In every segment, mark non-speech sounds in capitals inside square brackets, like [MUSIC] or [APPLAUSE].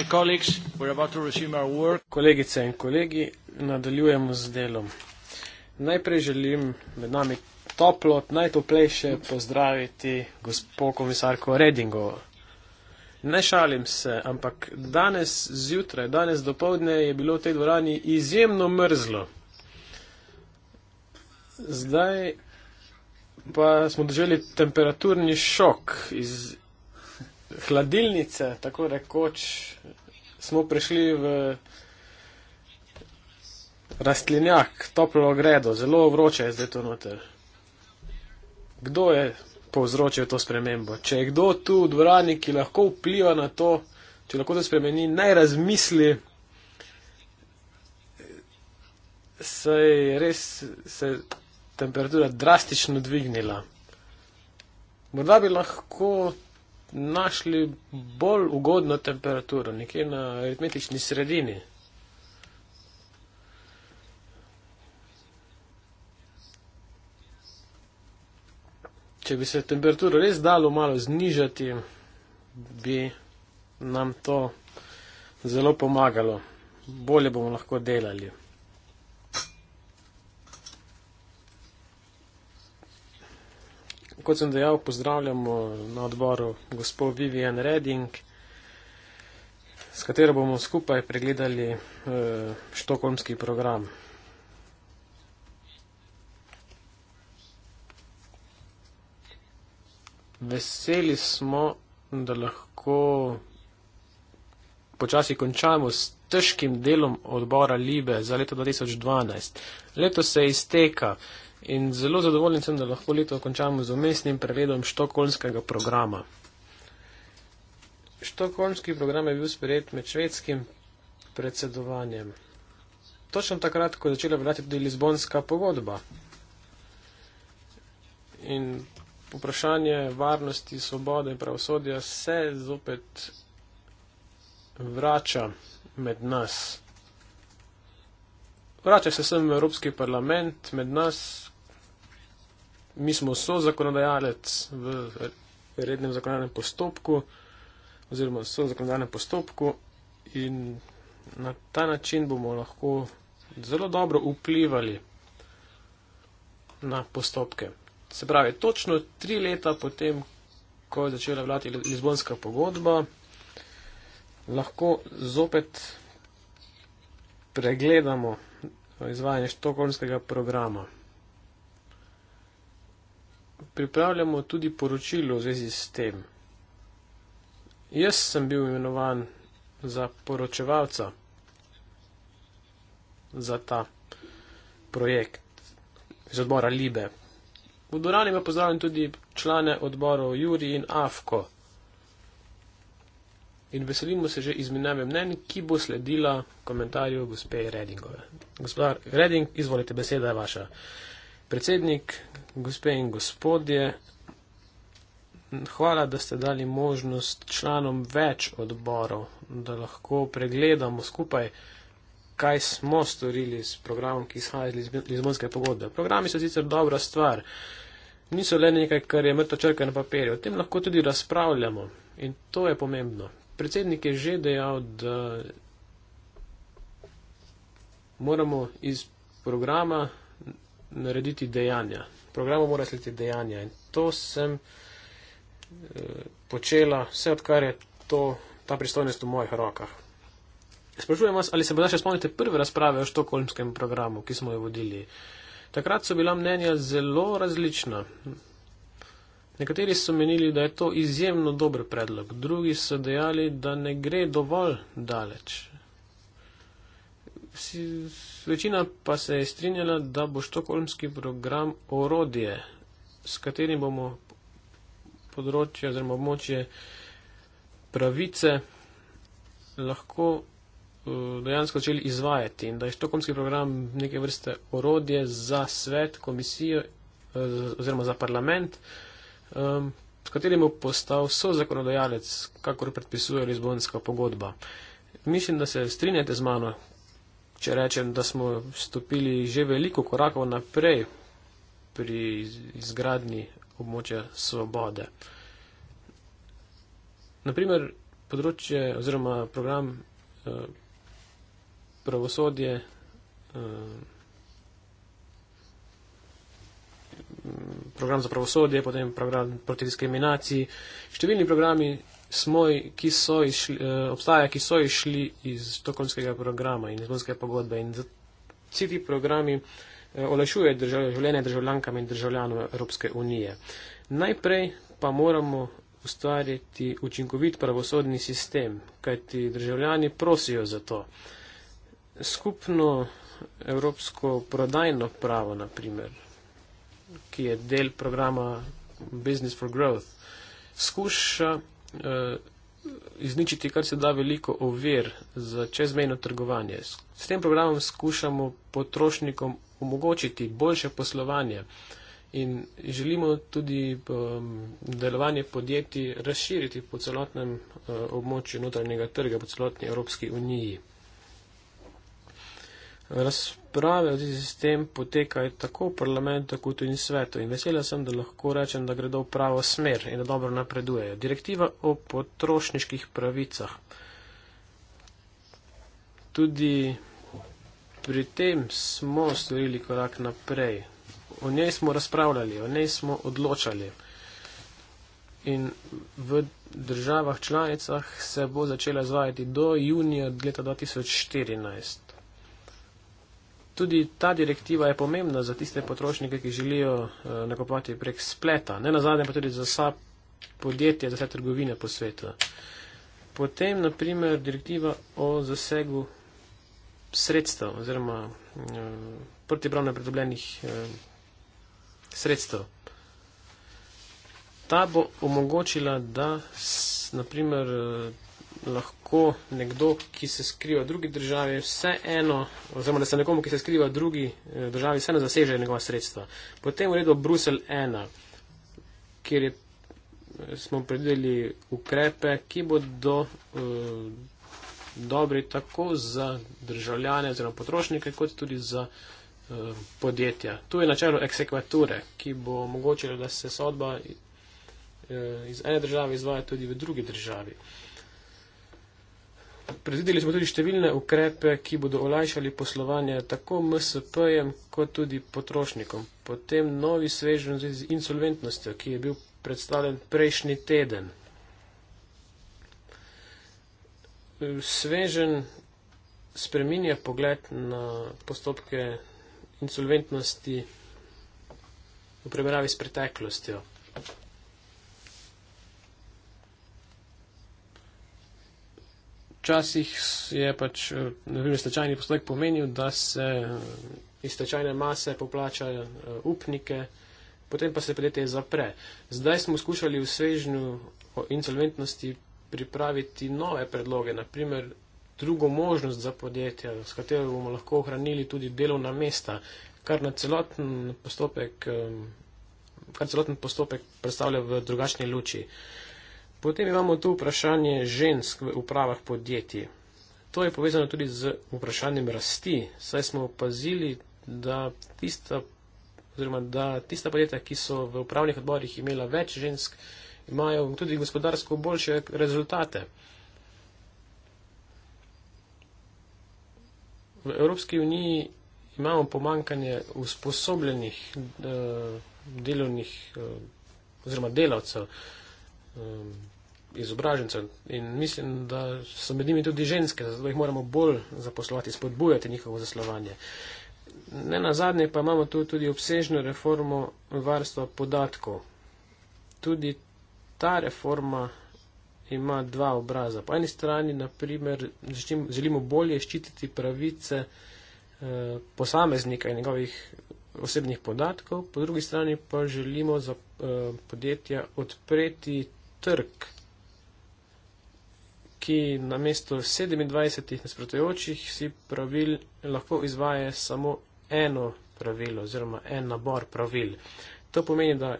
Dear colleagues, we're about to resume our work. Kolegice in kolegi, nadaljujemo z delom. Najprej želim med nami toplo, najtoplejše pozdraviti gospo komisarko Redingo. Ne šalim se, ampak danes zjutraj, danes dopovdne je bilo v tej dvorani izjemno mrzlo. Zdaj pa smo doželi temperaturni šok iz, hladilnice, tako rekoč, smo prišli v rastlinjak, toplo gredo, zelo vroče je zdaj to noter. Kdo je povzročil to spremembo? Če je kdo tu v dvorani, ki lahko vpliva na to, če lahko to spremeni, naj razmisli, se je res se temperatura drastično dvignila. Morda bi lahko našli bolj ugodno temperaturo, nekje na aritmetični sredini. Če bi se temperaturo res dalo malo znižati, bi nam to zelo pomagalo. Bolje bomo lahko delali. kot sem dejal, pozdravljamo na odboru gospod Vivian Redding, s katero bomo skupaj pregledali uh, eh, štokholmski program. Veseli smo, da lahko počasi končamo s težkim delom odbora Libe za leto 2012. Leto se izteka. In zelo zadovoljen sem, da lahko leto končamo z umestnim preredom štokholmskega programa. Štokholmski program je bil sprejet med švedskim predsedovanjem. Točno takrat, ko je začela veljati tudi Lizbonska pogodba. In vprašanje varnosti, svobode in pravosodja se zopet vrača med nas. Vrača se sem v Evropski parlament med nas. Mi smo so zakonodajalec v rednem zakonodajnem postopku oziroma so zakonodajnem postopku in na ta način bomo lahko zelo dobro vplivali na postopke. Se pravi, točno tri leta potem, ko je začela vlati Lizbonska pogodba, lahko zopet pregledamo izvajanje štokholmskega programa. Pripravljamo tudi poročilo v zvezi s tem. Jaz sem bil imenovan za poročevalca za ta projekt iz odbora Libe. V dvorani me pozdravljam tudi člane odborov Juri in Afko in veselimo se že izmenjave mnenj, ki bo sledila komentarju gospe Redingove. Gospodar Reding, izvolite, beseda je vaša. Predsednik, gospe in gospodje, hvala, da ste dali možnost članom več odborov, da lahko pregledamo skupaj, kaj smo storili s programom, ki izhaja iz Lizbonske pogodbe. Programi so sicer dobra stvar, niso le nekaj, kar je mrtvo črke na papirju, o tem lahko tudi razpravljamo in to je pomembno. Predsednik je že dejal, da moramo iz programa narediti dejanja. Programa mora slediti dejanja. In to sem eh, počela vse, odkar je to, ta pristojnost v mojih rokah. Sprašujem vas, ali se morda še spomnite prve razprave o štokholmskem programu, ki smo jo vodili. Takrat so bila mnenja zelo različna. Nekateri so menili, da je to izjemno dober predlog, drugi so dejali, da ne gre dovolj daleč. Vsi, večina pa se je strinjala, da bo štokholmski program orodje, s katerim bomo področje oziroma območje pravice lahko eh, dejansko začeli izvajati in da je štokholmski program neke vrste orodje za svet, komisijo eh, oziroma za parlament, um, s katerim bo postal sozakonodajalec, kakor predpisuje Lizbonska pogodba. Mislim, da se strinjate z mano, če rečem, da smo stopili že veliko korakov naprej pri izgradni območja svobode. Naprimer, področje oziroma program eh, pravosodje. Eh, program za pravosodje, potem program proti diskriminaciji. Številni programi smo, ki so išli, eh, obstaja, ki so išli iz tokolskega programa in iz bonske pogodbe. In vsi ti programi eh, olajšuje držav, življenje državljankam in državljanom Evropske unije. Najprej pa moramo ustvariti učinkovit pravosodni sistem, kajti državljani prosijo za to. Skupno evropsko prodajno pravo, na primer, ki je del programa Business for Growth, skuša uh, izničiti kar se da veliko ovir za čezmejno trgovanje. S tem programom skušamo potrošnikom omogočiti boljše poslovanje in želimo tudi um, delovanje podjetij razširiti po celotnem uh, območju notranjega trga, po celotni Evropski uniji. Razpravljamo razprave v zvezi s tem potekajo tako v parlamentu, kot tudi v svetu. In vesela sem, da lahko rečem, da gredo v pravo smer in da dobro napredujejo. Direktiva o potrošniških pravicah. Tudi pri tem smo storili korak naprej. O njej smo razpravljali, o njej smo odločali. In v državah članicah se bo začela izvajati do junija leta 2014. Tudi ta direktiva je pomembna za tiste potrošnike, ki želijo eh, nakupovati prek spleta, ne nazadnje pa tudi za vsa podjetja, za vse trgovine po svetu. Potem, naprimer, direktiva o zasegu sredstev oziroma eh, protipravno pridobljenih eh, sredstev. Ta bo omogočila, da s, naprimer eh, lahko nekdo, ki se skriva v drugi državi, vseeno, oziroma da se nekomu, ki se skriva v drugi eh, državi, vseeno zaseže njegova sredstva. Potem uredba Brusel 1, kjer je, eh, smo predvideli ukrepe, ki bodo uh, dobri tako za državljane oziroma potrošnike, kot tudi za uh, podjetja. Tu je načelo eksekvature, ki bo omogočilo, da se sodba iz ene države izvaja tudi v drugi državi. Uh, Predvideli smo tudi številne ukrepe, ki bodo olajšali poslovanje tako MSP-jem, kot tudi potrošnikom. Potem novi svežen z insolventnostjo, ki je bil predstavljen prejšnji teden. Svežen spreminja pogled na postopke insolventnosti v primerjavi s preteklostjo. Včasih je pač, eh, na primer, stečajni postopek pomenil, da se eh, iz stečajne mase poplača eh, upnike, potem pa se podjetje zapre. Zdaj smo skušali v svežnju o insolventnosti pripraviti nove predloge, naprimer drugo možnost za podjetja, s katero bomo lahko ohranili tudi delovna mesta, kar na celoten postopek, kar celoten postopek predstavlja v drugačni luči. Potem imamo tu vprašanje žensk v upravah podjetij. To je povezano tudi z vprašanjem rasti. Saj smo opazili, da tista, oziroma, da tista podjetja, ki so v upravnih odborih imela več žensk, imajo tudi gospodarsko boljše rezultate. V Evropski uniji imamo pomankanje usposobljenih eh, delovnih eh, oziroma delavcev um, izobražencev. In mislim, da so med njimi tudi ženske, zato jih moramo bolj zaposlovati, spodbujati njihovo zaslovanje. Ne na zadnje pa imamo tu tudi obsežno reformo varstva podatkov. Tudi ta reforma ima dva obraza. Po eni strani, naprimer, želimo bolje ščititi pravice eh, posameznika in njegovih osebnih podatkov, po drugi strani pa želimo za eh, podjetja odpreti trg, ki na mesto 27 nasprotujočih si pravil lahko izvaja samo eno pravilo oziroma en nabor pravil. To pomeni, da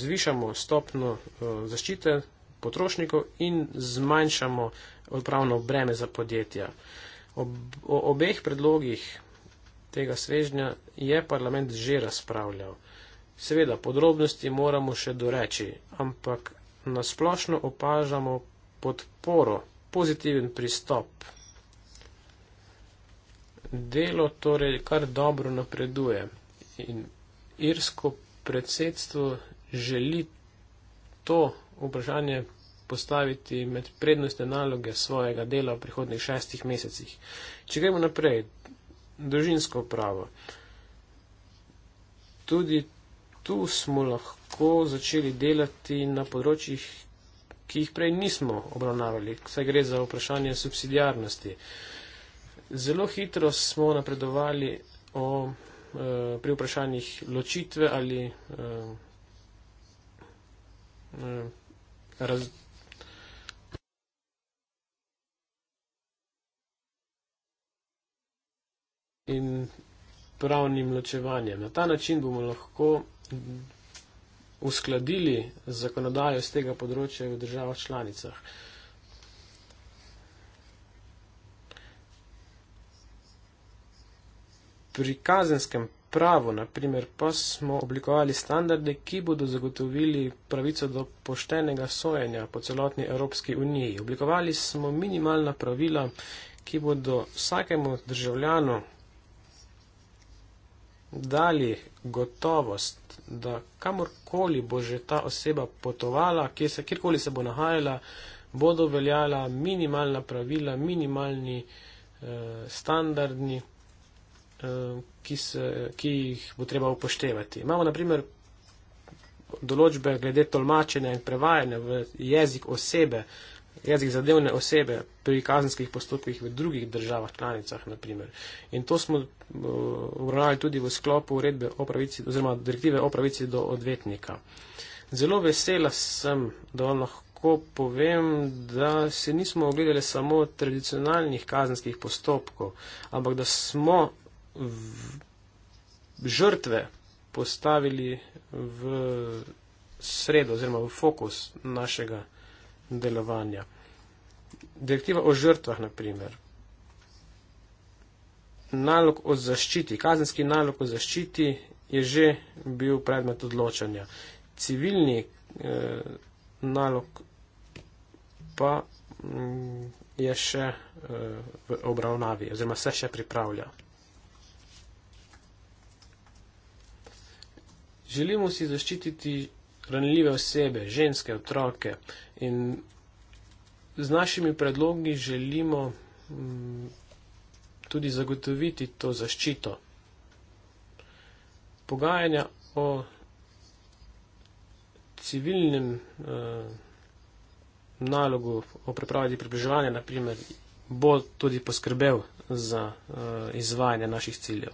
zvišamo stopno eh, zaščite potrošnikov in zmanjšamo odpravno breme za podjetja. Ob, o obeh predlogih tega svežnja je parlament že razpravljal. Seveda, podrobnosti moramo še doreči, ampak na splošno opažamo podporo, pozitiven pristop. Delo torej kar dobro napreduje in irsko predsedstvo želi to vprašanje postaviti med prednostne naloge svojega dela v prihodnih šestih mesecih. Če gremo naprej, družinsko pravo. Tudi tu smo lahko začeli delati na področjih, ki jih prej nismo obravnavali, saj gre za vprašanje subsidijarnosti. Zelo hitro smo napredovali o, e, pri vprašanjih ločitve ali e, raz. In pravnim ločevanjem. Na ta način bomo lahko uskladili zakonodajo z tega področja v državah članicah. Pri kazenskem pravu, naprimer, pa smo oblikovali standarde, ki bodo zagotovili pravico do poštenega sojenja po celotni Evropski uniji. Oblikovali smo minimalna pravila, ki bodo vsakemu državljanu dali gotovost, da kamorkoli bo že ta oseba potovala, kjerkoli se bo nahajala, bodo veljala minimalna pravila, minimalni eh, standardni, eh, ki, se, ki jih bo treba upoštevati. Imamo naprimer določbe glede tolmačenja in prevajanja v jezik osebe, eh, jezik zadevne osebe pri kazenskih postopkih v drugih državah članicah, naprimer. In to smo eh, obravnavali tudi v sklopu uredbe o pravici, oziroma direktive o pravici do odvetnika. Zelo vesela sem, da vam lahko povem, da se nismo ogledali samo tradicionalnih kazenskih postopkov, ampak da smo žrtve postavili v sredo oziroma v fokus našega delovanja. Direktiva o žrtvah, na primer. Nalog o zaščiti, kazenski nalog o zaščiti je že bil predmet odločanja. Civilni eh, nalog pa mm, je še eh, v obravnavi oziroma se še pripravlja. Želimo si zaščititi ranljive osebe, ženske, otroke. In z našimi predlogi želimo mm, tudi zagotoviti to zaščito. Pogajanja o civilnem eh, nalogu, o pripravi približevanja, naprimer, bo tudi poskrbel za eh, izvajanje naših ciljev.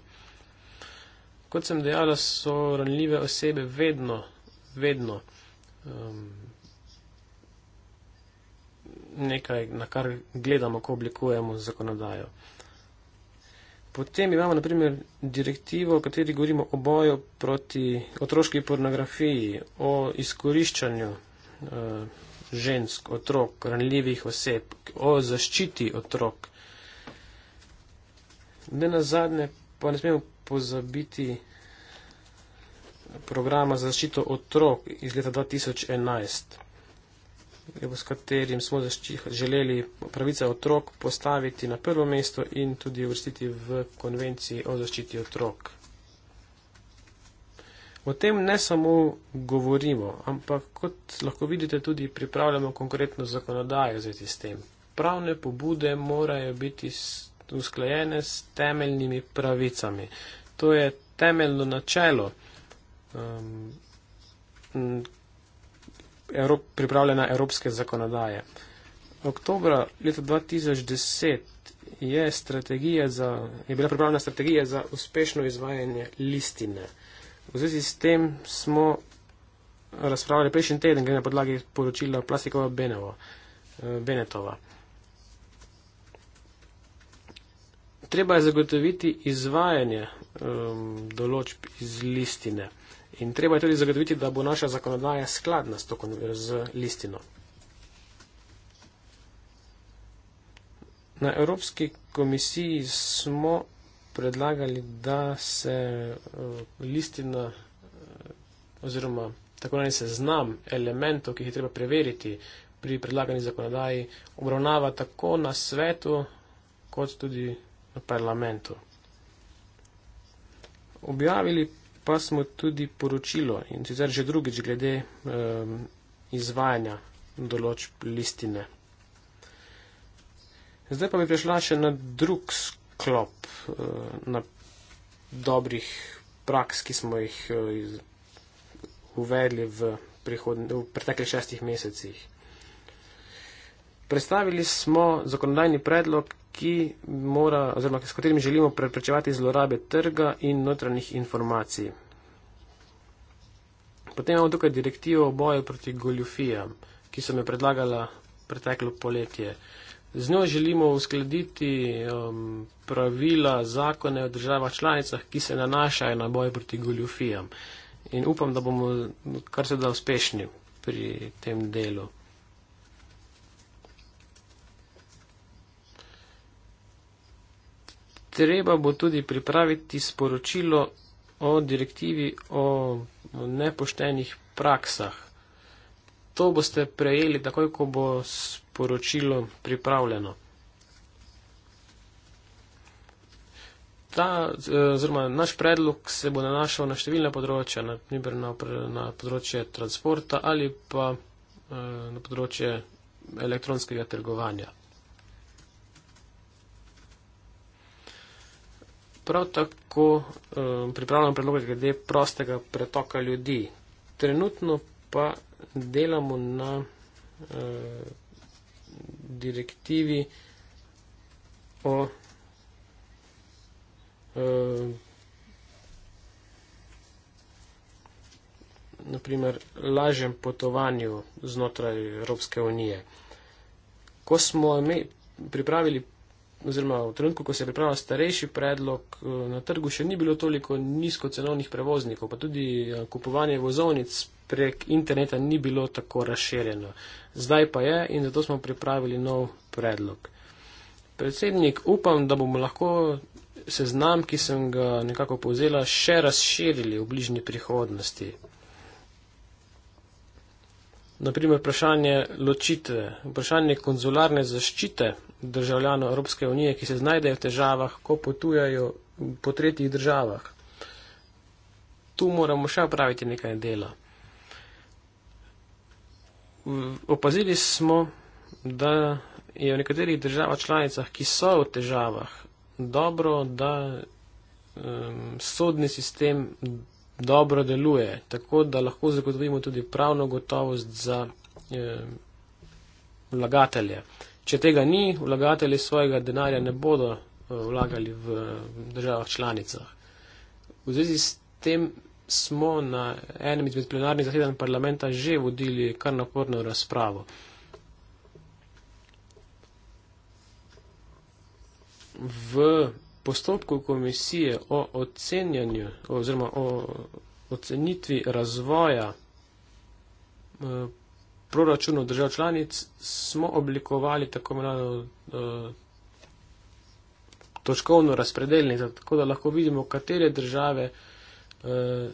Kot sem dejala, so ranljive osebe vedno vedno um, nekaj, na kar gledamo, ko oblikujemo zakonodajo. Potem imamo naprimer direktivo, v kateri govorimo o boju proti otroški pornografiji, o izkoriščanju uh, žensk, otrok, ranljivih oseb, o zaščiti otrok. Ne na zadnje pa ne smemo pozabiti programa za zaščito otrok iz leta 2011, s katerim smo želeli pravice otrok postaviti na prvo mesto in tudi uvrstiti v konvenciji o zaščiti otrok. O tem ne samo govorimo, ampak kot lahko vidite, tudi pripravljamo konkretno zakonodajo za sistem. Pravne pobude morajo biti usklajene s temeljnimi pravicami. To je temeljno načelo um, Evrop, pripravljena evropske zakonodaje. Oktobra leta 2010 je, strategija za, je bila pripravljena strategija za uspešno izvajanje listine. V zvezi s tem smo razpravljali prejšnji teden, gre na podlagi poročila Plastikova Benevo, eh, Benetova. Treba je zagotoviti izvajanje um, določb iz listine. In treba je tudi zagotoviti, da bo naša zakonodaja skladna s, to, z listino. Na Evropski komisiji smo predlagali, da se eh, listina eh, oziroma tako naj se znam elementov, ki jih je treba preveriti pri predlagani zakonodaji, obravnava tako na svetu kot tudi na parlamentu. Objavili pa smo tudi poročilo in sicer že drugič glede um, izvajanja določb listine. Zdaj pa bi prišla še na drug sklop uh, na dobrih praks, ki smo jih uh, iz, uvedli v, prihodne, v pretekli šestih mesecih. Predstavili smo zakonodajni predlog, mora, oziroma, s katerim želimo preprečevati zlorabe trga in notranjih informacij. Potem imamo tukaj direktivo o boju proti goljufijam, ki sem jo predlagala preteklo poletje. Z njo želimo uskladiti um, pravila zakone v državah članicah, ki se nanašajo na boj proti goljufijam. In upam, da bomo kar se da uspešni pri tem delu. Treba bo tudi pripraviti sporočilo o direktivi o nepoštenih praksah. To boste prejeli takoj, ko bo sporočilo pripravljeno. Ta, oziroma, naš predlog se bo nanašal na številne področja, na, na, na področje transporta ali pa eh, na področje elektronskega trgovanja. prav tako um, pripravljamo predloge glede prostega pretoka ljudi. Trenutno pa delamo na uh, direktivi o uh, eh, naprimer lažjem potovanju znotraj Evropske unije. Ko smo mi pripravili oziroma v trenutku, ko se je pripravljal starejši predlog, eh, na trgu še ni bilo toliko nizkocenovnih prevoznikov, pa tudi eh, kupovanje vozovnic prek interneta ni bilo tako razširjeno. Zdaj pa je in zato smo pripravili nov predlog. Predsednik, upam, da bomo lahko seznam, ki sem ga nekako povzela, še razširili v bližnji prihodnosti. Naprimer, vprašanje ločitve, vprašanje konzularne zaščite državljanov Evropske unije, ki se znajdejo v težavah, ko potujajo po tretjih državah. Tu moramo še opraviti nekaj dela. Opazili smo, da je v nekaterih državah članicah, ki so v težavah, dobro, da um, sodni sistem dobro deluje, tako da lahko zagotovimo tudi pravno gotovost za um, vlagatelje. Če tega ni, vlagatelji svojega denarja ne bodo eh, vlagali v državah članicah. V zvezi s tem smo na enem izmed plenarnih zasedanj parlamenta že vodili kar naporno razpravo. V postopku komisije o ocenjanju oziroma o ocenitvi razvoja eh, proračunov držav članic smo oblikovali tako imenovano eh, točkovno razpredeljnico, tako da lahko vidimo, katere države eh,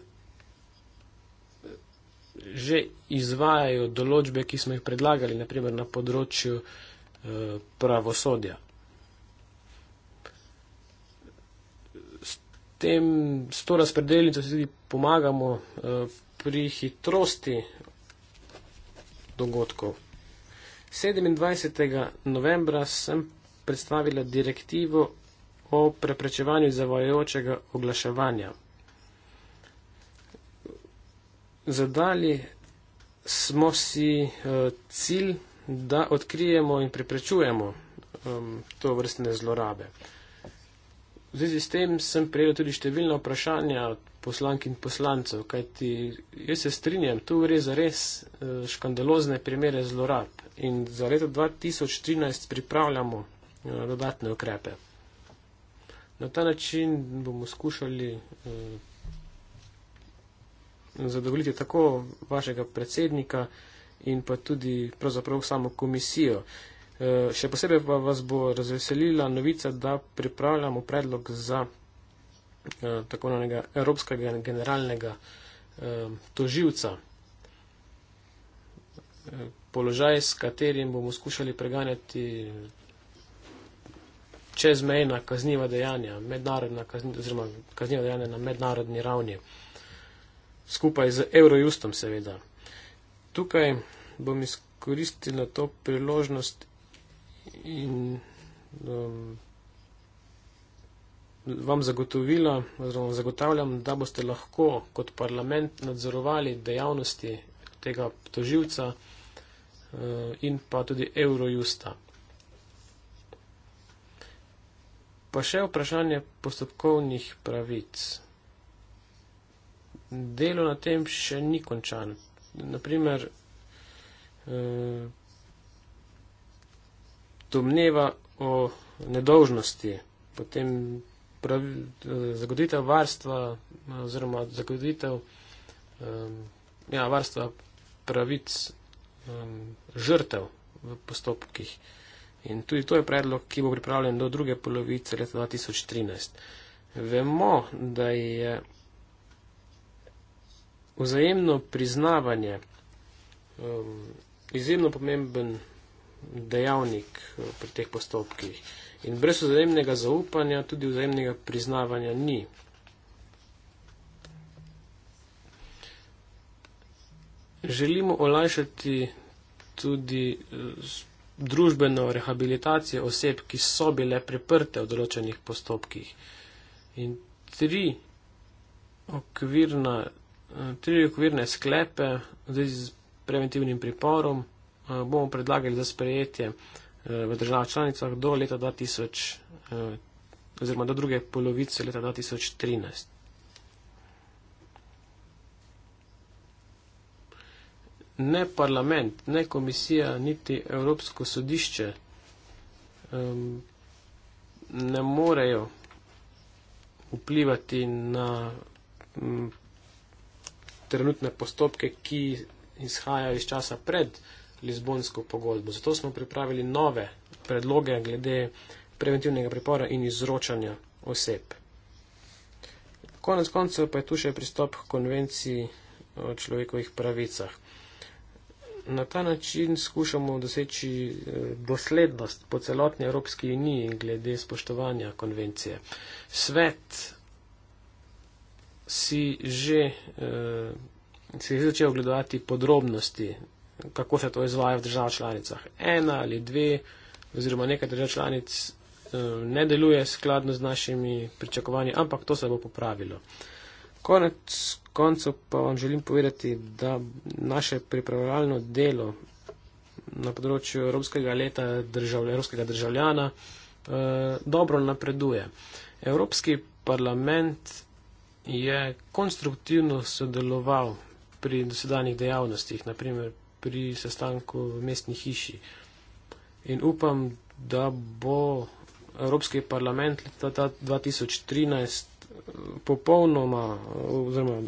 že izvajajo določbe, ki smo jih predlagali, naprimer na področju eh, pravosodja. S to razpredeljnico se tudi pomagamo pri hitrosti dogodkov. 27. novembra sem predstavila direktivo o preprečevanju zavajajočega oglaševanja. Zadali smo si eh, cilj, da odkrijemo in preprečujemo ehm, to vrstne zlorabe. V zvezi s tem sem prejel tudi številna vprašanja od poslank in poslancev, kajti jaz se strinjam, tu gre za res eh, škandalozne primere zlorab in za leto 2013 pripravljamo eh, dodatne ukrepe. Na ta način bomo skušali eh, zadovoljiti tako vašega predsednika in pa tudi pravzaprav samo komisijo. Eh, še posebej pa vas bo razveselila novica, da pripravljamo predlog za eh, tako nanega evropskega generalnega eh, toživca. Položaj, s katerim bomo skušali preganjati čezmejna kazniva dejanja, oziroma kazniva dejanja na mednarodni ravni, skupaj z Eurojustom seveda. Tukaj bom izkoristila to priložnost in um, vam zagotovila, oziroma zagotavljam, da boste lahko kot parlament nadzorovali dejavnosti tega toživca uh, in pa tudi Eurojusta. Pa še vprašanje postopkovnih pravic. Delo na tem še ni končan. Naprimer, uh, eh, domneva o nedolžnosti, potem pravi, eh, zagoditev varstva eh, oziroma zagoditev um, ja, varstva pravic um, žrtev v postopkih. In tudi to je predlog, ki bo pripravljen do druge polovice leta 2013. Vemo, da je vzajemno priznavanje um, izjemno pomemben dejavnik eh, pri teh postopkih. In brez vzajemnega zaupanja tudi vzajemnega priznavanja ni. Želimo olajšati tudi eh, družbeno rehabilitacijo oseb, ki so bile priprte v določenih postopkih. In tri okvirna, eh, tri okvirne sklepe z preventivnim priporom, bomo predlagali za sprejetje eh, v državah članicah do leta 2000 eh, oziroma do druge polovice leta 2013. Ne parlament, ne komisija, niti Evropsko sodišče um, ne morejo vplivati na um, trenutne postopke, ki izhajajo iz časa pred uh, Lizbonsko pogodbo. Zato smo pripravili nove predloge glede preventivnega pripora in izročanja oseb. Konec koncev pa je tu še pristop k konvenciji o človekovih pravicah. Na ta način skušamo doseči eh, doslednost po celotni Evropski uniji glede spoštovanja konvencije. Svet si že, eh, si že začel ogledovati podrobnosti kako se to izvaja v državah članicah. Ena ali dve, oziroma nekaj držav članic eh, ne deluje skladno z našimi pričakovanji, ampak to se bo popravilo. Konec koncev pa vam želim povedati, da naše pripravljalno delo na področju evropskega leta držav, evropskega državljana eh, dobro napreduje. Evropski parlament je konstruktivno sodeloval pri dosedanjih dejavnostih, naprimer pri sestanku v mestni hiši. In upam, da bo Evropski parlament leta 2013 eh, popolnoma eh, oziroma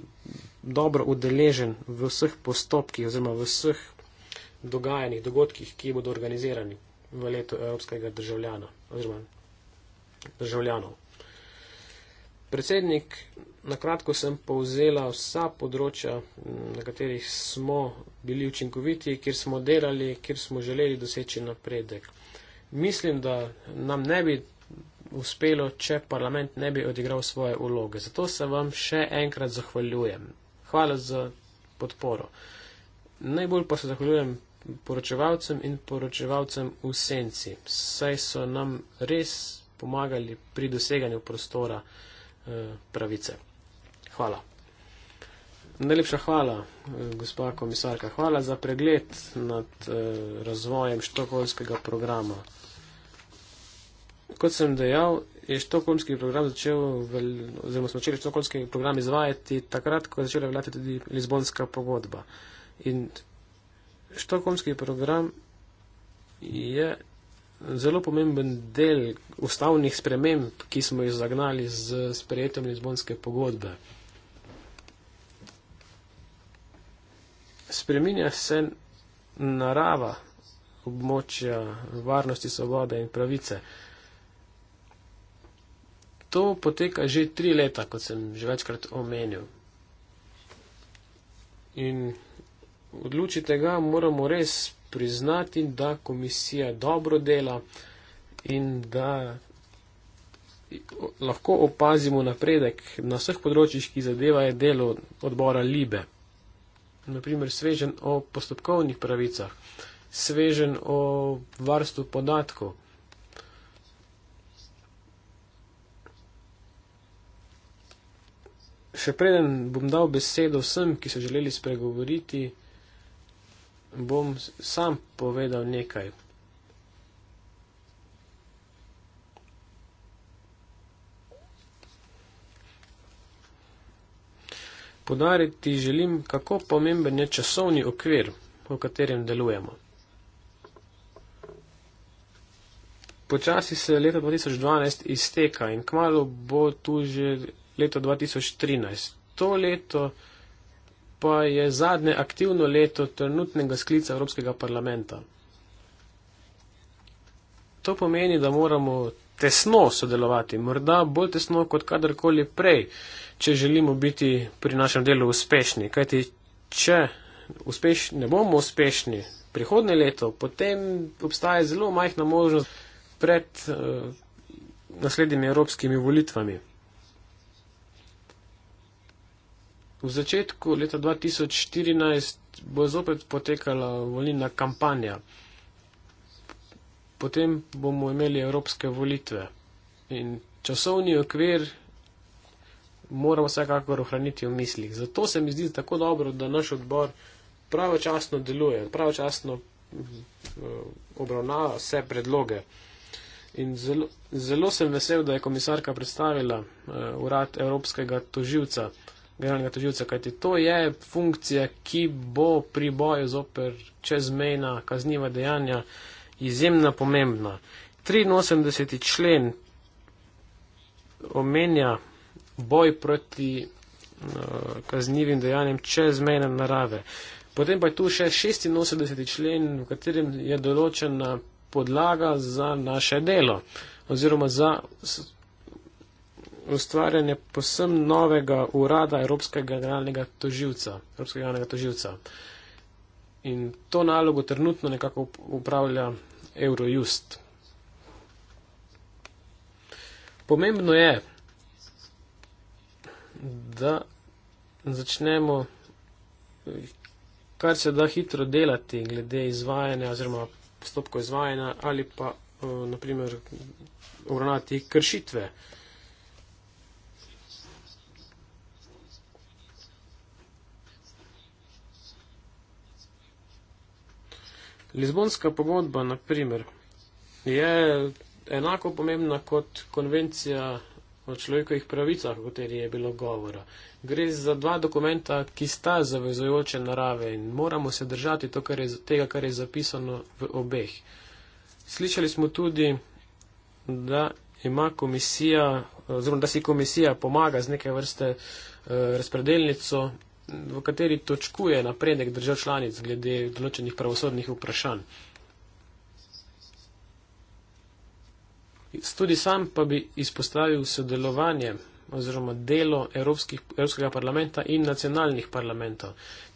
dobro udeležen v vseh postopkih oziroma v vseh dogajanjih, dogodkih, ki bodo organizirani v letu evropskega državljana oziroma državljanov predsednik, na kratko sem povzela vsa področja, na katerih smo bili učinkoviti, kjer smo delali, kjer smo želeli doseči napredek. Mislim, da nam ne bi uspelo, če parlament ne bi odigral svoje vloge. Zato se vam še enkrat zahvaljujem. Hvala za podporo. Najbolj pa se zahvaljujem poročevalcem in poročevalcem v senci. Saj so nam res pomagali pri doseganju prostora pravice. Hvala. Najlepša hvala, gospa komisarka. Hvala za pregled nad razvojem štokholmskega programa. Kot sem dejal, je štokholmski program začel, oziroma smo začeli štokholmski program izvajati takrat, ko je začela veljati tudi Lizbonska pogodba. In štokholmski program je zelo pomemben del ustavnih sprememb, ki smo jih zagnali z sprejetjem Lizbonske pogodbe. Spreminja se narava območja varnosti, svobode in pravice. To poteka že tri leta, kot sem že večkrat omenil. In odločitega moramo res priznati, da komisija dobro dela in da lahko opazimo napredek na vseh področjih, ki zadevajo delo odbora Libe. Naprimer, svežen o postopkovnih pravicah, svežen o varstvu podatkov. Še preden bom dal besedo vsem, ki so želeli spregovoriti, bom sam povedal nekaj. Podariti želim, kako pomemben je časovni okvir, v katerem delujemo. Počasi se leto 2012 izteka in kmalo bo tu že leto 2013. To leto pa je zadnje aktivno leto trenutnega sklica Evropskega parlamenta. To pomeni, da moramo tesno sodelovati, morda bolj tesno kot kadarkoli prej, če želimo biti pri našem delu uspešni. Kajti, če uspeš, ne bomo uspešni prihodne leto, potem obstaja zelo majhna možnost pred uh, naslednjimi evropskimi volitvami. V začetku leta 2014 bo zopet potekala volilna kampanja. Potem bomo imeli evropske volitve. In časovni okvir moramo vsekakor ohraniti v mislih. Zato se mi zdi tako dobro, da naš odbor pravočasno deluje, pravočasno eh, obravnava vse predloge. In zelo, zelo sem vesel, da je komisarka predstavila uh, urad Evropskega toživca generalnega tožilca, kajti to je funkcija, ki bo pri boju zoper čezmejna kazniva dejanja izjemno pomembna. 83. člen omenja boj proti uh, kaznivim dejanjem čezmejne narave. Potem pa je tu še 86. člen, v katerem je določena podlaga za naše delo oziroma za ustvarjanje posem novega urada Evropskega generalnega toživca. Evropskega generalnega toživca. In to nalogo trenutno nekako upravlja Eurojust. Pomembno je, da začnemo kar se da hitro delati glede izvajanja oziroma postopkov izvajanja ali pa, eh, naprimer, uravnati kršitve. Lizbonska pogodba, na primer, je enako pomembna kot konvencija o človekovih pravicah, o kateri je bilo govora. Gre za dva dokumenta, ki sta zavezojoče narave in moramo se držati to, kar je, tega, kar je zapisano v obeh. Slišali smo tudi, da ima komisija, oziroma da si komisija pomaga z neke vrste eh, razpredelnico v kateri točkuje napredek držav članic glede določenih pravosodnih vprašanj. Tudi sam pa bi izpostavil sodelovanje oziroma delo Evropskih, Evropskega parlamenta in nacionalnih parlamentov.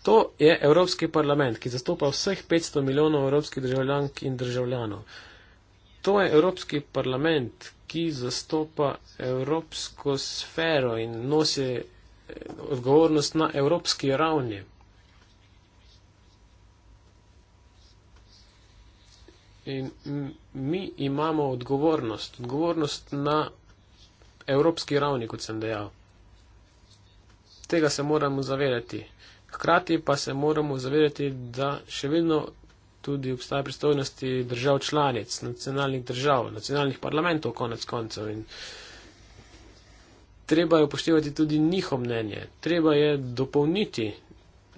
To je Evropski parlament, ki zastopa vseh 500 milijonov evropskih državljank in državljanov. To je Evropski parlament, ki zastopa evropsko sfero in nosi odgovornost na evropski ravni. In mi imamo odgovornost, odgovornost na evropski ravni, kot sem dejal. Tega se moramo zavedati. Hkrati pa se moramo zavedati, da še vedno tudi obstaja pristojnosti držav članic, nacionalnih držav, nacionalnih parlamentov, konec koncev. In, uh, treba je upoštevati tudi njihov mnenje, treba je dopolniti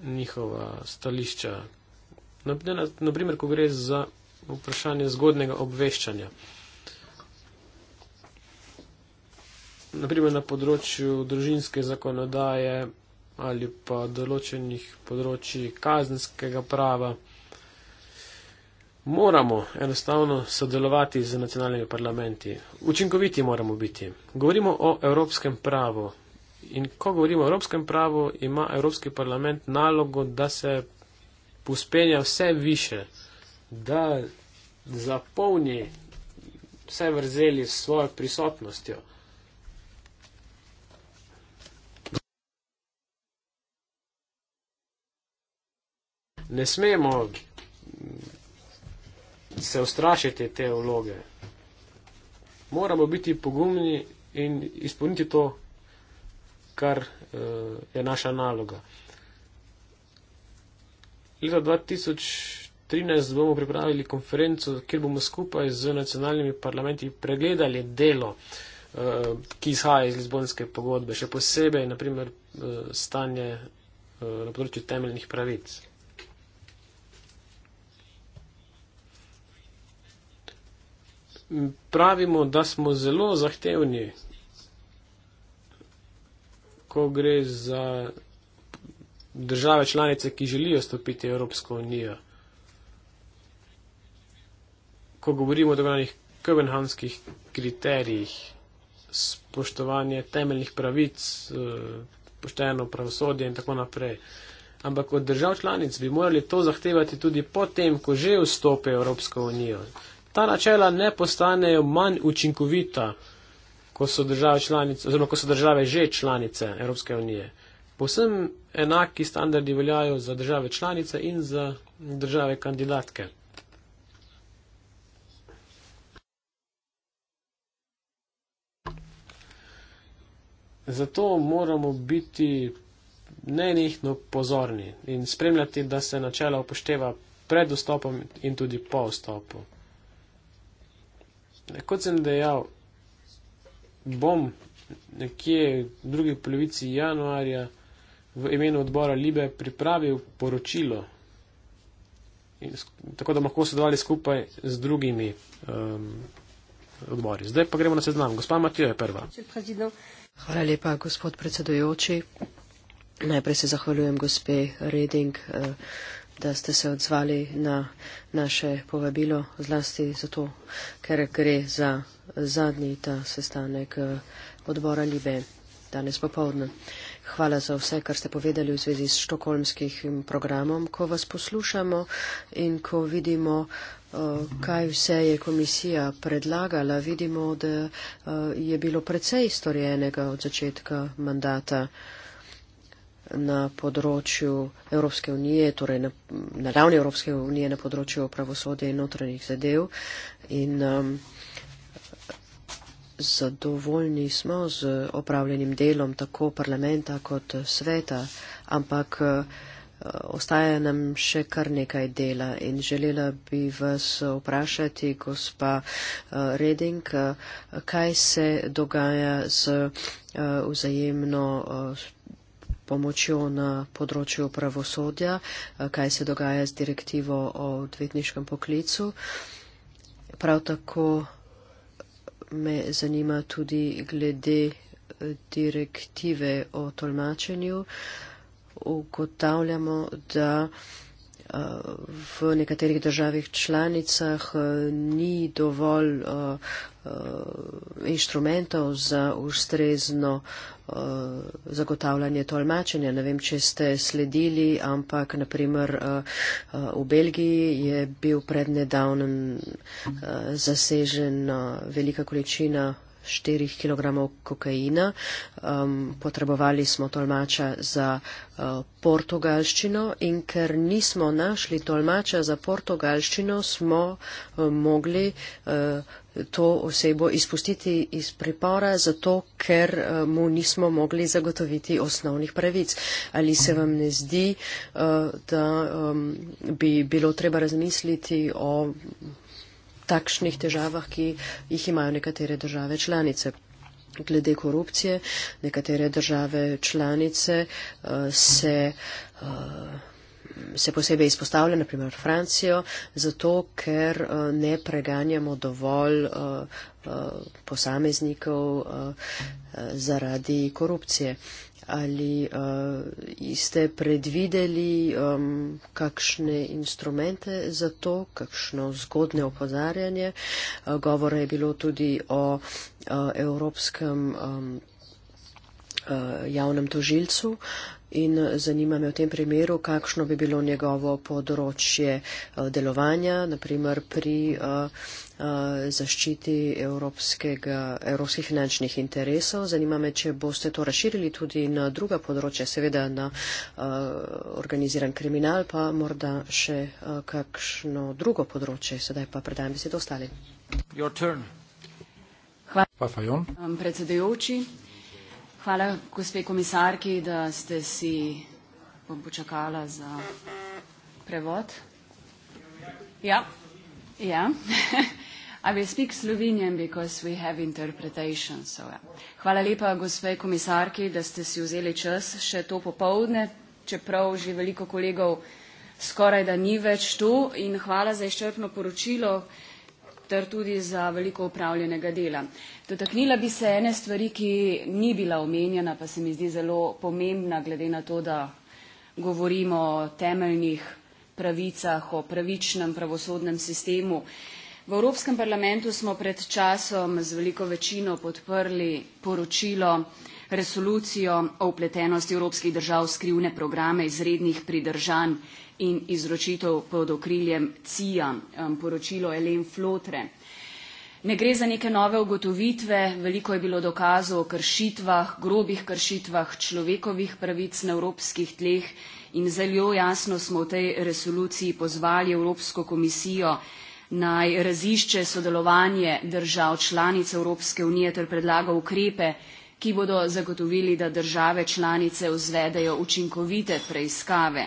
njihova stališča. Naprimer, ko gre za vprašanje zgodnega obveščanja. Naprimer, na področju družinske zakonodaje ali pa določenih področji kazenskega prava. Moramo enostavno sodelovati z nacionalnimi parlamenti. Učinkoviti moramo biti. Govorimo o evropskem pravu. In ko govorimo o evropskem pravu, ima Evropski parlament nalogo, da se uspenja vse više, da zapolni vse vrzeli s svojo prisotnostjo. Ne smemo se ustrašiti te vloge. Moramo biti pogumni in izpolniti to, kar uh, je naša naloga. Leta 2013 bomo pripravili konferenco, kjer bomo skupaj z nacionalnimi parlamenti pregledali delo, uh, ki izhaja iz Lizbonske pogodbe, še posebej naprimer, uh, eh, stanje uh, na področju temeljnih pravic. pravimo, da smo zelo zahtevni, ko gre za države članice, ki želijo stopiti Evropsko unijo. Ko govorimo o dogajanih kopenhanskih kriterijih, spoštovanje temeljnih pravic, eh, pošteno pravosodje in tako naprej. Ampak od držav članic bi morali to zahtevati tudi potem, ko že vstopijo Evropsko unijo ta načela ne postanejo manj učinkovita, ko so države, članic, oziroma, ko so države že članice Evropske unije. Posem enaki standardi veljajo za države članice in za države kandidatke. Zato moramo biti nenehno pozorni in spremljati, da se načela upošteva pred vstopom in tudi po vstopu. Kot sem dejal, bom nekje v drugi polovici januarja v imenu odbora Libe pripravil poročilo, tako da lahko sodelovali skupaj z drugimi um, odbori. Zdaj pa gremo na seznam. Gospa Matija je prva. Hvala lepa, gospod predsedujoči. Najprej se zahvaljujem gospe Reding. Uh, da ste se odzvali na naše povabilo, zlasti zato, ker gre za zadnji ta sestanek eh, odbora Libe danes popovdne. Hvala za vse, kar ste povedali v zvezi s štokolmskim programom, ko vas poslušamo in ko vidimo, eh, kaj vse je komisija predlagala. Vidimo, da eh, je bilo precej storjenega od začetka mandata na področju Evropske unije, torej na, na ravni Evropske unije na področju pravosodja in notranjih zadev. In um, zadovoljni smo z opravljenim delom tako parlamenta kot sveta, ampak uh, Ostaja nam še kar nekaj dela in želela bi vas vprašati, gospa uh, Reding, uh, kaj se dogaja z vzajemno pomočjo na področju pravosodja, eh, kaj se dogaja z direktivo o odvetniškem poklicu. Prav tako me zanima tudi glede eh, direktive o tolmačenju. Ugotavljamo, da eh, v nekaterih državih članicah ni dovolj inštrumentov za ustrezno uh, Eh, zagotavljanje tolmačenja. Ne vem, če ste sledili, ampak naprimer eh, eh, v Belgiji je bil prednedavnen zasežen velika količina 4 kg kokaina. Um, potrebovali smo tolmača za uh, portugalščino in ker nismo našli tolmača za portugalščino, smo uh, mogli uh, to osebo izpustiti iz pripora, zato ker eh, mu nismo mogli zagotoviti osnovnih pravic. Ali se vam ne zdi, eh, da bi bilo treba razmisliti o takšnih težavah, ki jih imajo nekatere države članice? Glede korupcije, nekatere države članice eh, se se posebej izpostavlja, naprimer Francijo, zato ker eh, ne preganjamo dovolj eh, eh, posameznikov zaradi korupcije. Ali ste predvideli kakšne instrumente za to, kakšno zgodne opozarjanje? Govore je bilo tudi o evropskem Eh, javnem tožilcu in zanima me v tem primeru, kakšno bi bilo njegovo področje eh, delovanja, naprimer pri eh, zaščiti evropskih finančnih interesov. Zanima me, če boste to razširili tudi na druga področja, seveda na organiziran kriminal, pa morda še kakšno drugo področje. Sedaj pa predajam besedo ostalim. Hvala. Predsedujoči. Hvala, gospe komisarki, da ste si, bom počakala za prevod. Ja, ja. [LAUGHS] I will speak Slovenian because we have interpretation, so ja. Hvala lepa, gospe komisarki, da ste si vzeli čas še to popovdne, čeprav že veliko kolegov skoraj da ni več tu in hvala za izčrpno poročilo, ter tudi za veliko upravljenega dela. Dotaknila bi se ene stvari, ki ni bila omenjena, pa se mi zdi zelo pomembna, glede na to, da govorimo o temeljnih pravicah, o pravičnem pravosodnem sistemu. V Evropskem parlamentu smo pred časom z veliko večino podprli poročilo resolucijo o vpletenosti evropskih držav v skrivne programe izrednih pridržanj in izročitev pod okriljem CIA, poročilo Elen Flotre. Ne gre za neke nove ugotovitve, veliko je bilo dokazov o kršitvah, grobih kršitvah človekovih pravic na evropskih tleh in zelo jasno smo v tej resoluciji pozvali Evropsko komisijo naj razišče sodelovanje držav članic Evropske unije ter predlaga ukrepe, ki bodo zagotovili, da države članice vzvedejo učinkovite preiskave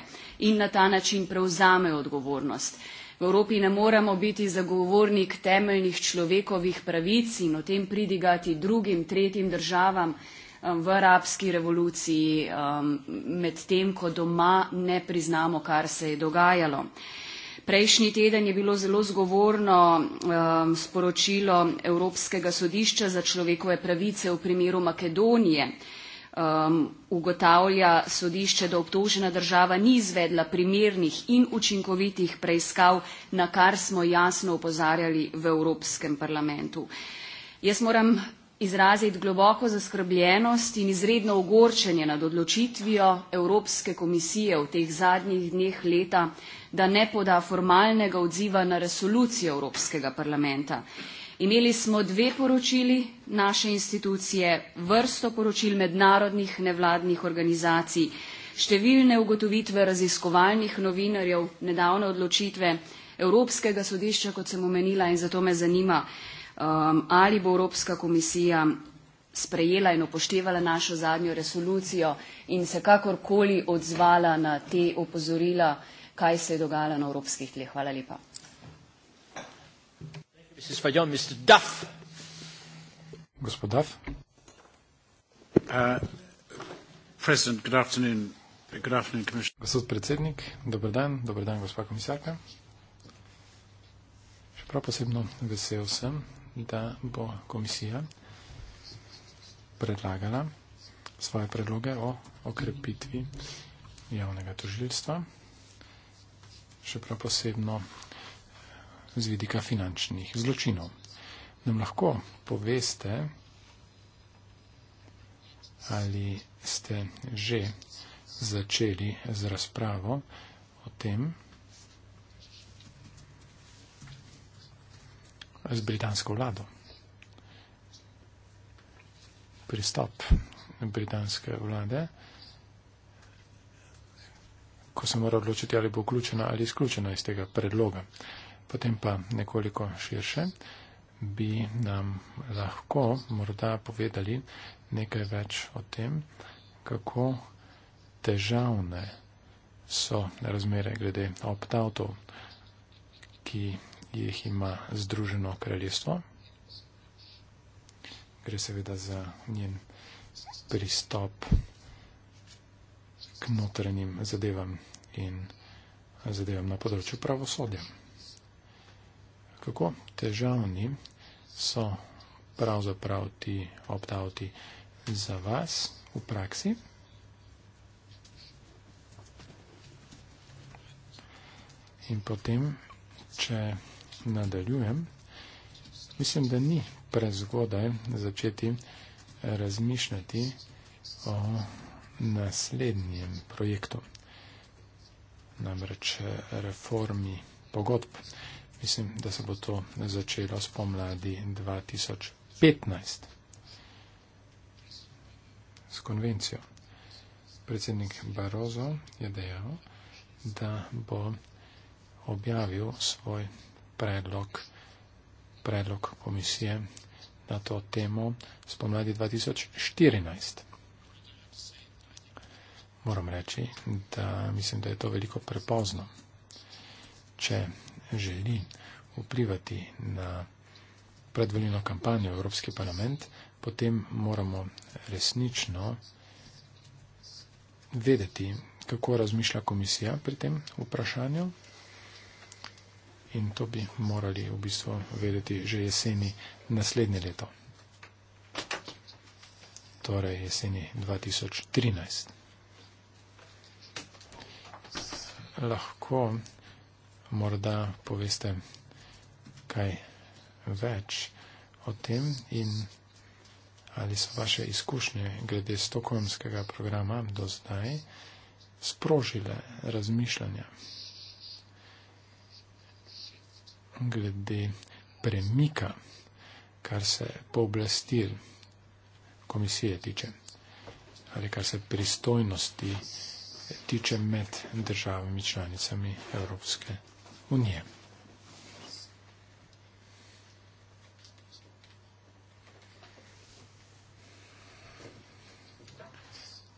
in na ta način prevzamejo odgovornost. V Evropi ne moremo biti zagovornik temeljnih človekovih pravic in o tem pridigati drugim, tretjim državam um, v arabski revoluciji, um, medtem ko doma ne priznamo, kar se je dogajalo. Prejšnji teden je bilo zelo zgovorno um, sporočilo Evropskega sodišča za človekove pravice v primeru Makedonije. Um, ugotavlja sodišče, da obtožena država ni izvedla primernih in učinkovitih preiskav, na kar smo jasno upozarjali v Evropskem parlamentu. Jaz moram izraziti globoko zaskrbljenost in izredno ogorčenje nad odločitvijo Evropske komisije v teh zadnjih dneh leta, da ne poda formalnega odziva na resolucijo Evropskega parlamenta. Imeli smo dve poročili naše institucije, vrsto poročil mednarodnih nevladnih organizacij, številne ugotovitve raziskovalnih novinarjev, nedavne odločitve Evropskega sodišča, kot sem omenila, in zato me zanima, um, ali bo Evropska komisija sprejela in upoštevala našo zadnjo resolucijo in se kakorkoli odzvala na te opozorila, kaj se je dogajalo na evropskih tleh. Hvala lepa. Gospod predsednik, dober dan, dober dan, gospa komisarka. Še prav posebno vesel sem, da bo komisija predlagala svoje predloge o okrepitvi javnega tožilstva, še prav posebno eh, z vidika finančnih zločinov. Nam lahko poveste, ali ste že začeli z razpravo o tem, z britansko vlado. Pristop britanske vlade, ko se mora odločiti, ali bo vključena ali izključena iz tega predloga, potem pa nekoliko širše, bi nam lahko morda povedali nekaj več o tem, kako težavne so razmere glede opt-outov, ki jih ima združeno kraljestvo. Gre seveda za njen pristop k notranjim zadevam in zadevam na področju pravosodja. Kako težavni so pravzaprav ti optavti za vas v praksi? In potem, če nadaljujem. Mislim, da ni prezgodaj začeti razmišljati o naslednjem projektu, namreč reformi pogodb. Mislim, da se bo to začelo spomladi 2015 s konvencijo. Predsednik Barozo je dejal, da bo objavil svoj predlog, predlog komisije na to temo spomladi 2014. Moram reči, da mislim, da je to veliko prepozno. Če želi vplivati na predvoljeno kampanjo v Evropski parlament, potem moramo resnično vedeti, kako razmišlja komisija pri tem vprašanju in to bi morali v bistvu vedeti že jeseni naslednje leto. Torej jeseni 2013. Lahko morda poveste kaj več o tem in ali so vaše izkušnje glede stokholmskega programa do zdaj sprožile razmišljanja glede premika, kar se pooblastil komisije tiče ali kar se pristojnosti tiče med državami članicami Evropske unije.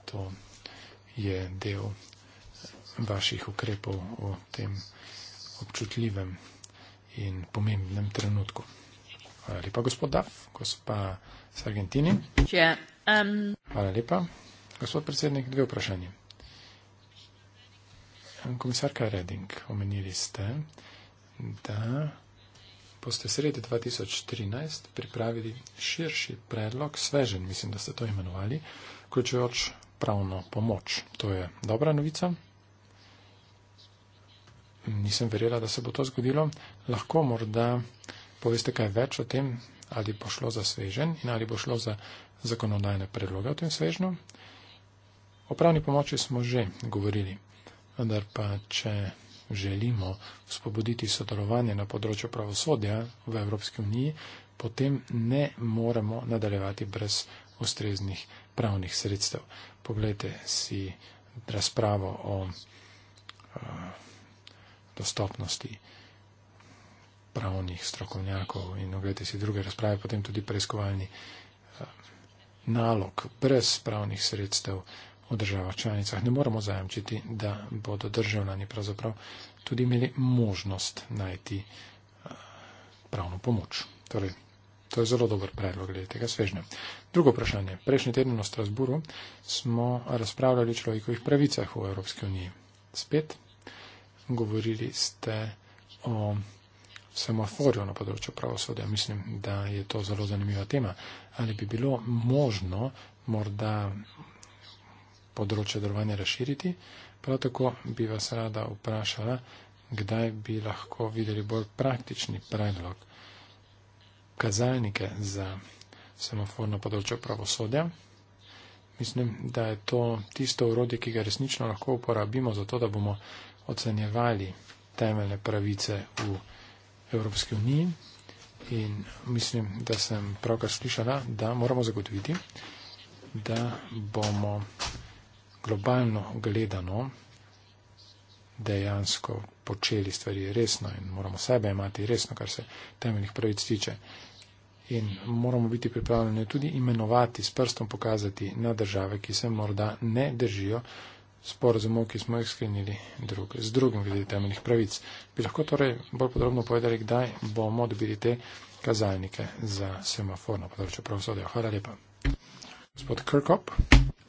To je del vaših ukrepov o tem občutljivem in pomembnem trenutku. Hvala lepa, gospod Daf, gospa iz Argentini. Hvala lepa. Gospod predsednik, dve vprašanje. Komisarka Reding, omenili ste, da boste sredi 2013 pripravili širši predlog, svežen, mislim, da ste to imenovali, vključujoč pravno pomoč. To je dobra novica, nisem verjela, da se bo to zgodilo. Lahko morda poveste kaj več o tem, ali bo šlo za svežen in ali bo šlo za zakonodajne predloge o tem svežnu. O pravni pomoči smo že govorili, vendar pa če želimo spobuditi sodelovanje na področju pravosodja v Evropski uniji, potem ne moremo nadaljevati brez ustreznih pravnih sredstev. Poglejte si razpravo o eh, dostopnosti pravnih strokovnjakov in oglejte si druge razprave, potem tudi preiskovalni eh, nalog brez pravnih sredstev v državah članicah. Ne moramo zajamčiti, da bodo državljani pravzaprav tudi imeli možnost najti eh, pravno pomoč. Torej, to je zelo dober predlog glede tega svežnja. Drugo vprašanje. Prejšnji teden v Strasburu smo razpravljali o človekovih pravicah v Evropski uniji. Spet govorili ste o semaforju na področju pravosodja. Mislim, da je to zelo zanimiva tema. Ali bi bilo možno morda področje delovanja razširiti? Prav tako bi vas rada vprašala, kdaj bi lahko videli bolj praktični predlog kazalnike za semafor na področju pravosodja. Mislim, da je to tisto urodje, ki ga resnično lahko uporabimo, zato da bomo ocenjevali temeljne pravice v Evropski uniji in mislim, da sem pravkar slišala, da moramo zagotoviti, da bomo globalno gledano dejansko počeli stvari resno in moramo sebe imati resno, kar se temeljnih pravic tiče. In moramo biti pripravljeni tudi imenovati, s prstom pokazati na države, ki se morda ne držijo sporozumov, ki smo jih sklenili drug, z drugim glede temeljnih pravic. Bi lahko torej bolj podrobno povedali, kdaj bomo dobili te kazalnike za semafor na področju pravosodja. Hvala lepa. Gospod Kirkop.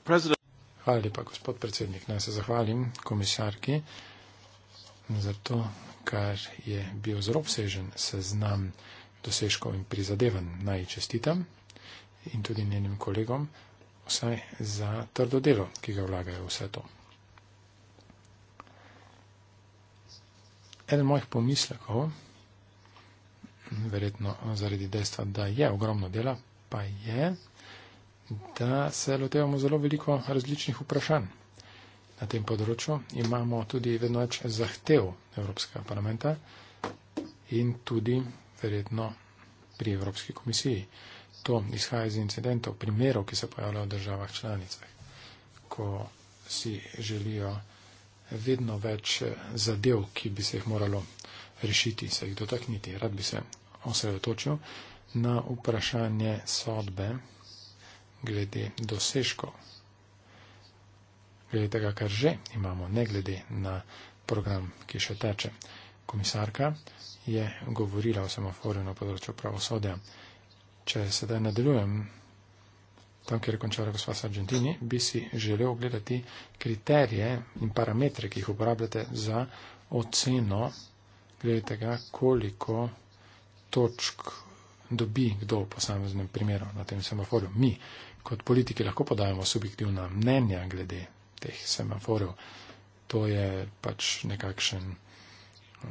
President. Hvala lepa, gospod predsednik. Naj se zahvalim komisarki za to, kar je bil zelo obsežen seznam dosežkov in prizadevanj. Naj čestitam in tudi njenim kolegom vsaj za trdo delo, ki ga vlagajo vse to. eden mojih pomislekov, verjetno zaradi dejstva, da je ogromno dela, pa je, da se lotevamo zelo veliko različnih vprašanj na tem področju. Imamo tudi vedno več zahtev Evropskega parlamenta in tudi verjetno pri Evropski komisiji. To izhaja iz incidentov, primerov, ki se pojavljajo v državah članicah, ko si želijo vedno več eh, zadev, ki bi se jih moralo rešiti, se jih dotakniti. Rad bi se osredotočil na vprašanje sodbe glede dosežkov, glede tega, kar že imamo, ne glede na program, ki še teče. Komisarka je govorila o semaforju na področju pravosodja. Če sedaj nadaljujem, tam, kjer je končala gospa Sargentini, bi si želel ogledati kriterije in parametre, ki jih uporabljate za oceno, glede tega, koliko točk dobi kdo v posameznem primeru na tem semaforju. Mi kot politiki lahko podajamo subjektivna mnenja glede teh semaforjev. To je pač nekakšen eh,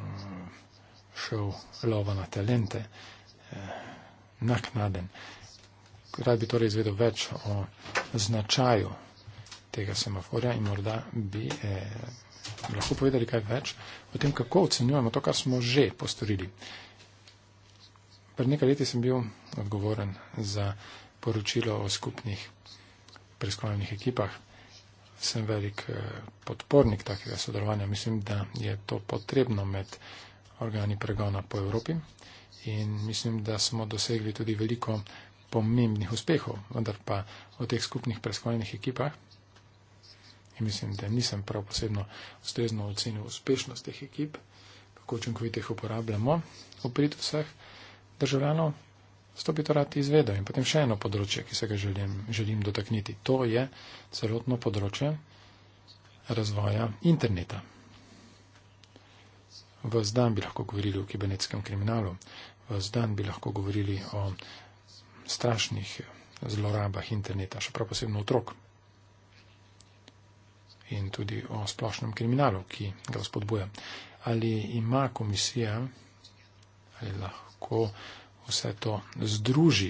šov lova na talente, eh, naknaden rad bi torej izvedel več o značaju tega semaforja in morda bi eh, lahko povedali kaj več o tem, kako ocenjujemo to, kar smo že postorili. Pred nekaj leti sem bil odgovoren za poročilo o skupnih preiskovalnih ekipah. Sem velik eh, podpornik takega sodelovanja. Mislim, da je to potrebno med organi pregona po Evropi in mislim, da smo dosegli tudi veliko pomembnih uspehov, vendar pa o teh skupnih preiskovalnih ekipah. In mislim, da nisem prav posebno ustrezno ocenil uspešnost teh ekip, kako učinkovite jih uporabljamo v prid vseh državljanov. Sto bi to rad izvedel. In potem še eno področje, ki se ga želim, želim dotakniti. To je celotno področje razvoja interneta. V zdan bi lahko govorili o kibernetskem kriminalu, v zdan bi lahko govorili o strašnih zlorabah interneta, še prav posebno otrok. In tudi o splošnem kriminalu, ki ga spodbuja. Ali ima komisija, ali lahko vse to združi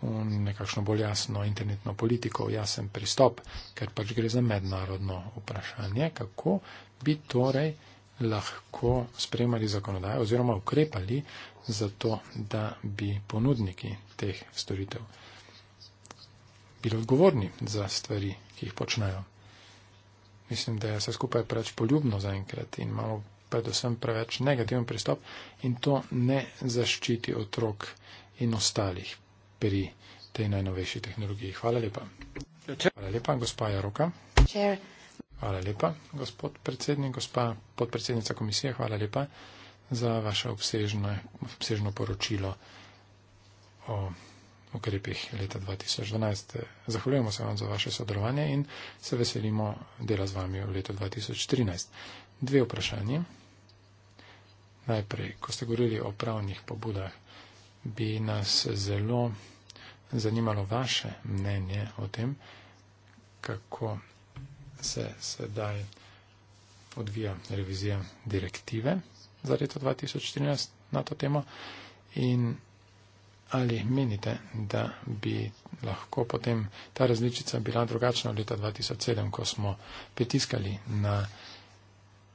v nekakšno bolj jasno internetno politiko, jasen pristop, ker pač gre za mednarodno vprašanje, kako bi torej lahko spremali zakonodajo oziroma ukrepali za to, da bi ponudniki teh storitev bili odgovorni za stvari, ki jih počnejo. Mislim, da je vse skupaj preveč poljubno zaenkrat in imamo predvsem preveč negativen pristop in to ne zaščiti otrok in ostalih pri tej najnovejši tehnologiji. Hvala lepa. Hvala lepa, gospa Jaroka. Chair. Hvala lepa, gospod predsednik, gospa podpredsednica komisije, hvala lepa za vaše obsežne, obsežno poročilo o ukrepih leta 2012. Zahvaljujemo se vam za vaše sodelovanje in se veselimo dela z vami v letu 2013. Dve vprašanje. Najprej, ko ste govorili o pravnih pobudah, bi nas zelo zanimalo vaše mnenje o tem, kako se sedaj odvija revizija direktive za leto 2014 na to temo in ali menite, da bi lahko potem ta različica bila drugačna od leta 2007, ko smo pritiskali na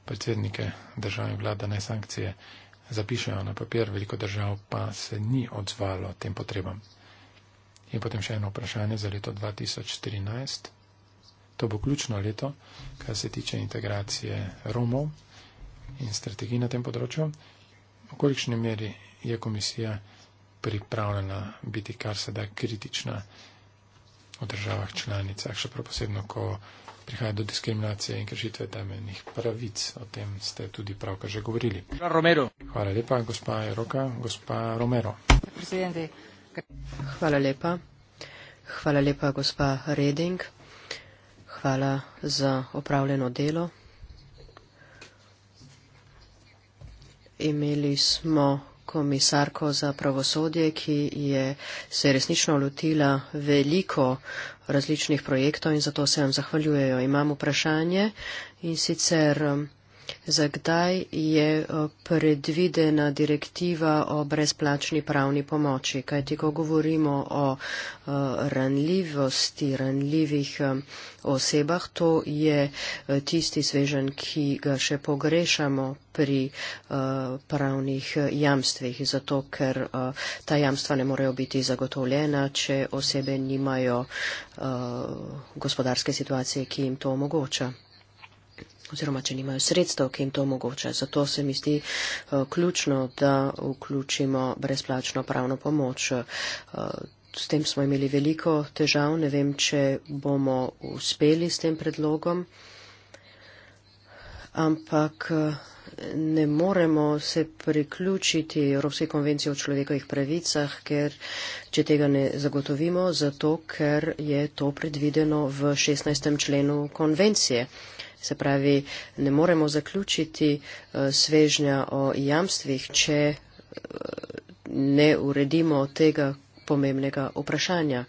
predsednike države in vlada naj sankcije zapišajo na papir, veliko držav pa se ni odzvalo tem potrebam. In potem še eno vprašanje za leto 2013 to bo ključno leto, kar se tiče integracije Romov in strategij na tem področju. V kolikšni meri je komisija pripravljena biti kar se da kritična v državah članicah, še prav posebno, ko prihaja do diskriminacije in kršitve temeljnih pravic. O tem ste tudi pravkar že govorili. Hvala lepa, gospa Roka, gospa Romero. Hvala lepa. Hvala lepa, gospa Reding. Hvala za opravljeno delo. Imeli smo komisarko za pravosodje, ki je se resnično lotila veliko različnih projektov in zato se vam zahvaljujejo. Imam vprašanje in sicer. Zakdaj je eh, predvidena direktiva o brezplačni pravni pomoči? Kaj ti, ko govorimo o eh, ranljivosti, ranljivih eh, osebah, to je tisti svežen, ki ga še pogrešamo pri pravnih jamstvih, zato ker ta jamstva ne morejo biti zagotovljena, če osebe nimajo gospodarske situacije, ki jim to omogoča oziroma če nimajo sredstev, ki jim to omogoča. Zato se mi zdi eh, ključno, da vključimo brezplačno pravno pomoč. Eh, s tem smo imeli veliko težav, ne vem, če bomo uspeli s tem predlogom, ampak eh, ne moremo se priključiti Evropske konvencije o človekovih pravicah, ker če tega ne zagotovimo, zato ker je to predvideno v 16. členu konvencije. Se pravi, ne moremo zaključiti eh, svežnja o jamstvih, če eh, ne uredimo tega pomembnega vprašanja.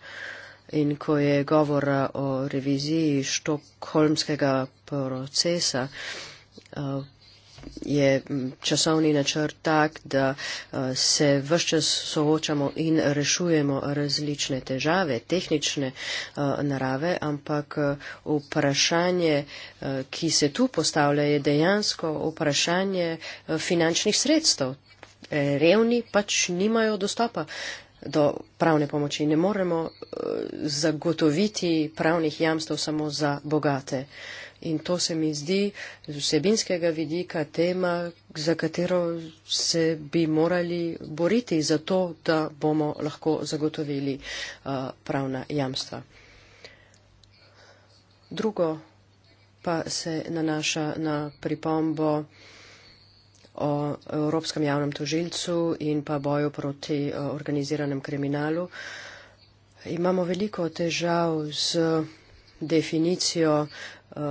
In ko je govora o reviziji štokholmskega procesa, eh, je časovni načrt tak, da eh, se vse čas soočamo in rešujemo različne težave, tehnične eh, narave, ampak eh, vprašanje, ki se tu postavlja, je dejansko vprašanje finančnih sredstev. Revni pač nimajo dostopa do pravne pomoči. Ne moremo zagotoviti pravnih jamstv samo za bogate. Uh, In to se mi zdi z vsebinskega vidika tema, za katero se bi morali boriti, zato da bomo lahko zagotovili pravna jamstva. Drugo pa se nanaša na pripombo o Evropskem javnem tožilcu in pa boju proti organiziranem kriminalu. Imamo veliko težav z definicijo uh,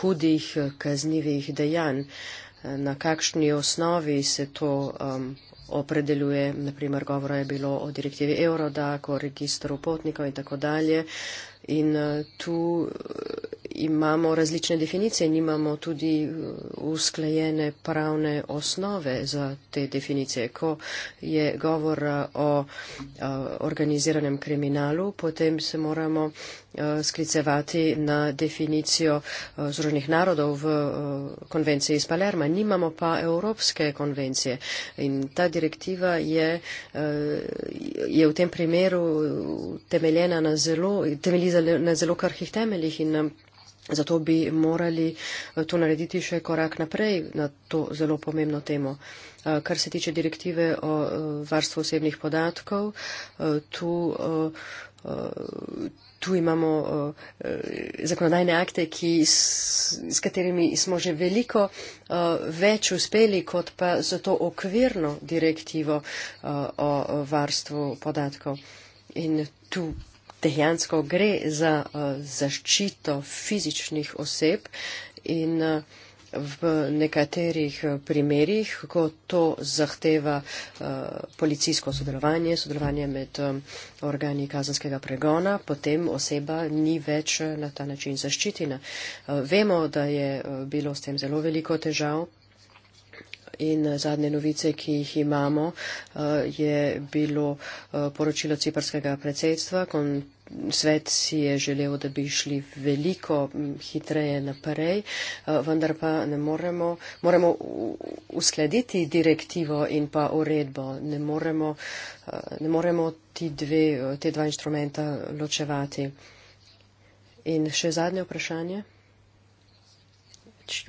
hudih kaznjivih dejanj, eh, na kakšni osnovi se to um, opredeljuje. Naprimer, govora je bilo o direktivi Eurodac, o registru potnikov in tako dalje. In uh, tu imamo različne definicije in imamo tudi uh, usklajene pravne osnove za te definicije. Ko je govor uh, o uh, organiziranem kriminalu, potem se moramo sklicevati na definicijo Združenih narodov v konvenciji iz Palerma. Nimamo pa evropske konvencije in ta direktiva je, je v tem primeru temeljena na zelo, temelji na zelo krhih temeljih in nam Zato bi morali eh, to narediti še korak naprej na to zelo pomembno temo. Eh, kar se tiče direktive o eh, varstvu osebnih podatkov, tu, tu imamo zakonodajne akte, ki, s katerimi smo že veliko več uspeli, kot pa za to okvirno direktivo o varstvu podatkov. In tu dejansko gre za eh, zaščito fizičnih oseb in eh, v nekaterih eh, primerjih, ko to zahteva policijsko sodelovanje, sodelovanje med organi kazanskega pregona, potem oseba ni več na ta način zaščitina. Vemo, da je bilo s tem zelo veliko težav. In zadnje novice, ki jih imamo, je bilo poročilo ciprskega predsedstva, svet si je želel, da bi šli veliko hitreje naprej, eh, vendar pa ne moremo, moramo uskladiti direktivo in pa uredbo. Ne moremo, eh, ne moremo ti dve, te dva inštrumenta ločevati. In še zadnje vprašanje.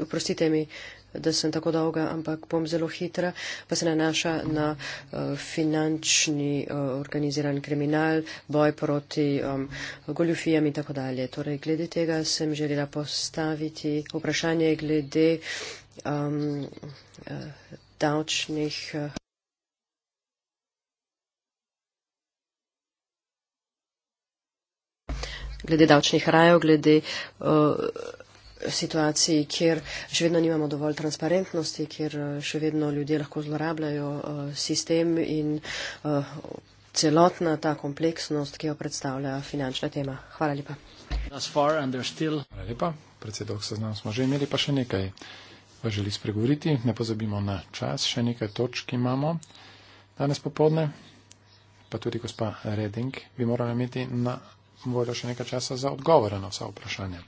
Uprostite mi, uh, da sem tako dolga, ampak bom zelo hitra, pa se nanaša na uh, finančni uh, organiziran kriminal, boj proti um, goljufijam in tako dalje. Torej, glede tega sem želela postaviti vprašanje glede um, uh, davčnih. Uh, glede davčnih rajev, glede uh, situaciji, kjer še vedno nimamo dovolj transparentnosti, kjer eh, še vedno ljudje lahko zlorabljajo eh, sistem in eh, celotna ta kompleksnost, ki jo predstavlja finančna tema. Hvala lepa. Hvala lepa. Predsedok seznam smo že imeli, pa še nekaj vas želi spregovoriti. Ne pozabimo na čas, še nekaj točk imamo danes popodne, pa tudi gospa Reding bi morala imeti na voljo še nekaj časa za odgovore na vsa vprašanja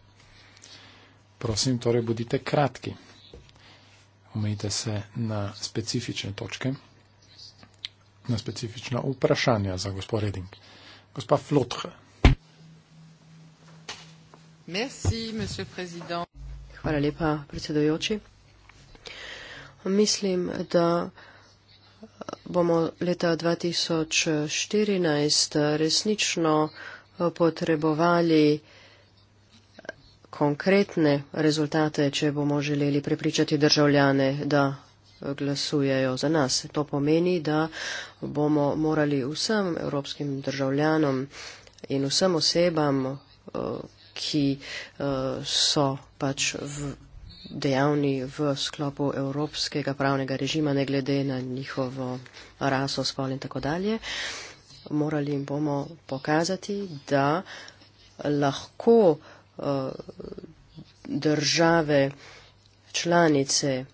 prosim, torej bodite kratki. Omejite se na specifične točke, na specifična vprašanja za gospod Reding. Gospa Flotha. Hvala lepa, predsedujoči. Mislim, da bomo leta 2014 resnično potrebovali konkretne rezultate, če bomo želeli prepričati državljane, da glasujejo za nas. To pomeni, da bomo morali vsem evropskim državljanom in vsem osebam, eh, ki eh, so pač v dejavni v sklopu evropskega pravnega režima, ne glede na njihovo raso, spol in tako dalje, morali jim bomo pokazati, da lahko uh, Eh, države članice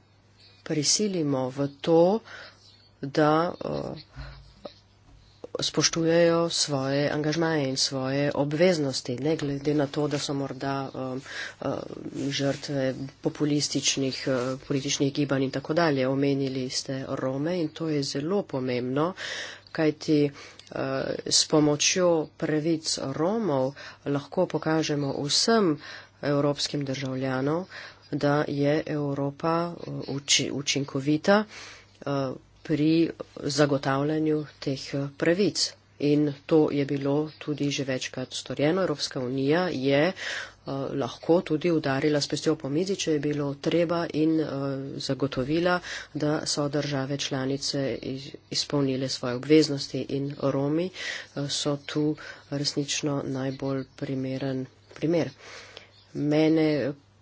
prisilimo v to, da eh, spoštujejo svoje angažmaje in svoje obveznosti, ne glede na to, da so morda um, um, žrtve populističnih uh, političnih gibanj in tako dalje. Omenili ste Rome in to je zelo pomembno, kajti uh, Eh, s pomočjo pravic Romov lahko pokažemo vsem evropskim državljanom, da je Evropa eh, učinkovita eh, pri zagotavljanju teh pravic. In to je bilo tudi že večkrat storjeno. Evropska unija je eh, lahko tudi udarila s pestjo po mizi, če je bilo treba in uh, zagotovila, da so države članice izpolnile svoje obveznosti in Romi uh, so tu resnično najbolj primeren primer. Mene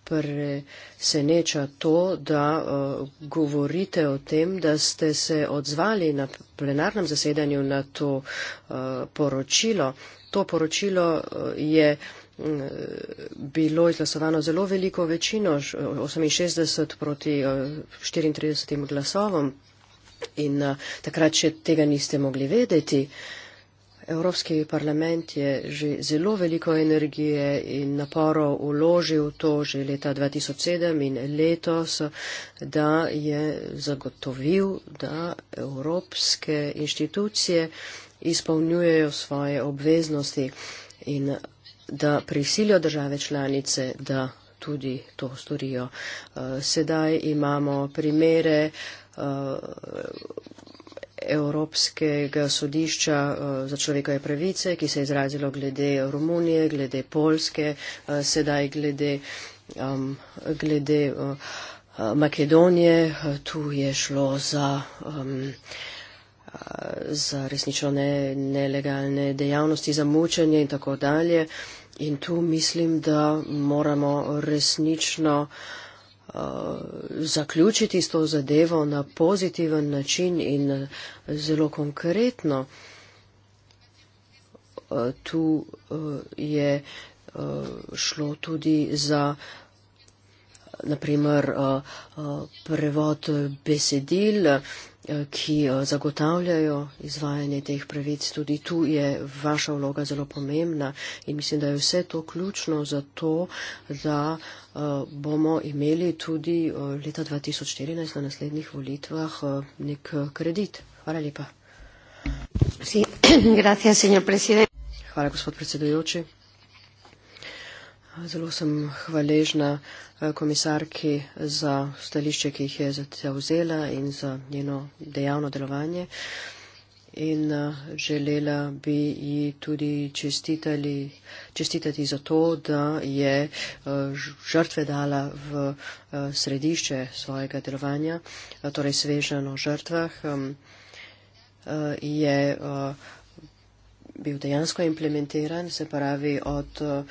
preseneča to, da eh, govorite o tem, da ste se odzvali na plenarnem zasedanju na to eh, poročilo. To poročilo eh, je mm, bilo izglasovano zelo veliko večino, 68 proti 34 glasovom in takrat še tega niste mogli vedeti. Evropski parlament je že zelo veliko energije in naporov uložil to že leta 2007 in letos, da je zagotovil, da evropske inštitucije izpolnjujejo svoje obveznosti in da prisilijo države članice, da tudi to storijo. Eh, sedaj imamo primere eh, Evropskega sodišča eh, za človekove pravice, ki se je izrazilo glede Romunije, glede Polske, eh, sedaj glede, um, glede uh, Makedonije. Tu je šlo za. Um, za resnično ne, nelegalne dejavnosti, za mučenje in tako dalje. In tu mislim, da moramo resnično uh, Eh, zaključiti s to zadevo na pozitiven način in eh, zelo konkretno. Eh, tu je šlo tudi za naprimer prevod besedil Eh, ki eh, zagotavljajo izvajanje teh pravic. Tudi tu je vaša vloga zelo pomembna in mislim, da je vse to ključno za to, da eh, bomo imeli tudi leta 2014 na naslednjih volitvah nek kredit. Hvala lepa. Sí. [CLEARS THROAT] Gracias, Hvala, gospod predsedujoči. Zelo sem hvaležna eh, komisarki za stališče, ki jih je zauzela in za njeno dejavno delovanje. In eh, želela bi ji tudi čestitati za to, da je eh, žrtve dala v središče svojega delovanja, torej svežen o žrtvah, ehm, je bil dejansko implementiran, se pravi od eh,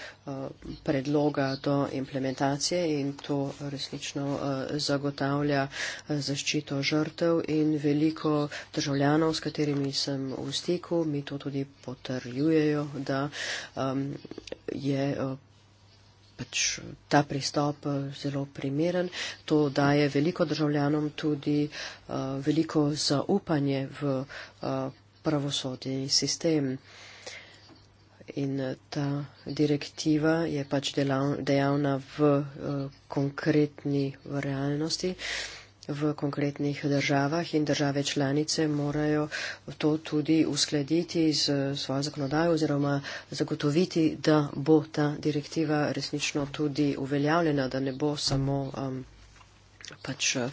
predloga do implementacije in to resnično eh, zagotavlja eh, zaščito žrtev in veliko državljanov, s katerimi sem v stiku, mi to tudi potrjujejo, da je pač ta pristop zelo primeren. To daje veliko državljanom tudi veliko zaupanje v pravosodni sistem. In eh, ta direktiva je pač dejavna v eh, konkretni v realnosti, v konkretnih državah in države članice morajo to tudi uskladiti z eh, svojo zakonodajo oziroma zagotoviti, da bo ta direktiva resnično tudi uveljavljena, da ne bo samo um, pač uh,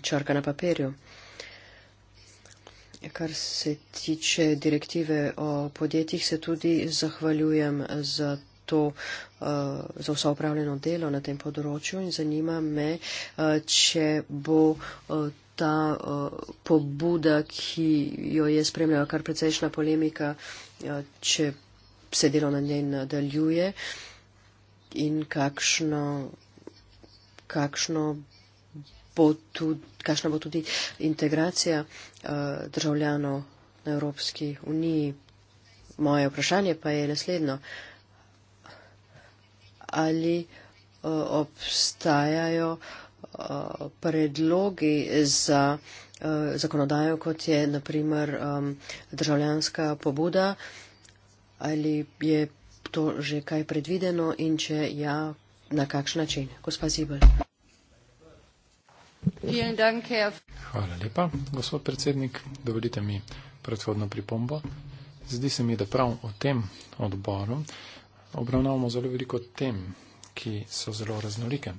črka na papirju. Kar se tiče direktive o podjetjih, se tudi zahvaljujem za, to, eh, za vso upravljeno delo na tem področju in zanima me, eh, če bo eh, ta pobuda, ki jo je spremljala kar precejšna polemika, če se delo na njej nadaljuje in kakšno, kakšno bo tudi kakšna bo tudi integracija eh, državljanov na Evropski uniji. Moje vprašanje pa je naslednjo. Ali eh, obstajajo eh, predlogi za zakonodajo, kot je naprimer državljanska pobuda, ali je to že kaj predvideno in če ja, na kakšen način? Gospa Zibel. Hvala lepa, gospod predsednik. Dovolite mi predhodno pripombo. Zdi se mi, da prav o tem odboru obravnavamo zelo veliko tem, ki so zelo raznolike.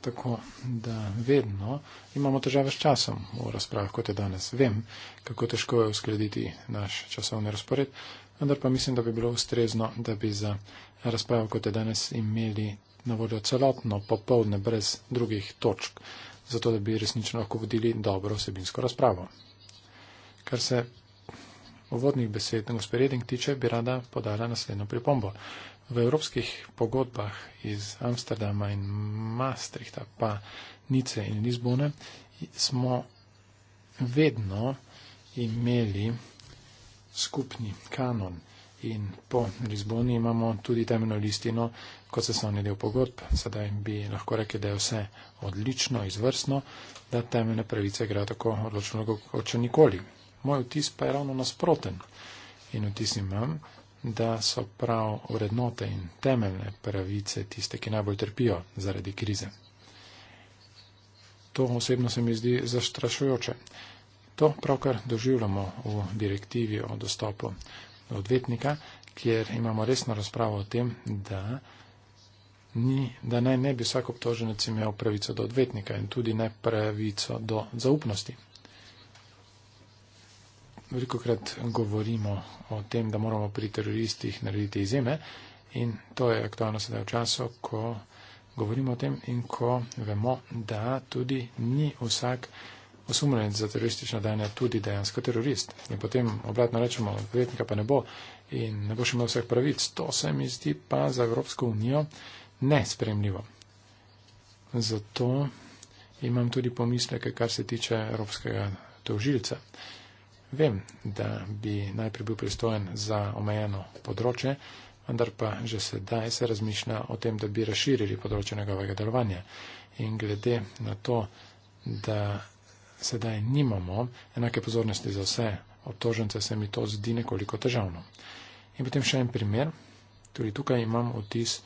Tako da vedno imamo težave s časom v razpravah, kot je danes. Vem, kako težko je uskladiti naš časovni razpored, vendar pa mislim, da bi bilo ustrezno, da bi za razpravo, kot je danes, imeli na voljo celotno popovdne brez drugih točk zato da bi resnično lahko vodili dobro vsebinsko razpravo. Kar se uvodnih besed in usporedin tiče, bi rada podala naslednjo pripombo. V evropskih pogodbah iz Amsterdama in Maastrichta, pa Nice in Lizbone, smo vedno imeli skupni kanon in po Lizboni imamo tudi temeljno listino, kot se sam ne del pogodb. Sedaj bi lahko rekli, da je vse odlično, izvrstno, da temeljne pravice gre tako odločno, kot če nikoli. Moj vtis pa je ravno nasproten in vtis imam, da so prav vrednote in temeljne pravice tiste, ki najbolj trpijo zaradi krize. To osebno se mi zdi zastrašujoče. To pravkar doživljamo v direktivi o dostopu odvetnika, kjer imamo resno razpravo o tem, da, ni, da naj ne bi vsak obtoženec imel pravico do odvetnika in tudi ne pravico do zaupnosti. Veliko krat govorimo o tem, da moramo pri teroristih narediti izjeme in to je aktualno sedaj v času, ko govorimo o tem in ko vemo, da tudi ni vsak osumljen za teroristično dejanje tudi dejansko terorist. In potem obratno rečemo, vetnika pa ne bo in ne bo še imel vseh pravic. To se mi zdi pa za Evropsko unijo nespremljivo. Zato imam tudi pomisleke, kar se tiče evropskega tožilca. Vem, da bi najprej bil pristojen za omejeno področje, vendar pa že sedaj se razmišlja o tem, da bi razširili področje njegovega delovanja. In glede na to, da sedaj nimamo enake pozornosti za vse obtožence, se mi to zdi nekoliko težavno. In potem še en primer. Tudi tukaj imam vtis,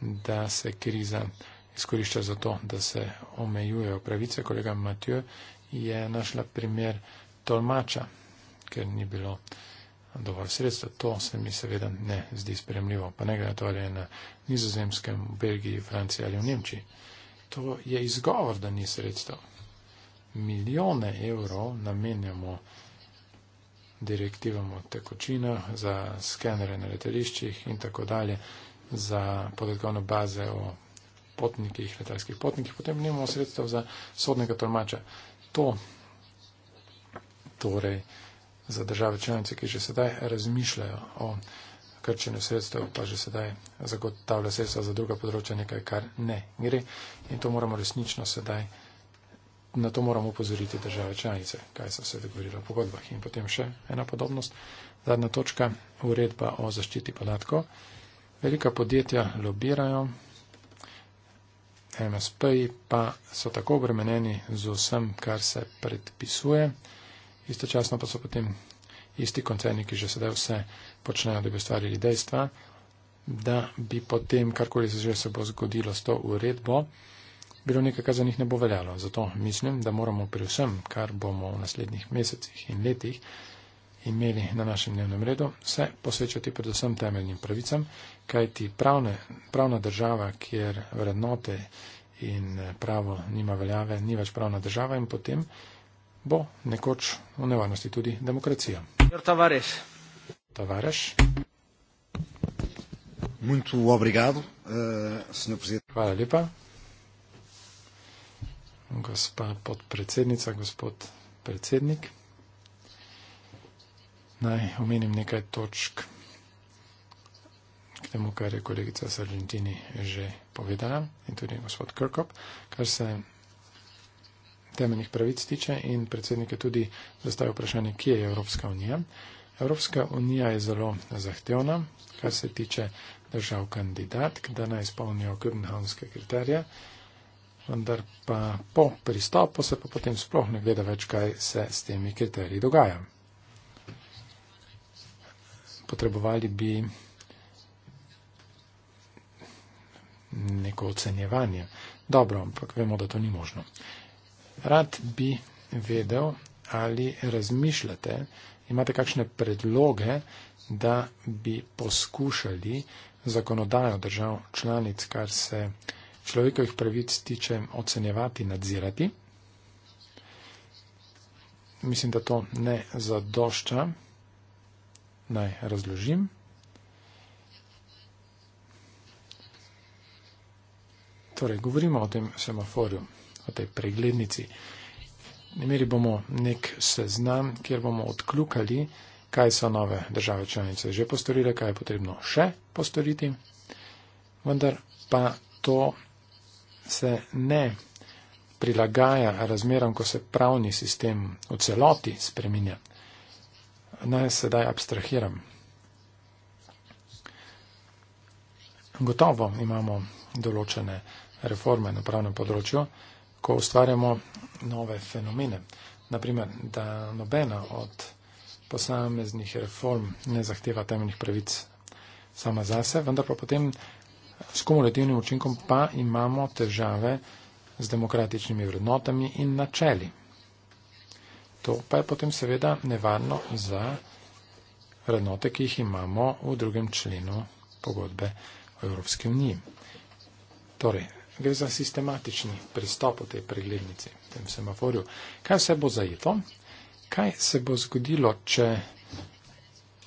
da se kriza izkorišča za to, da se omejujejo pravice. Kolega Matijo je našla primer tolmača, ker ni bilo dovolj sredstva. To se mi seveda ne zdi spremljivo, pa ne gre to ali na nizozemskem, v Belgiji, Franciji ali v Nemčiji. To je izgovor, da ni sredstva milijone evrov namenjamo direktivam o tekočinah, za skenere na letališčih in tako dalje, za podatkovne baze o potnikih, letalskih potnikih, potem nimamo sredstev za sodnega tolmača. To torej za države članice, ki že sedaj razmišljajo o krčenju sredstev, pa že sedaj zagotavlja sredstva za druga področja, nekaj, kar ne gre. In to moramo resnično sedaj razmišljati na to moramo upozoriti države članice, kaj so se dogovorili o pogodbah. In potem še ena podobnost, zadnja točka, uredba o zaščiti podatkov. Velika podjetja lobirajo, MSP-ji pa so tako obremenjeni z vsem, kar se predpisuje, istočasno pa so potem isti koncerni, ki že sedaj vse počnejo, da bi ustvarili dejstva, da bi potem, karkoli se že se bo zgodilo s to uredbo, bilo nekaj, kar za njih ne bo veljalo. Zato mislim, da moramo pri vsem, kar bomo v naslednjih mesecih in letih imeli na našem dnevnem redu, se posvečati predvsem temeljnim pravicam, kajti pravne, pravna država, kjer vrednote in pravo nima veljave, ni več pravna država in potem bo nekoč v nevarnosti tudi demokracija. Tavares. Tavares. Muito obrigado, uh, eh, Sr. Presidente. Hvala lepa gospa podpredsednica, gospod predsednik. Naj omenim nekaj točk k temu, kar je kolegica Sargentini že povedala in tudi gospod Krkop, kar se temeljnih pravic tiče in predsednik je tudi zastavil vprašanje, kje je Evropska unija. Evropska unija je zelo zahtevna, kar se tiče držav kandidatk, da naj izpolnijo Kübenhavnske kriterije vendar pa po pristopu se pa potem sploh ne gleda več, kaj se s temi kriteriji dogaja. Potrebovali bi neko ocenjevanje. Dobro, ampak vemo, da to ni možno. Rad bi vedel, ali razmišljate, imate kakšne predloge, da bi poskušali zakonodajo držav članic, kar se človekovih pravic tiče ocenjevati, nadzirati. Mislim, da to ne zadošča. Naj razložim. Torej, govorimo o tem semaforju, o tej preglednici. Imeli bomo nek seznam, kjer bomo odkljukali, kaj so nove države članice že postorile, kaj je potrebno še postoriti, vendar pa to se ne prilagaja razmeram, ko se pravni sistem v celoti spreminja. Naj sedaj abstrahiram. Gotovo imamo določene reforme na pravnem področju, ko ustvarjamo nove fenomene. Naprimer, da nobena od posameznih reform ne zahteva temeljnih pravic sama zase, vendar pa potem s kumulativnim učinkom pa imamo težave z demokratičnimi vrednotami in načeli. To pa je potem seveda nevarno za vrednote, ki jih imamo v drugem členu pogodbe o Evropski uniji. Torej, gre za sistematični pristop v tej preglednici, v tem semaforju. Kaj se bo zajeto? Kaj se bo zgodilo, če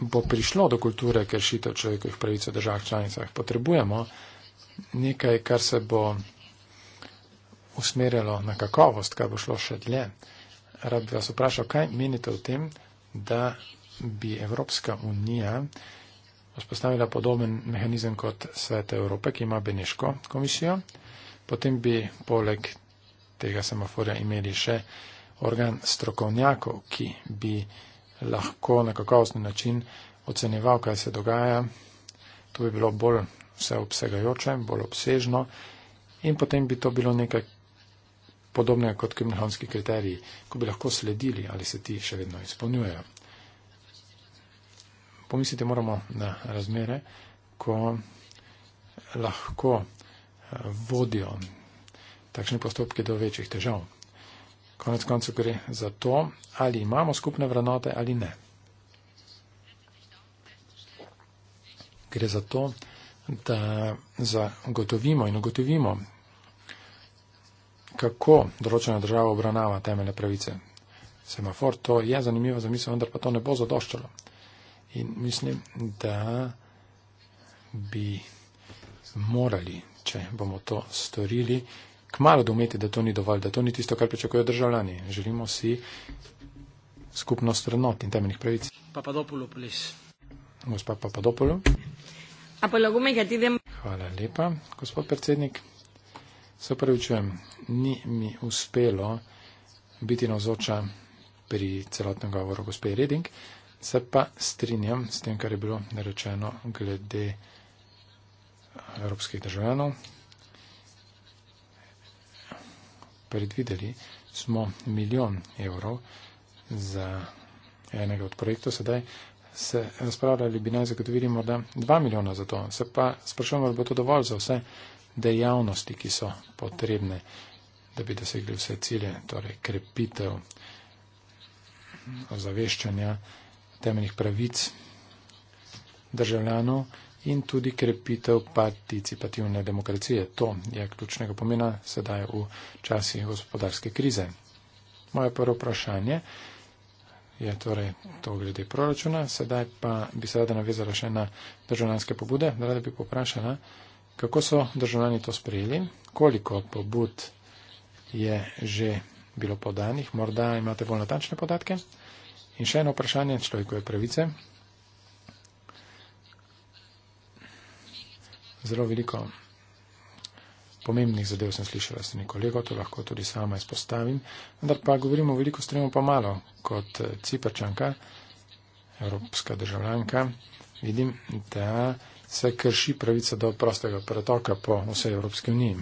bo prišlo do kulture kršitev človekovih pravic v državah članicah. Potrebujemo nekaj, kar se bo usmerjalo na kakovost, kar bo šlo še dlje. Rad bi vas vprašal, kaj menite o tem, da bi Evropska unija vzpostavila podoben mehanizem kot Svet Evrope, ki ima Beneško komisijo. Potem bi poleg tega semaforja imeli še organ strokovnjakov, ki bi lahko na kakovostni način oceneval, kaj se dogaja. To bi bilo bolj vseobsegajoče, bolj obsežno in potem bi to bilo nekaj podobnega kot kriminalonski kriteriji, ko bi lahko sledili, ali se ti še vedno izpolnjujejo. Pomisliti moramo na razmere, ko lahko eh, vodijo takšni postopki do večjih težav. Konec koncev gre za to, ali imamo skupne vrednote ali ne. Gre za to, da zagotovimo in ugotovimo, kako določena država obravnava temeljne pravice. Semafor, to je zanimivo za misel, vendar pa to ne bo zadoščalo. In mislim, da bi morali, če bomo to storili, kmalo dometi, da to ni dovolj, da to ni tisto, kar pričakujejo državljani. Želimo si skupnost vrednot in temeljnih pravic. Papadopolu, plis. Gospod Papadopolu. Hvala lepa, gospod predsednik. Se upravičujem, ni mi uspelo biti navzoča pri celotnem govoru gospe Reding. Se pa strinjam s tem, kar je bilo narečeno glede evropskih državljanov. predvideli, smo milijon evrov za enega od projektov sedaj. Se razpravljali bi naj zagotovili morda 2 milijona za to. Se pa sprašujemo, ali bo to dovolj za vse dejavnosti, ki so potrebne, da bi dosegli vse cilje, torej krepitev ozaveščanja temeljnih pravic državljanov in tudi krepitev participativne demokracije. To je ključnega pomena sedaj v časih gospodarske krize. Moje prvo vprašanje je torej to glede proračuna. Sedaj pa bi se rada navezala še na državljanske pobude. Rada bi poprašala, kako so državljani to sprejeli, koliko pobud je že bilo podanih. Morda imate bolj natančne podatke. In še eno vprašanje človekove pravice. zelo veliko pomembnih zadev sem slišala s temi kolego, to lahko tudi sama izpostavim, vendar pa govorimo veliko stremo pa malo. Kot eh, ciprčanka, evropska državljanka, vidim, da se krši pravica do prostega pretoka po vsej Evropski uniji.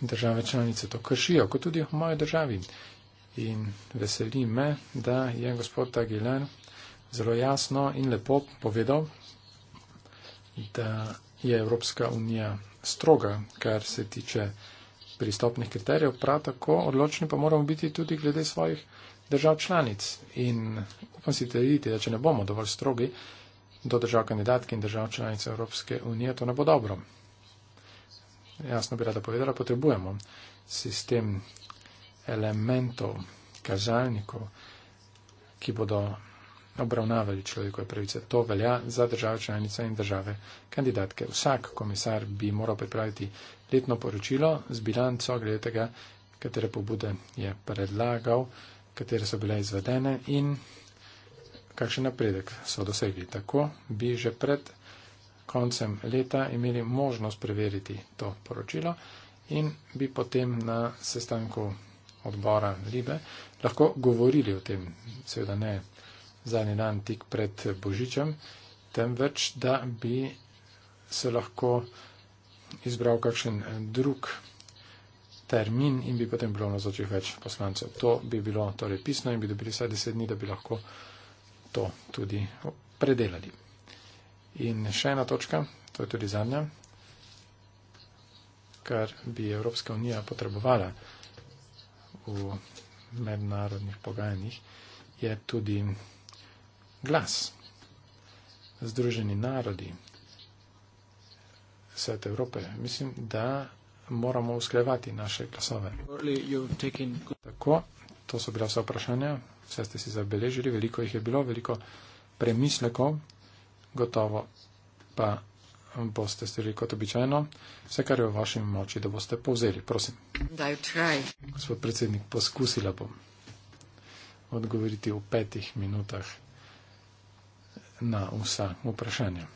Države članice to kršijo, kot tudi v moji državi. In veseli me, da je gospod Aguilar zelo jasno in lepo povedal da je Evropska unija stroga, kar se tiče pristopnih kriterijev, prav tako odločni pa moramo biti tudi glede svojih držav članic. In upam si trditi, da če ne bomo dovolj strogi do držav kandidatki in držav članic Evropske unije, to ne bo dobro. Jasno bi rada povedala, potrebujemo sistem elementov, kazalnikov, ki bodo obravnavali človekove pravice. To velja za države članice in države kandidatke. Vsak komisar bi moral pripraviti letno poročilo z bilanco glede tega, katere pobude je predlagal, katere so bile izvedene in kakšen napredek so dosegli. Tako bi že pred koncem leta imeli možnost preveriti to poročilo in bi potem na sestanku odbora Libe lahko govorili o tem, seveda ne zadnji dan tik pred Božičem, temveč da bi se lahko izbral kakšen eh, drug termin in bi potem bilo na zočih več poslancev. To bi bilo torej pisno in bi dobili vsaj deset dni, da bi lahko to tudi predelali. In še ena točka, to je tudi zadnja, kar bi Evropska unija potrebovala v mednarodnih pogajanjih, je tudi glas. Združeni narodi, svet Evrope, mislim, da moramo usklevati naše glasove. Tako, to so bila vse vprašanja, vse ste si zabeležili, veliko jih je bilo, veliko premislekov, gotovo pa boste storili kot običajno, vse kar je v vaši moči, da boste povzeli, prosim. Gospod predsednik, poskusila bom odgovoriti v petih minutah na vsa vprašanja.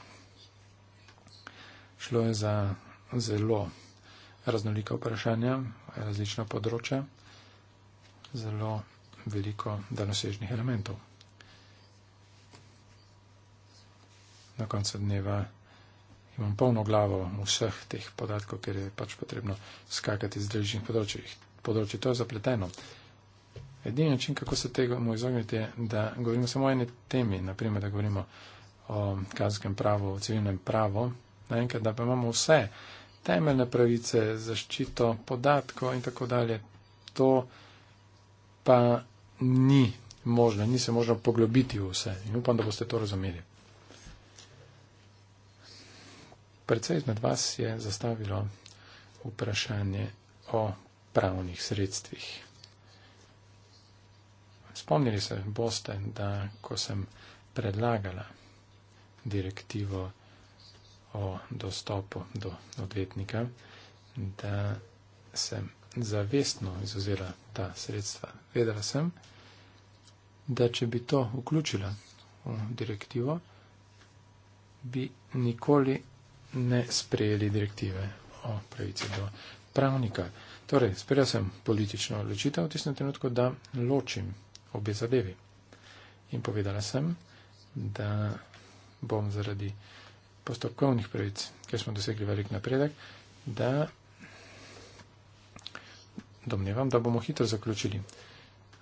Šlo je za zelo raznolika vprašanja, različna področja, zelo veliko danosežnih elementov. Na koncu dneva imam polno glavo vseh teh podatkov, ker je pač potrebno skakati z različnih področjih. Področje to je zapleteno. Edini način, kako se tega mu izogniti, je, da govorimo samo o eni temi, naprimer, da govorimo o kazenskem pravu, o civilnem pravu, naenkrat, da pa imamo vse temeljne pravice, zaščito podatkov in tako dalje. To pa ni možno, ni se možno poglobiti v vse in upam, da boste to razumeli. Predvsej med vas je zastavilo vprašanje o pravnih sredstvih spomnili se boste, da ko sem predlagala direktivo o dostopu do odvetnika, da sem zavestno izuzela ta sredstva. Vedela sem, da če bi to vključila v direktivo, bi nikoli ne sprejeli direktive o pravici do pravnika. Torej, sprejela sem politično odločitev v tistem trenutku, da ločim obe zadevi. In povedala sem, da bom zaradi postopkovnih pravic, ker smo dosegli velik napredek, da domnevam, da bomo hitro zaključili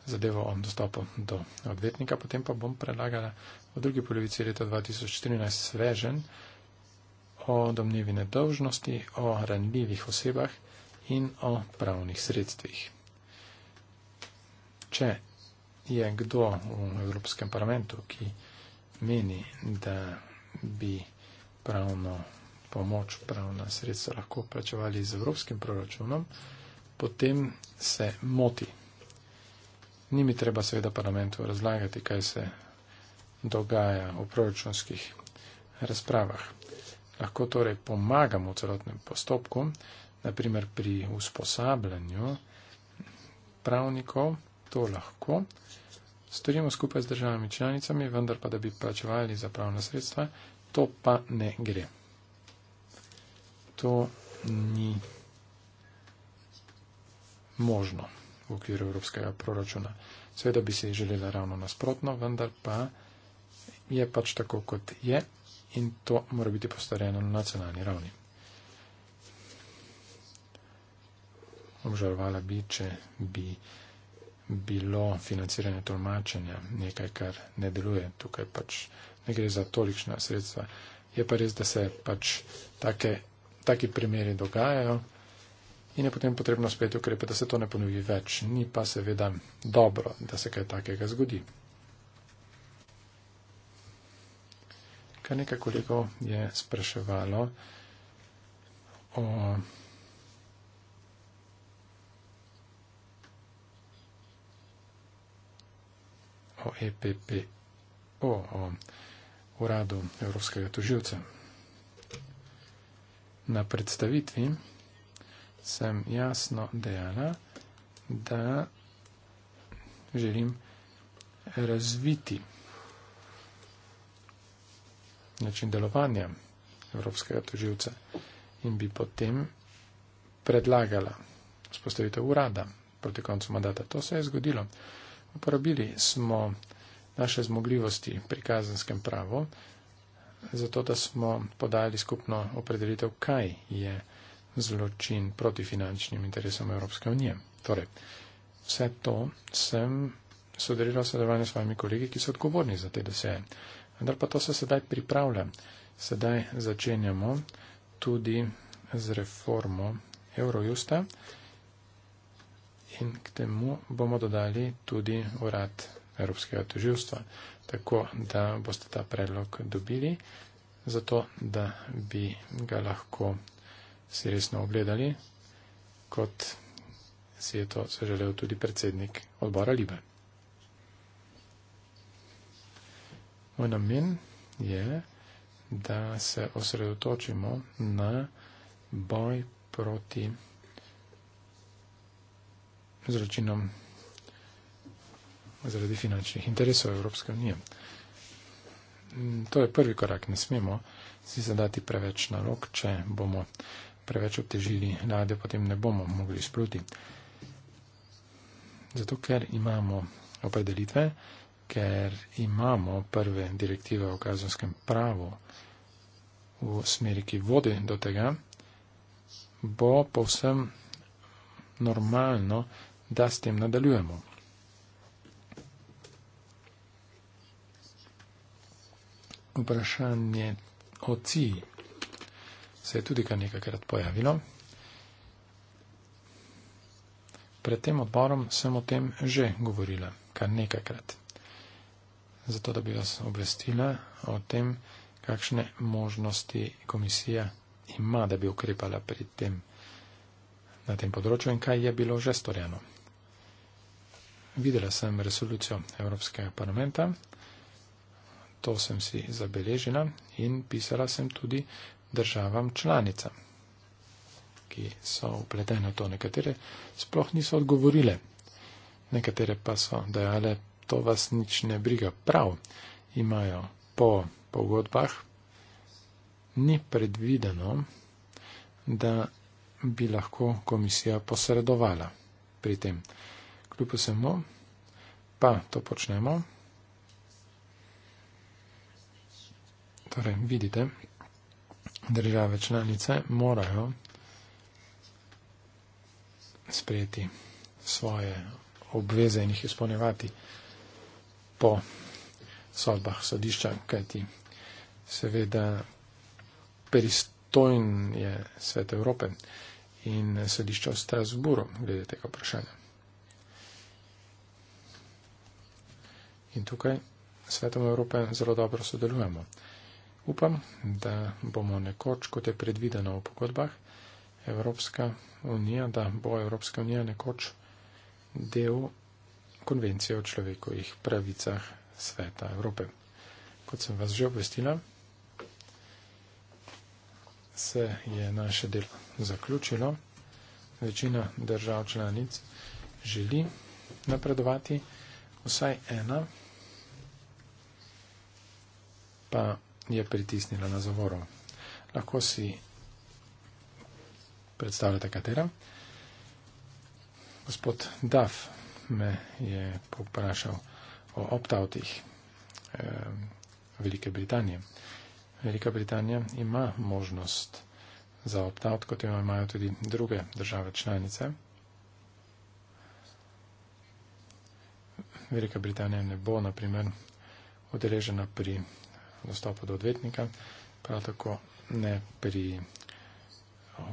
zadevo o dostopu do odvetnika, potem pa bom predlagala v drugi polovici leta 2014 svežen o domnevi nedolžnosti, o ranljivih osebah in o pravnih sredstvih. Če je kdo v Evropskem parlamentu, ki meni, da bi pravno pomoč, pravna sredstva lahko plačevali z evropskim proračunom, potem se moti. Ni mi treba seveda parlamentu razlagati, kaj se dogaja v proračunskih razpravah. Lahko torej pomagamo v celotnem postopku, naprimer pri usposabljanju pravnikov, to lahko, storimo skupaj z državami članicami, vendar pa da bi plačevali za pravna sredstva, to pa ne gre. To ni možno v okviru evropskega proračuna. Seveda bi se želela ravno nasprotno, vendar pa je pač tako, kot je in to mora biti postarjeno na nacionalni ravni. Obžalovala bi, če bi bilo financiranje tolmačenja nekaj, kar ne deluje. Tukaj pač ne gre za tolikšna sredstva. Je pa res, da se pač take, taki primeri dogajajo in je potem potrebno spet ukrepe, da se to ne ponovi več. Ni pa seveda dobro, da se kaj takega zgodi. Kar nekaj kolegov je spraševalo o o EPPO, o uradu Evropskega tužilca. Na predstavitvi sem jasno dejala, da želim razviti način delovanja Evropskega tužilca in bi potem predlagala spostavitev urada proti koncu mandata. To se je zgodilo. Uporabili smo naše zmogljivosti pri kazenskem pravu, zato da smo podali skupno opredelitev, kaj je zločin proti finančnim interesom Evropske unije. Torej, vse to sem sodeloval v sodelovanju s svojimi kolegi, ki so odgovorni za te doseje. Vendar pa to se sedaj pripravlja. Sedaj začenjamo tudi z reformo Eurojusta in k temu bomo dodali tudi urad Evropskega toživstva, tako da boste ta predlog dobili, zato da bi ga lahko si resno ogledali, kot si je to zaželel tudi predsednik odbora Libe. Moj namen je, da se osredotočimo na boj proti z rodzinom zaradi finančnih interesov Evropske unije. Mm, to je prvi korak. Ne smemo si zadati preveč nalog, če bomo preveč obtežili lade, potem ne bomo mogli sproti. Zato, ker imamo opredelitve, ker imamo prve direktive o kazenskem pravu v smeri, ki vodi do tega, bo povsem normalno, da s tem nadaljujemo. Vprašanje o ciji se je tudi kar nekajkrat pojavilo. Pred tem odborom sem o tem že govorila, kar nekajkrat. Zato, da bi vas obvestila o tem, kakšne možnosti komisija ima, da bi ukrepala pri tem na tem področju in kaj je bilo že storjeno. Videla sem resolucijo Evropskega parlamenta, to sem si zabeležila in pisala sem tudi državam članicam, ki so upletene v to. Nekatere sploh niso odgovorile, nekatere pa so dejale, to vas nič ne briga. Prav imajo po pogodbah, ni predvideno, da bi lahko komisija posredovala pri tem kljub vsemu, pa to počnemo. Torej, vidite, države članice morajo sprejeti svoje obveze in jih izpolnjevati po sodbah sodišča, kajti seveda pristojen je svet Evrope in sodišča v Strasburu, glede tega vprašanja. In tukaj svetom Evrope zelo dobro sodelujemo. Upam, da bomo nekoč, kot je predvideno v pogodbah, Evropska unija, da bo Evropska unija nekoč del konvencije o človekovih pravicah sveta Evrope. Kot sem vas že obvestila, se je naše delo zaključilo. Večina držav članic želi napredovati, vsaj ena pa je pritisnila na zavoro. Lahko si predstavljate, katera. Gospod Duff me je poprašal o opt-outih ehm, Velike Britanije. Velika Britanija ima možnost za opt-out, kot jo imajo tudi druge države članice. Velika Britanija ne bo, na primer, odrežena pri dostopa do odvetnika, prav tako ne pri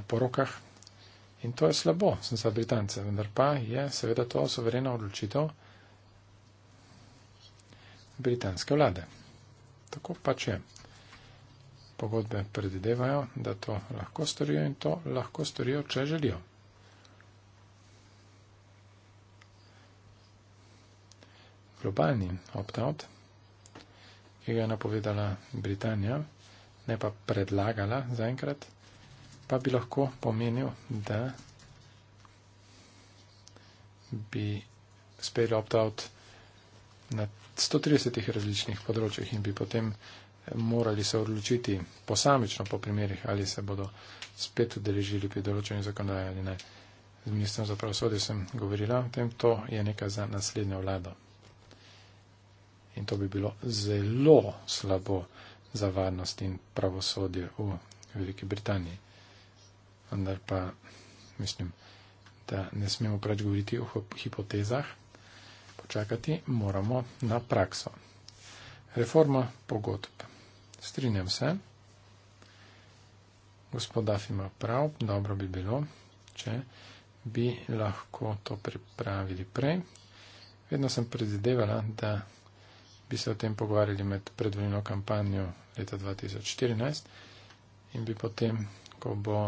porokah. In to je slabo, sem za Britance, vendar pa je seveda to soverena odločitev britanske vlade. Tako pač je. Pogodbe predvidevajo, da to lahko storijo in to lahko storijo, če želijo. Globalni opt-out ki ga je napovedala Britanija, ne pa predlagala zaenkrat, pa bi lahko pomenil, da bi spelo opt-out na 130 različnih področjih in bi potem morali se odločiti posamično po primerih, ali se bodo spet udeležili pri določenju zakonodaje ali ne. Z ministrom za pravosodje sem govorila o tem, to je nekaj za naslednjo vlado. In to bi bilo zelo slabo za varnost in pravosodje v Veliki Britaniji. Vendar pa mislim, da ne smemo preveč govoriti o hipotezah, počakati moramo na prakso. Reforma pogodb. Strinjam se, gospoda ima prav, dobro bi bilo, če bi lahko to pripravili prej. Vedno sem predvidevala, da bi se o tem pogovarjali med predvoljno kampanjo leta 2014 in bi potem, ko bo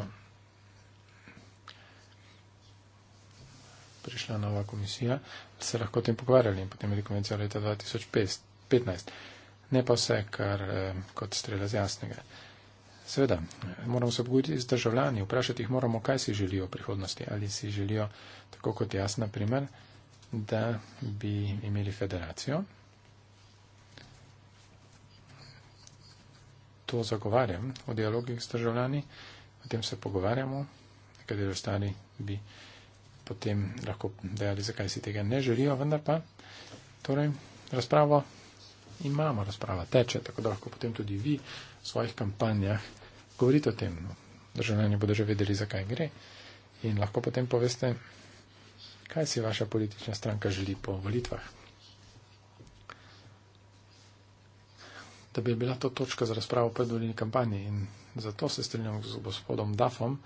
prišla nova komisija, se lahko o tem pogovarjali in potem bili konvencija leta 2015. Ne pa vse, kar eh, kot strela z jasnega. Seveda, moramo se pogoditi z državljani, vprašati jih moramo, kaj si želijo v prihodnosti. Ali si želijo, tako kot jaz, na primer, da bi imeli federacijo, to zagovarjam, o dialogih s državljani, o tem se pogovarjamo, nekateri ostali bi potem lahko dejali, zakaj si tega ne želijo, vendar pa torej razpravo imamo, razprava teče, tako da lahko potem tudi vi v svojih kampanjah govorite o tem. Državljani bodo že vedeli, zakaj gre in lahko potem poveste, kaj si vaša politična stranka želi po volitvah. da bi bila to točka za razpravo v predvoljeni kampanji. In zato se strinjam z gospodom Dafom,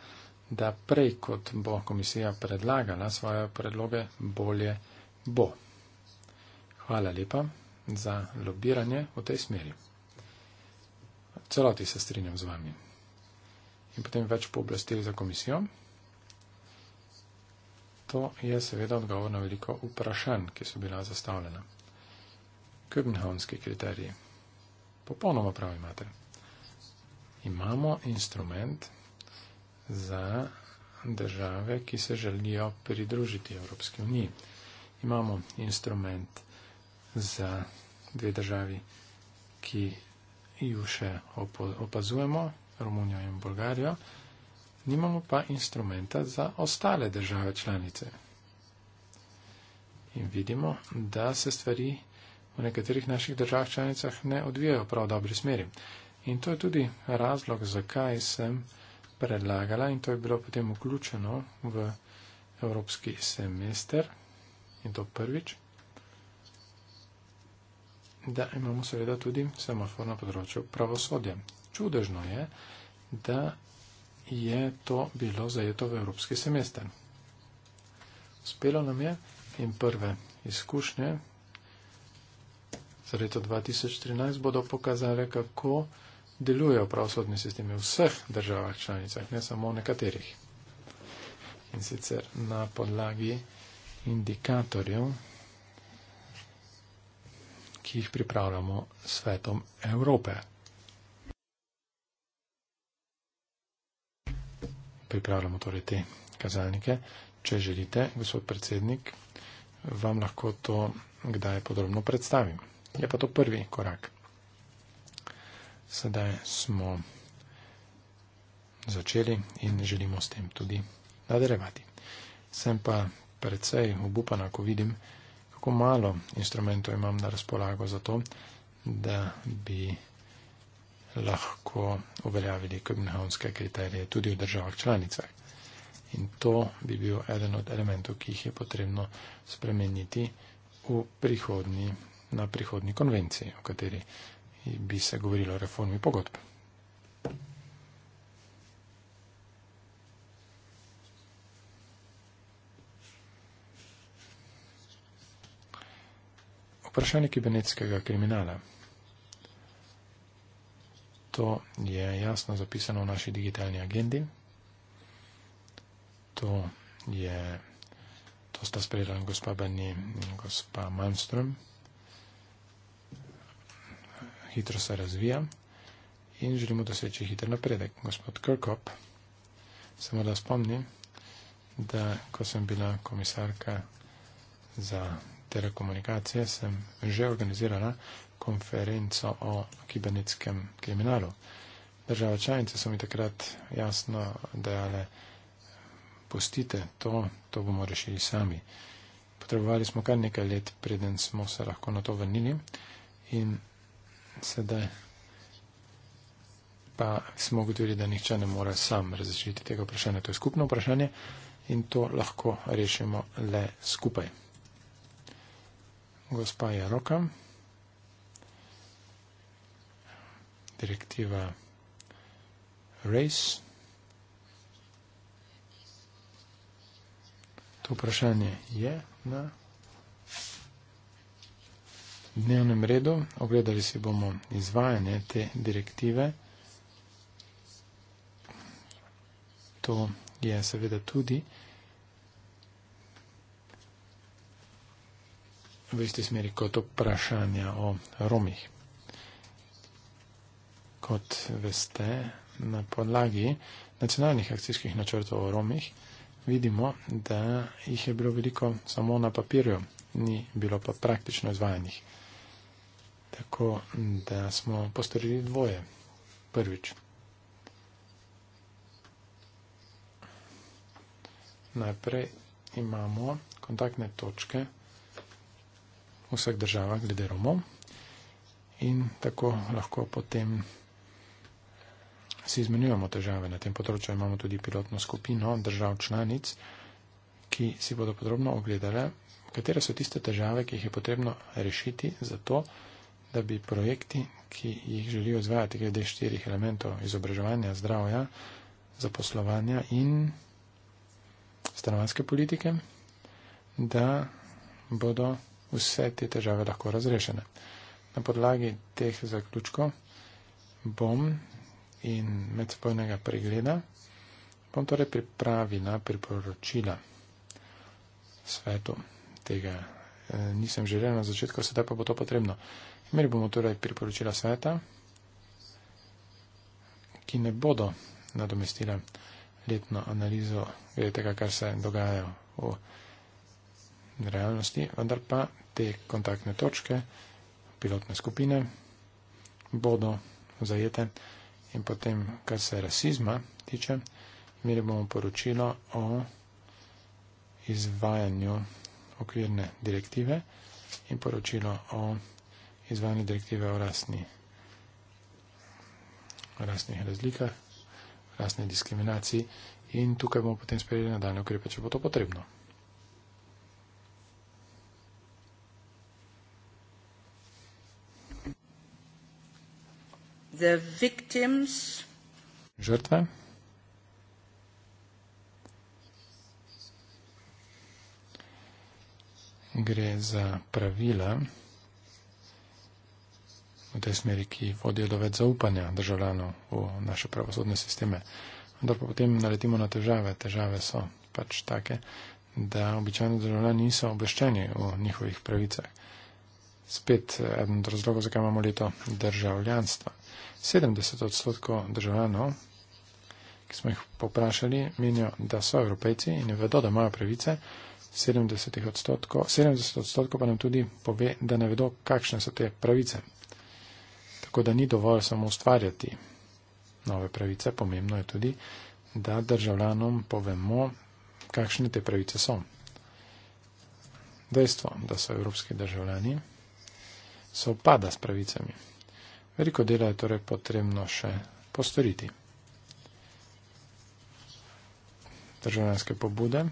da prej, kot bo komisija predlagala svoje predloge, bolje bo. Hvala lepa za lobiranje v tej smeri. Celoti se strinjam z vami. In potem več pooblastil za komisijo. To je seveda odgovor na veliko vprašanj, ki so bila zastavljena. Köbenhavnski kriteriji. Popolnoma prav imate. Imamo instrument za države, ki se želijo pridružiti Evropski uniji. Imamo instrument za dve državi, ki ju še opazujemo, Romunijo in Bolgarijo. Nimamo pa instrumenta za ostale države članice. In vidimo, da se stvari v nekaterih naših državah članicah ne odvijajo prav v dobri smeri. In to je tudi razlog, zakaj sem predlagala in to je bilo potem vključeno v evropski semester in to prvič, da imamo seveda tudi semafor na področju pravosodja. Čudežno je, da je to bilo zajeto v evropski semester. Uspelo nam je in prve izkušnje za leto 2013 bodo pokazale, kako delujejo pravosodni sistemi v vseh državah članicah, ne samo v nekaterih. In sicer na podlagi indikatorjev, ki jih pripravljamo svetom Evrope. Pripravljamo torej te kazalnike. Če želite, gospod predsednik, vam lahko to kdaj podrobno predstavim je pa to prvi korak. Sedaj smo začeli in želimo s tem tudi nadaljevati. Sem pa predvsej obupana, ko vidim, kako malo instrumentov imam na razpolago za to, da bi lahko uveljavili kognihonske kriterije tudi v državah članicah. In to bi bil eden od elementov, ki jih je potrebno spremeniti v prihodni na prihodni konvenciji, o kateri bi se govorilo o reformi pogodb. Vprašanje kibernetskega kriminala. To je jasno zapisano v naši digitalni agendi. To, je, to sta sprejela gospa Bani in gospa Malmström hitro se razvijam in želim doseči hiter napredek. Gospod Kirkop, se morda spomnim, da ko sem bila komisarka za telekomunikacije, sem že organizirala konferenco o kibernetskem kriminalu. Države članice so mi takrat jasno dejale, pustite to, to bomo rešili sami. Potrebovali smo kar nekaj let, preden smo se lahko na to vrnili in sedaj. Pa smo ugotovili, da nihče ne more sam razrešiti tega vprašanja. To je skupno vprašanje in to lahko rešimo le skupaj. Gospa je roka. Direktiva RACE. To vprašanje je na dnevnem redu. Ogledali si bomo izvajanje te direktive. To je seveda tudi v isti smeri kot vprašanja o romih. Kot veste, na podlagi nacionalnih akcijskih načrtov o romih vidimo, da jih je bilo veliko samo na papirju, ni bilo pa praktično izvajanih. Tako da smo postorili dvoje. Prvič. Najprej imamo kontaktne točke v vseh državah glede Romov in tako lahko potem si izmenjujemo težave. Na tem področju imamo tudi pilotno skupino držav članic, ki si bodo podrobno ogledale, katere so tiste težave, ki jih je potrebno rešiti za to, da da bi projekti, ki jih želijo izvajati glede štirih elementov izobraževanja, zdravja, zaposlovanja in stanovanske politike, da bodo vse te težave lahko razrešene. Na podlagi teh zaključkov bom in medsebojnega pregleda bom torej pripravila priporočila svetu tega. Eh, nisem želela na začetku, sedaj pa bo to potrebno. Imeli bomo torej priporočila sveta, ki ne bodo nadomestila letno analizo glede tega, kar se dogaja v realnosti, vendar pa te kontaktne točke, pilotne skupine bodo zajete in potem, kar se rasizma tiče, imeli bomo poročilo o izvajanju okvirne direktive in poročilo o izvajanje direktive o rasni, o rasnih razlikah, rasni diskriminaciji in tukaj bomo potem sprejeli nadaljne ukrepe, če bo to potrebno. The victims. Žrtve. Gre za pravila v tej smeri, ki vodijo do več zaupanja državljanov v naše pravosodne sisteme. Vendar pa potem naletimo na težave. Težave so pač take, da običajno državljani niso obveščeni o njihovih pravicah. Spet eden od razlogov, zakaj imamo leto državljanstva. 70 odstotkov državljanov, ki smo jih poprašali, menijo, da so evropejci in vedo, da imajo pravice. 70 odstotkov, 70 odstotkov pa nam tudi pove, da ne vedo, kakšne so te pravice. Tako da ni dovolj samo ustvarjati nove pravice, pomembno je tudi, da državljanom povemo, kakšne te pravice so. Dejstvo, da so evropski državljani, se opada s pravicami. Veliko dela je torej potrebno še postoriti. Državljanske pobude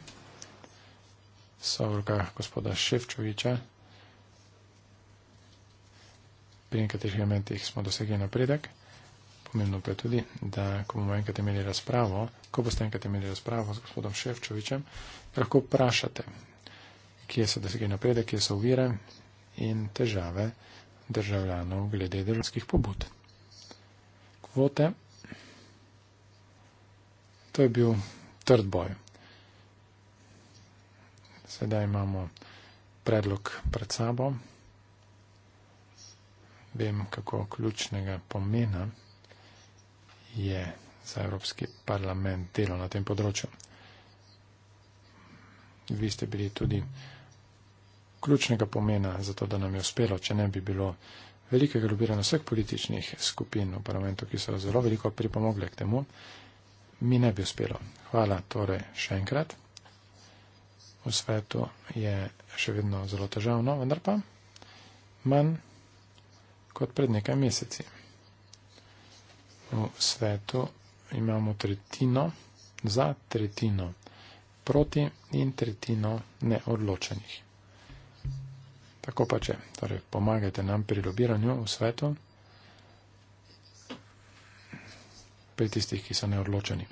so v rokah gospoda Ševčoviča pri nekaterih elementih smo dosegli napredek. Pomembno pa je tudi, da ko bomo enkrat imeli razpravo, ko boste enkrat imeli razpravo z gospodom Ševčovičem, lahko vprašate, kje so dosegli napredek, kje so uvire in težave državljanov glede delovskih pobud. Kvote. To je bil trd boj. Sedaj imamo predlog pred sabo vem, kako ključnega pomena je za Evropski parlament delo na tem področju. Vi ste bili tudi ključnega pomena za to, da nam je uspelo, če ne bi bilo velikega lobiranja vseh političnih skupin v parlamentu, ki so zelo veliko pripomogle k temu, mi ne bi uspelo. Hvala torej še enkrat. V svetu je še vedno zelo težavno, vendar pa manj kot pred nekaj meseci. V svetu imamo tretjino za, tretjino proti in tretjino neodločenih. Tako pa če, torej pomagajte nam pri lobiranju v svetu, pri tistih, ki so neodločeni.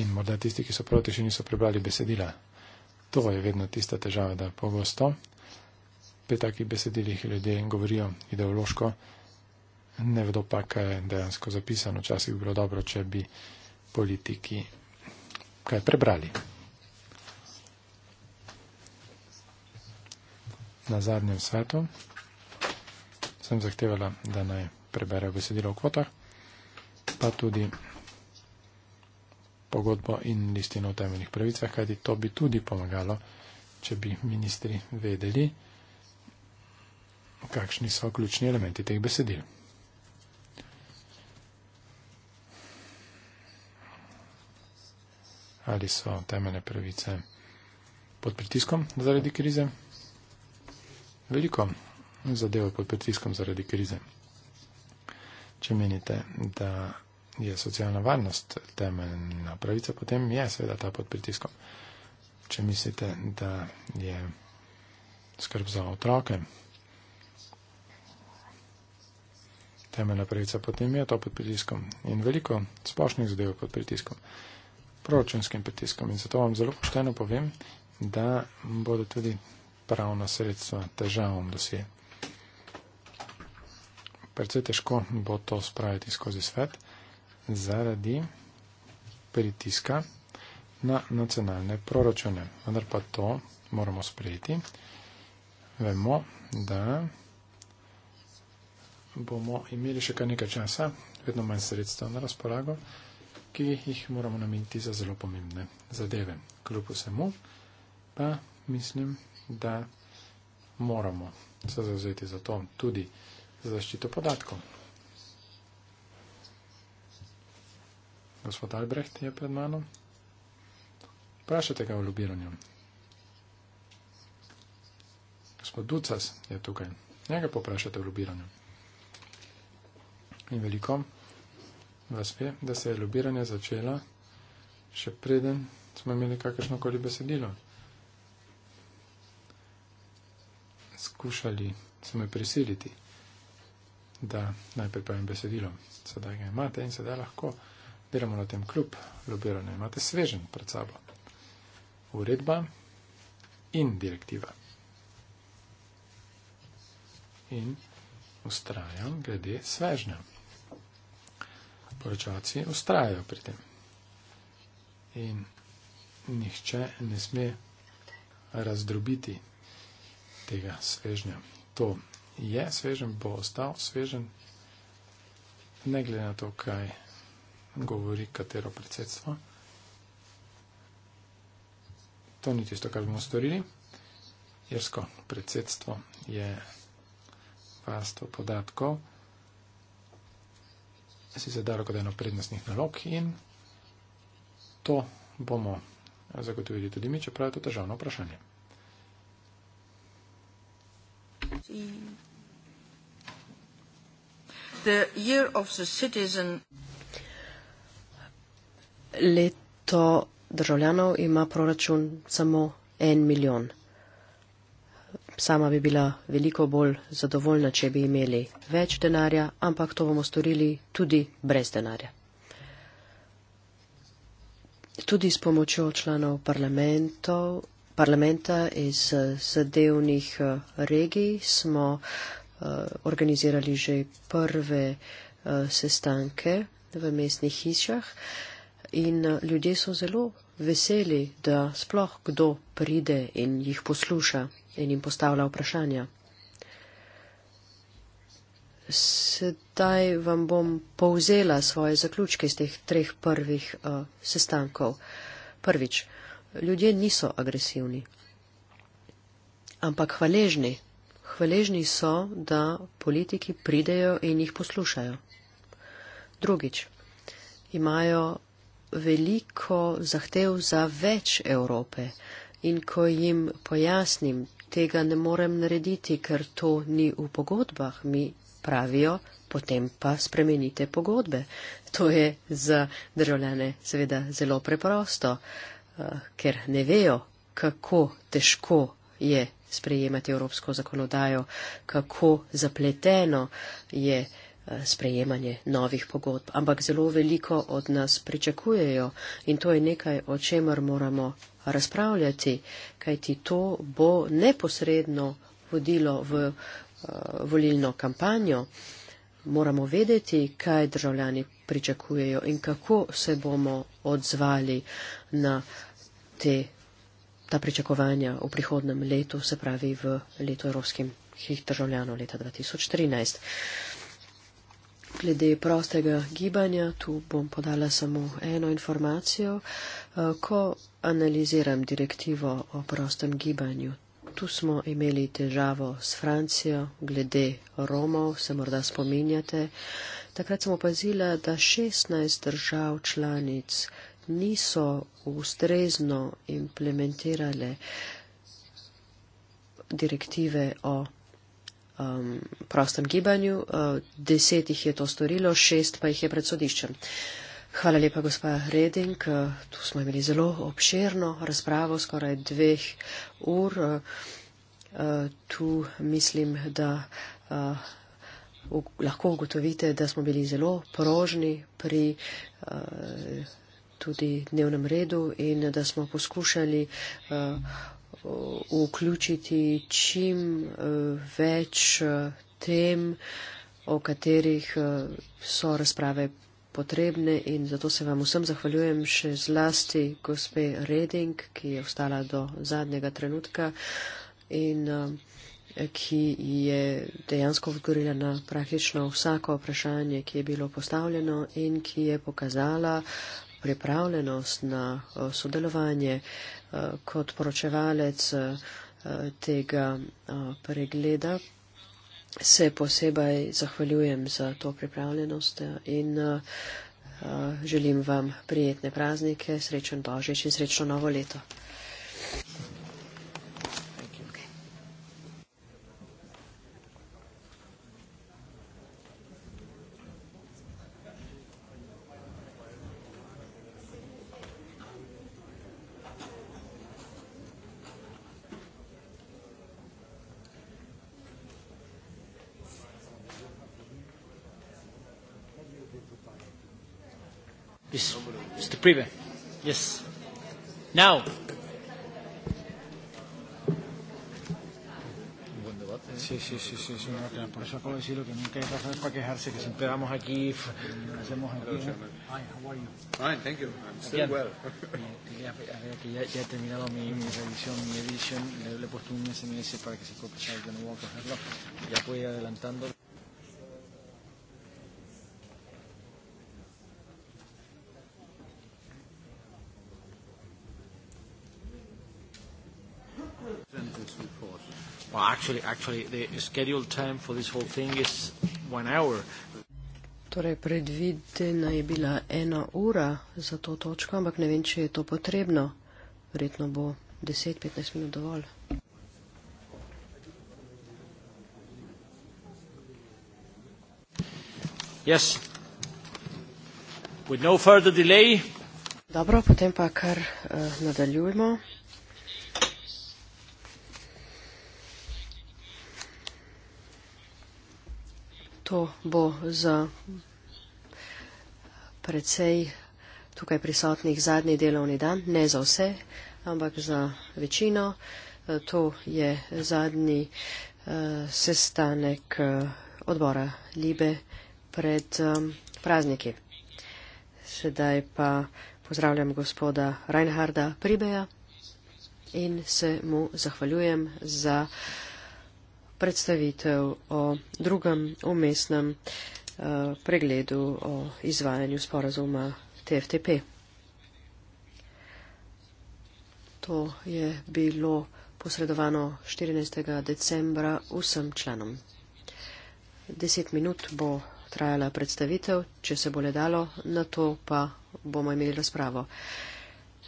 In morda tisti, ki so proti, še niso prebrali besedila. To je vedno tista težava, da pogosto pri takih besedilih ljudje in govorijo ideološko, ne vedo pa, kaj je dejansko zapisano. Včasih bi bilo dobro, če bi politiki kaj prebrali. Na zadnjem svetu sem zahtevala, da naj preberejo besedilo v kvotah, pa tudi pogodbo in listino o temeljnih pravicah, kajti to bi tudi pomagalo, če bi ministri vedeli, kakšni so ključni elementi teh besedil. Ali so temeljne pravice pod pritiskom zaradi krize? Veliko zadev je pod pritiskom zaradi krize. Če menite, da je socialna varnost temeljna pravica, potem je seveda ta pod pritiskom. Če mislite, da je skrb za otroke, temeljna pravica, potem je to pod pritiskom in veliko splošnih zadev pod pritiskom, proračunskim pritiskom. In zato vam zelo pošteno povem, da bodo tudi pravna sredstva težavom dosje. Predvsej težko bo to spraviti skozi svet zaradi pritiska na nacionalne proračune. Vendar pa to moramo sprejeti. Vemo, da bomo imeli še kar nekaj časa, vedno manj sredstev na razpolago, ki jih moramo nameniti za zelo pomembne zadeve. Kljub vsemu pa mislim, da moramo se zavzeti za to tudi za zaščito podatkov. Gospod Albrecht je pred mano. Vprašajte ga o lobiranju. Gospod Ducas je tukaj. Njega poprašajte o lobiranju in veliko vas ve, da se je lobiranje začela še preden smo imeli kakršno koli besedilo. Skušali smo jo prisiliti, da najprej povem besedilo. Sedaj ga imate in sedaj lahko delamo na tem kljub lobiranju. Imate svežen pred sabo. Uredba in direktiva. In ustrajam glede svežnja poročavci ustrajajo pri tem. In nihče ne sme razdrobiti tega svežnja. To je svežen, bo ostal svežen, ne glede na to, kaj govori katero predsedstvo. To ni tisto, kar bomo storili. Irsko predsedstvo je vasto podatkov si zadalo kot eno prednostnih nalog in to bomo zagotovili tudi mi, čeprav je to težavno vprašanje. Leto državljanov ima proračun samo en milijon. Sama bi bila veliko bolj zadovoljna, če bi imeli več denarja, ampak to bomo storili tudi brez denarja. Tudi s pomočjo članov parlamenta iz zadevnih eh, regij smo eh, organizirali že prve eh, sestanke v mestnih hišah in ljudje so zelo veseli, da sploh kdo pride in jih posluša in jim postavlja vprašanja. Sedaj vam bom povzela svoje zaključke iz teh treh prvih uh, sestankov. Prvič, ljudje niso agresivni, ampak hvaležni. Hvaležni so, da politiki pridejo in jih poslušajo. Drugič, imajo veliko zahtev za več Evrope in ko jim pojasnim, tega ne morem narediti, ker to ni v pogodbah, mi pravijo, potem pa spremenite pogodbe. To je za državljane seveda zelo preprosto, eh, ker ne vejo, kako težko je sprejemati evropsko zakonodajo, kako zapleteno je. Eh, sprejemanje novih pogodb, ampak zelo veliko od nas pričakujejo in to je nekaj, o čemer moramo razpravljati, kajti to bo neposredno vodilo v eh, volilno kampanjo. Moramo vedeti, kaj državljani pričakujejo in kako se bomo odzvali na te, ta pričakovanja v prihodnem letu, se pravi v letu evropskih državljanov leta 2013. Glede prostega gibanja, tu bom podala samo eno informacijo. Eh, ko analiziram direktivo o prostem gibanju, tu smo imeli težavo s Francijo, glede Romov, se morda spominjate. Takrat sem opazila, da 16 držav članic niso ustrezno implementirale direktive o um, prostem gibanju, uh, deset jih je to storilo, šest pa jih je pred sodiščem. Hvala lepa, gospa Reding. Uh, tu smo imeli zelo obširno razpravo, skoraj dveh ur. Uh, uh, tu mislim, da. Uh, Lahko ugotovite, da smo bili zelo prožni pri uh, tudi dnevnem redu in da smo poskušali uh, Eh, vključiti čim eh, več eh, tem, o katerih so razprave potrebne in zato se vam vsem zahvaljujem še zlasti gospe Reding, ki je ostala do zadnjega trenutka in ki je dejansko odgovorila na praktično vsako vprašanje, ki je bilo postavljeno in ki je pokazala pripravljenost na sodelovanje Eh, kot poročevalec eh, tega eh, pregleda. Se posebej zahvaljujem za to pripravljenost in želim vam prijetne praznike, srečen Božič in srečno novo leto. pride. Yes. Now. Sí, sí, sí, sí, sí no, por eso acabo de decir lo que nunca hay que hacer es para quejarse, que siempre vamos aquí, hacemos aquí. ¿eh? ¿no? Hi, how are you? Fine, thank you. I'm still well. Eh, a ver, que ya, ya he terminado mi, mi revisión, mi edición, le, le he puesto un SMS para que se copie, ¿sabes? Yo no voy a cogerlo, ya puedo ir adelantando. Actually, actually, the scheduled time for this whole thing is one hour. Torej, predvidena je bila ena ura za to točko, ampak ne vem, če je to potrebno. Verjetno bo 10-15 minut dovolj. Yes. With no further delay. Dobro, potem pa kar uh, nadaljujemo. to bo za precej tukaj prisotnih zadnji delovni dan, ne za vse, ampak za večino. E, to je zadnji e, sestanek e, odbora Libe pred prazniki. Sedaj pa pozdravljam gospoda Reinharda Pribeja in se mu zahvaljujem za predstavitev o drugem umestnem eh, pregledu o izvajanju sporazuma TFTP. To je bilo posredovano 14. decembra vsem članom. Deset minut bo trajala predstavitev, če se bo le dalo, na to pa bomo imeli razpravo.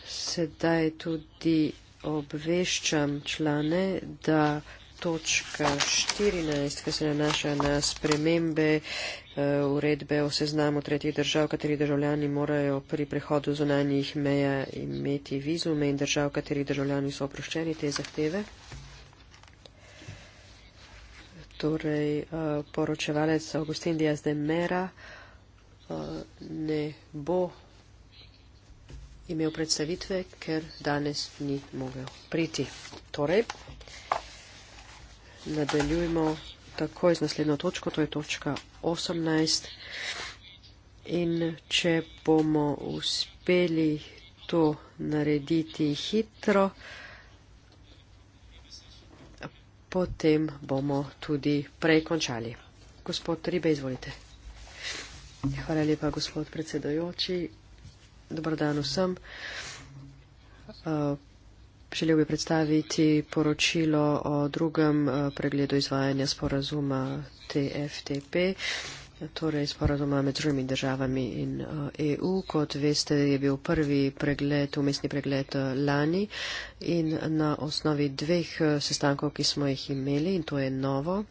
Sedaj tudi obveščam člane, da točka 14, ki se nanaša na spremembe eh, uredbe o seznamu tretjih držav, kateri državljani morajo pri prehodu zunanjih meja imeti vizume in držav, kateri državljani so oproščeni te zahteve. Torej, eh, poročevalec Augustin Diaz de Mera eh, ne bo imel predstavitve, ker danes ni mogel priti. Torej, nadaljujmo takoj z naslednjo točko, to je točka 18. In če bomo uspeli to narediti hitro, potem bomo tudi prej končali. Gospod Ribe, izvolite. Hvala lepa, gospod predsedojoči. Dobro dan vsem. Uh, Želel bi predstaviti poročilo o drugem eh, pregledu izvajanja sporazuma TFTP, torej sporazuma med drugimi državami in EU. Eh, e Kot veste, je bil prvi pregled, umestni pregled eh, lani in na osnovi dveh sestankov, ki smo jih imeli in to je novo.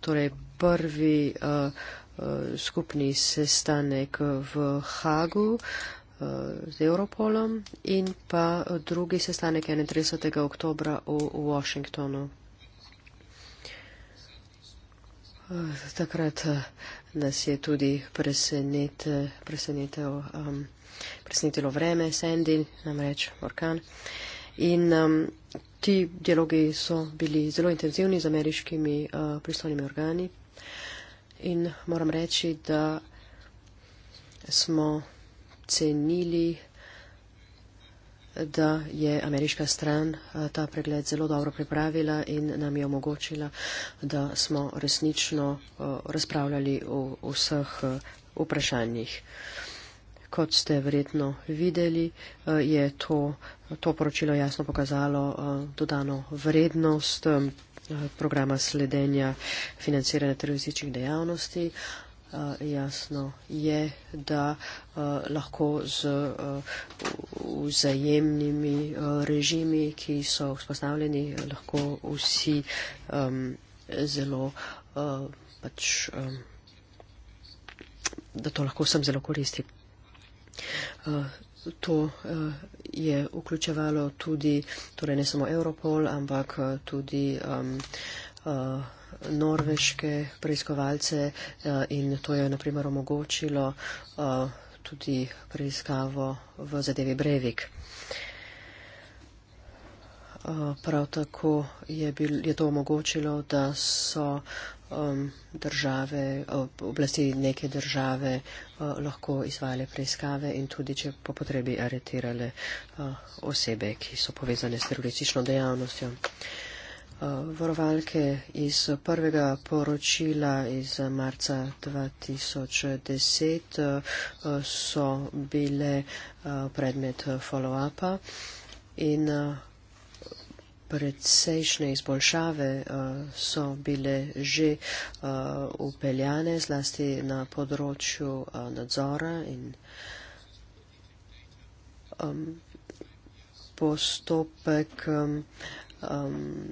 Torej prvi uh, uh, skupni sestanek v Hagu uh, Eh, z Europolom in pa drugi sestanek 31. oktobra v Washingtonu. Eh, takrat eh, nas je tudi presenet, presenetel, um, presenetilo vreme, Sandy, namreč orkan. In um, ti dialogi so bili zelo intenzivni z ameriškimi uh, pristojnimi organi. In moram reči, da smo ocenili, da je ameriška stran eh, ta pregled zelo dobro pripravila in nam je omogočila, da smo resnično eh, razpravljali o vseh eh, vprašanjih. Kot ste verjetno videli, je to, to poročilo jasno pokazalo dodano vrednost programa sledenja financiranja terorističnih dejavnosti. Eh, jasno je, da eh, lahko z eh, vzajemnimi režimi, ki so vzpostavljeni, lahko vsi zelo pač, da to lahko vsem zelo koristi. To je vključevalo tudi, torej ne samo Europol, ampak tudi um, uh, norveške preiskovalce eh, in to je naprimer omogočilo eh, tudi preiskavo v zadevi Brevik. Eh, prav tako je, bil, je to omogočilo, da so države, oblasti neke države lahko izvajale preiskave in tudi, če po potrebi, aretirale osebe, ki so povezane s teroristično dejavnostjo varovalke iz prvega poročila iz marca 2010 eh, so bile eh, predmet follow-upa in eh, predsejšnje izboljšave so bile že upeljane zlasti na področju nadzora in postopek um, um,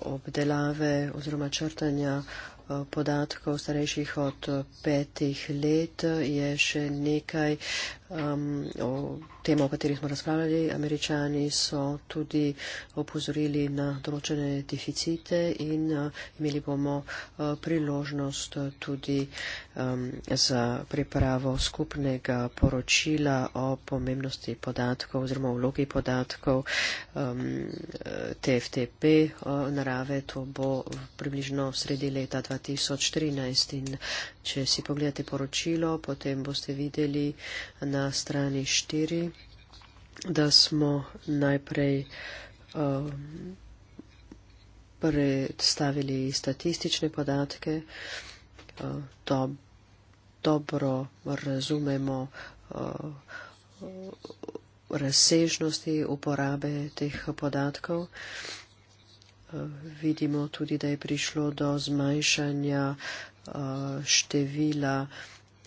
obdelave oziroma črtanja uh, podatkov starejših od petih let je še nekaj uh, um, o tem, o katerih smo razpravljali. Američani so tudi opozorili na določene deficite in uh, imeli bomo uh, priložnost tudi um, za pripravo skupnega poročila o pomembnosti podatkov oziroma vlogi podatkov um, TFTP uh, narave. To bo približno sredi leta 2014 in Če si pogledate poročilo, potem boste videli na strani 4, da smo najprej uh, predstavili statistične podatke, uh, do, dobro razumemo uh, razsežnosti uporabe teh podatkov. Uh, vidimo tudi, da je prišlo do zmanjšanja Eh, števila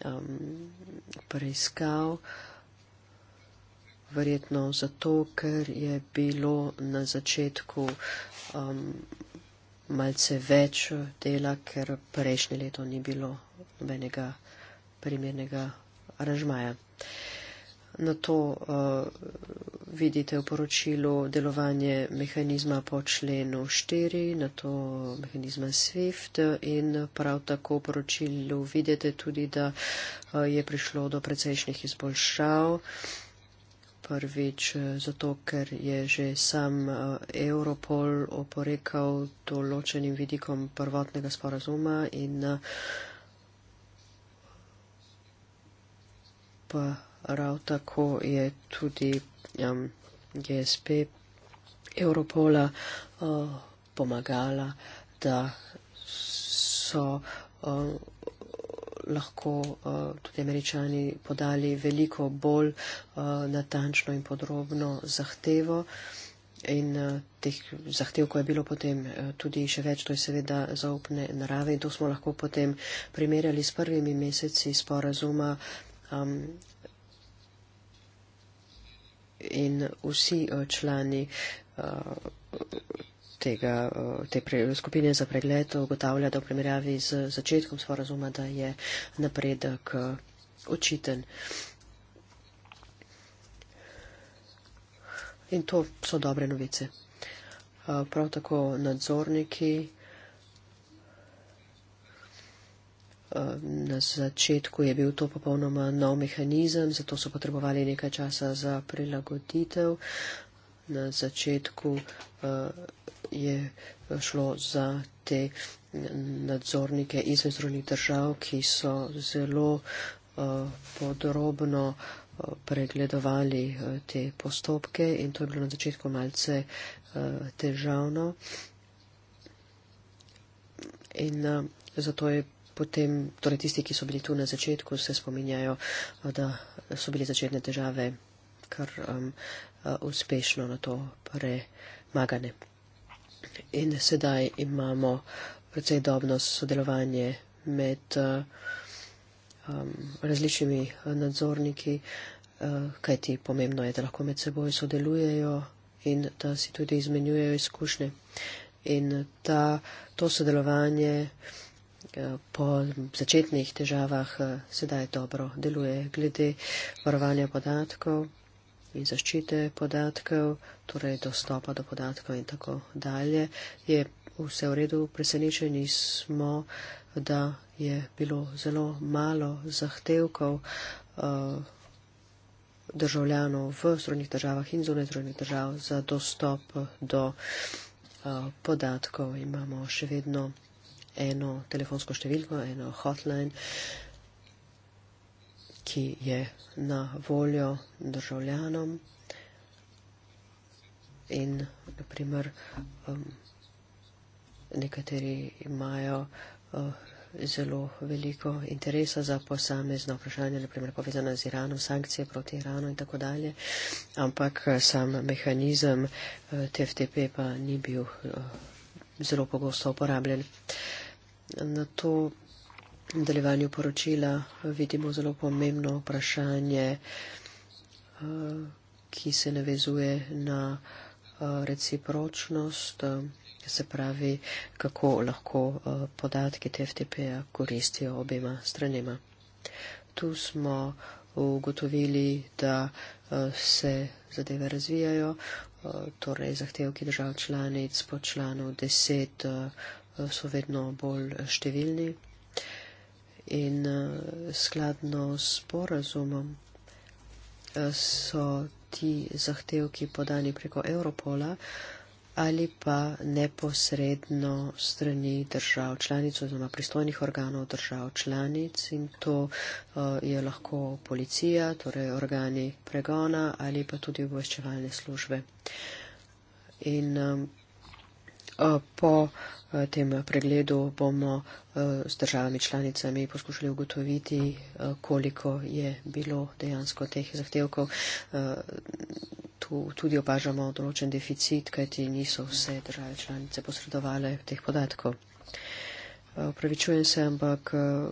um, preiskav, verjetno zato, ker je bilo na začetku um, malce več dela, ker prejšnje leto ni bilo nobenega primernega aranžmaja. Uh, na to uh, vidite v poročilu delovanje mehanizma po členu 4, na to mehanizma SWIFT in prav tako v poročilu vidite tudi, da uh, je prišlo do precejšnjih izboljšav. Prvič eh, zato, ker je že sam uh, Europol oporekal določenim vidikom prvotnega sporazuma in uh, Rav tako je tudi um, GSP Europola uh, pomagala, da so uh, lahko uh, tudi američani podali veliko bolj uh, natančno in podrobno zahtevo. In uh, teh zahtev, ko je bilo potem uh, tudi še več, to je seveda zaupne narave in to smo lahko potem primerjali s prvimi meseci sporazuma. Um, in vsi eh, člani eh, tega, eh, te skupine za pregled ugotavlja, da v primerjavi z začetkom sporazuma, da je napredek očiten. In to so dobre novice. Prav tako nadzorniki Eh, na začetku je bil to popolnoma nov mehanizem, zato so potrebovali nekaj časa za prilagoditev. Na začetku eh, je šlo za te nadzornike iz izrovnih držav, ki so zelo eh, podrobno pregledovali te postopke in to je bilo na začetku malce težavno. In zato je potem, torej tisti, ki so bili tu na začetku, se spominjajo, da so bile začetne težave kar um, uh, uspešno na to premagane. In sedaj imamo precej dobno sodelovanje med uh, um, različnimi uh, nadzorniki, kajti pomembno je, da lahko med seboj sodelujejo in da si tudi izmenjujejo izkušnje. In ta, to sodelovanje. Eh, po začetnih težavah eh, sedaj dobro deluje glede varovanja podatkov in zaščite podatkov, torej dostopa do podatkov in tako dalje. Je vse v redu, presenečeni smo, da je bilo zelo malo zahtevkov eh, državljanov v zrodnih državah in zunaj zrodnih držav za dostop do podatkov. Imamo še vedno eno telefonsko številko, eno hotline, ki je na voljo državljanom in naprimer um, nekateri imajo uh, zelo veliko interesa za posamezna vprašanja, naprimer povezana z Iranom, sankcije proti Iranu in tako dalje, ampak uh, sam mehanizem uh, TFTP pa ni bil uh, zelo pogosto uporabljen. Uh, na to nadaljevanju poročila vidimo zelo pomembno vprašanje, eh, ki se navezuje na eh, recipročnost, eh, se pravi, kako lahko podatki TFTP-ja koristijo obema stranima. Tu smo ugotovili, da se zadeve razvijajo, torej zahtevki držav članic po članu 10 Eh, so vedno bolj številni in eh, skladno s porazumom eh, so ti zahtevki podani preko Europola ali pa neposredno strani držav članic oziroma pristojnih organov držav članic in to je lahko policija, torej organi pregona ali pa tudi obveščevalne službe. In po tem pregledu bomo eh, z državami članicami poskušali ugotoviti, eh, koliko je bilo dejansko teh zahtevkov. Eh, tu tudi opažamo določen deficit, kajti niso vse države članice posredovale teh podatkov. Upravičujem se, ampak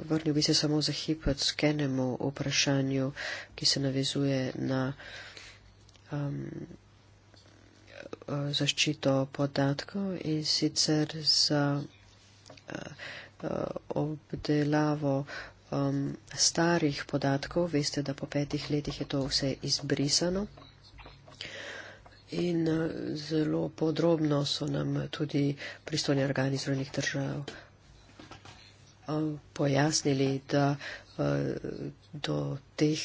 vrnil bi se samo za hip od skenemu vprašanju, ki se navezuje na. Um, Eh, zaščito podatkov in sicer za eh, eh, obdelavo um, starih podatkov. Veste, da po petih letih je to vse izbrisano. In zelo podrobno so nam tudi pristojni organi zrovnih držav pojasnili, da uh, do teh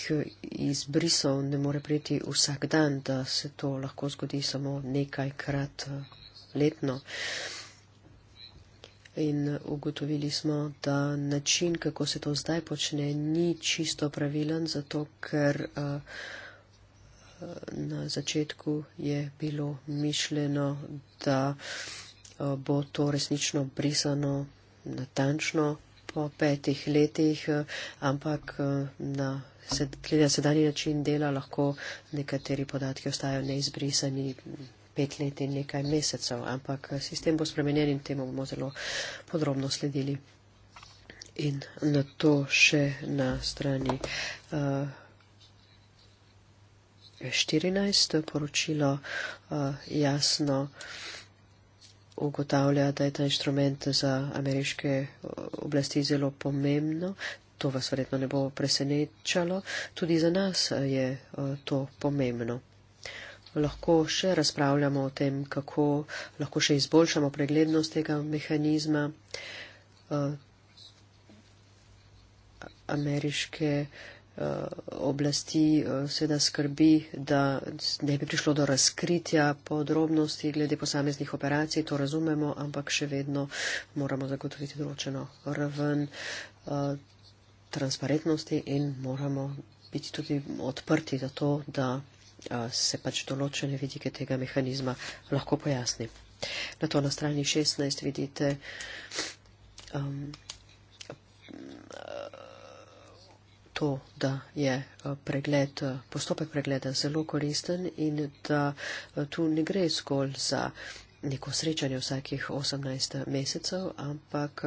izbrisov ne more priti vsak dan, da se to lahko zgodi samo nekajkrat eh, letno. In ugotovili smo, da način, kako se to zdaj počne, ni čisto pravilen, zato ker eh, na začetku je bilo mišljeno, da eh, bo to resnično brisano natančno, po petih letih, eh, ampak eh, na sed, sedanji način dela lahko nekateri podatki ostajajo neizbrisani pet let in nekaj mesecev, ampak eh, sistem bo spremenjen in temu bomo zelo podrobno sledili. In na to še na strani uh, 14. poročilo uh, jasno. Uh, ugotavlja, da je ta inštrument za ameriške eh, oblasti zelo pomembno. To vas verjetno ne bo presenečalo. Tudi za nas eh, je eh, to pomembno. Lahko še razpravljamo o tem, kako lahko še izboljšamo preglednost tega mehanizma. Ameriške uh, Eh, oblasti eh, seveda skrbi, da ne bi prišlo do razkritja podrobnosti glede posameznih operacij, to razumemo, ampak še vedno moramo zagotoviti določeno raven eh, transparentnosti in moramo biti tudi odprti za to, da se pač določene vidike tega mehanizma lahko pojasni. Na to na strani 16 vidite um, to, da je eh, pregled, eh, postopek pregleda zelo koristen in da eh, tu ne gre zgolj za neko srečanje vsakih 18 mesecev, ampak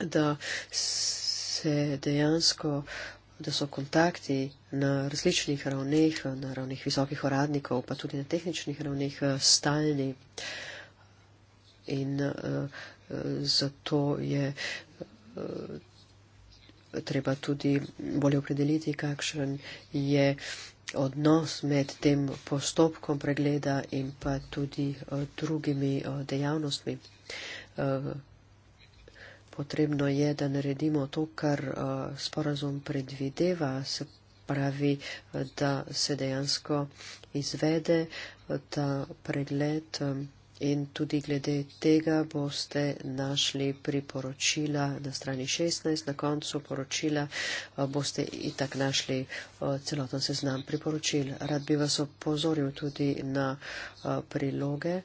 da se dejansko da so kontakti na različnih ravneh, na ravneh visokih uradnikov, pa tudi na tehničnih ravneh stalni. In uh, zato je uh, treba tudi bolje opredeliti, kakšen je odnos med tem postopkom pregleda in pa tudi eh, drugimi eh, dejavnostmi. Eh, potrebno je, da naredimo to, kar sporazum predvideva, se pravi, da se dejansko izvede ta pregled in tudi glede tega boste našli priporočila na strani 16, na koncu poročila eh, boste itak našli eh, celoten seznam priporočil. Rad bi vas opozoril tudi na eh, priloge.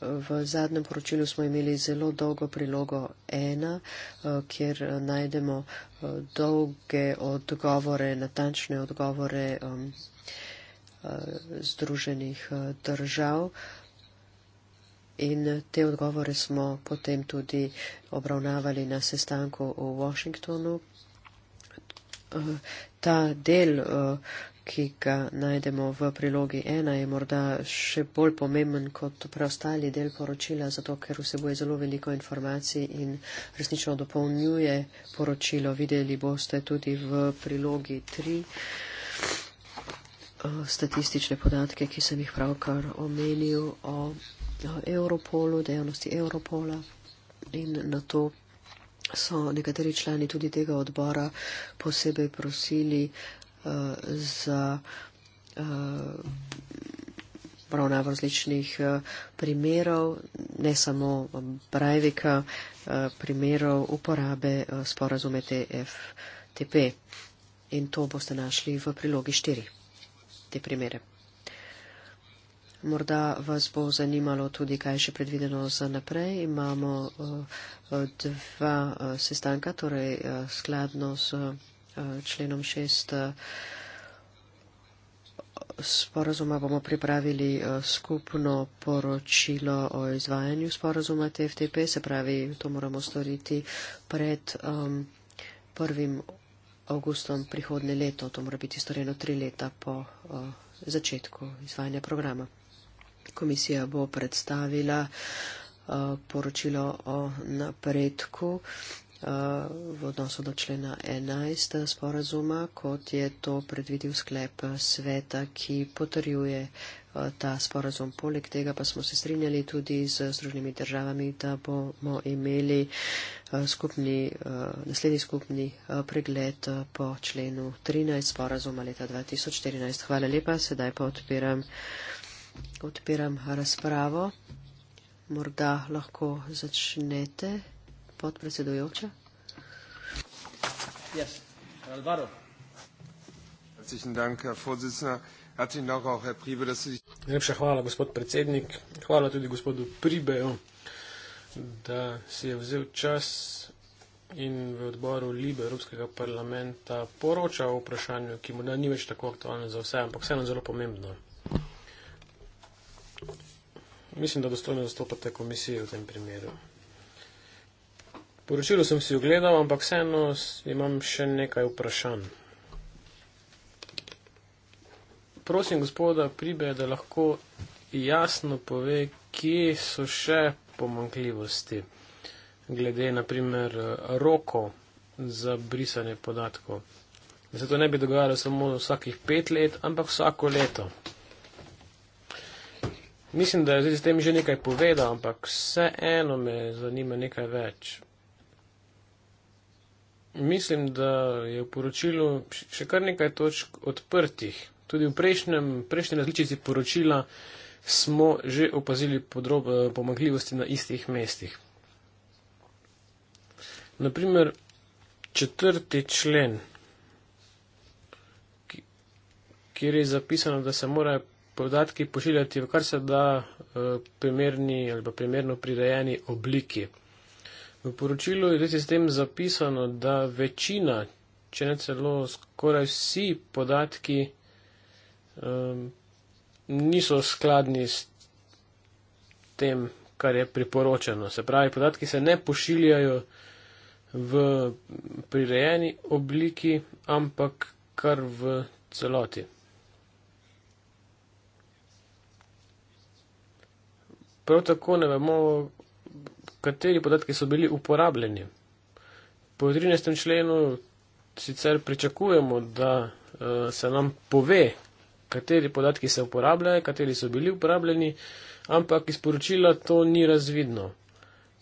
V zadnjem poročilu smo imeli zelo dolgo prilogo 1, kjer najdemo dolge odgovore, natančne odgovore Eh, Združenih eh, držav. In te odgovore smo potem tudi obravnavali na sestanku v Washingtonu. Eh, ta del, ki ga najdemo v prilogi 1, je morda še bolj pomemben kot preostali del poročila, zato ker vseboje zelo veliko informacij in resnično dopolnjuje poročilo. Videli boste tudi v prilogi 3. Eh, statistične podatke, ki sem jih pravkar omenil o Europolu, dejavnosti Europola in na to so nekateri člani tudi tega odbora posebej prosili uh, za uh, eh, ravna različnih uh, primerov, ne samo Brajvika, uh, primerov uporabe uh, sporazume TFTP. In to boste našli v prilogi 4 te primere. Morda vas bo zanimalo tudi, kaj je še predvideno za naprej. Imamo eh, eh, dva eh, sestanka, torej skladno s členom šest sporazuma bomo pripravili skupno poročilo o izvajanju sporazuma TFTP, se pravi, to moramo storiti pred um, prvim avgustom prihodne leto, to mora biti storjeno tri leta po uh, začetku izvajanja programa. Komisija bo predstavila uh, poročilo o napredku uh, Eh, v odnosu do člena 11 sporazuma, kot je to predvidil sklep sveta, ki potrjuje eh, ta sporazum. Poleg tega pa smo se strinjali tudi z združenimi državami, da bomo imeli eh, skupni, naslednji skupni pregled po členu 13 sporazuma leta 2014. Hvala lepa, sedaj pa odpiram, odpiram razpravo. Morda lahko začnete podpredsedujoča. Yes. Alvaro. Herzlichen Dank, Herr Vorsitzender. Herzlichen Dank auch, Herr Pribe, dass Sie sich. Najlepša hvala, gospod predsednik. Hvala tudi gospodu Pribeju, da si je vzel čas in v odboru Libe Evropskega parlamenta poroča o vprašanju, ki morda ni več tako aktualno za vse, ampak vseeno zelo pomembno. Mislim, da dostojno zastopate komisijo v tem primeru. Poročilo sem si ogledal, ampak vseeno imam še nekaj vprašanj. Prosim gospoda Pribe, da lahko jasno pove, kje so še pomankljivosti glede naprimer rokov za brisanje podatkov. Da se to ne bi dogajalo samo vsakih pet let, ampak vsako leto. Mislim, da je z tem že nekaj povedal, ampak vseeno me zanima nekaj več. Mislim, da je v poročilu še kar nekaj točk odprtih. Tudi v prejšnjem, prejšnji različici poročila smo že opazili podrob, eh, pomagljivosti na istih mestih. Naprimer, četrti člen, kjer je zapisano, da se morajo podatki pošiljati v kar se da eh, primerni ali pa primerno prirejeni obliki. V poročilu je sistem zapisano, da večina, če ne celo skoraj vsi podatki, um, niso skladni s tem, kar je priporočeno. Se pravi, podatki se ne pošiljajo v prirejeni obliki, ampak kar v celoti. Prav tako ne vemo, kateri podatki so bili uporabljeni. Po 13. členu sicer pričakujemo, da eh, se nam pove, kateri podatki se uporabljajo, kateri so bili uporabljeni, ampak iz poročila to ni razvidno.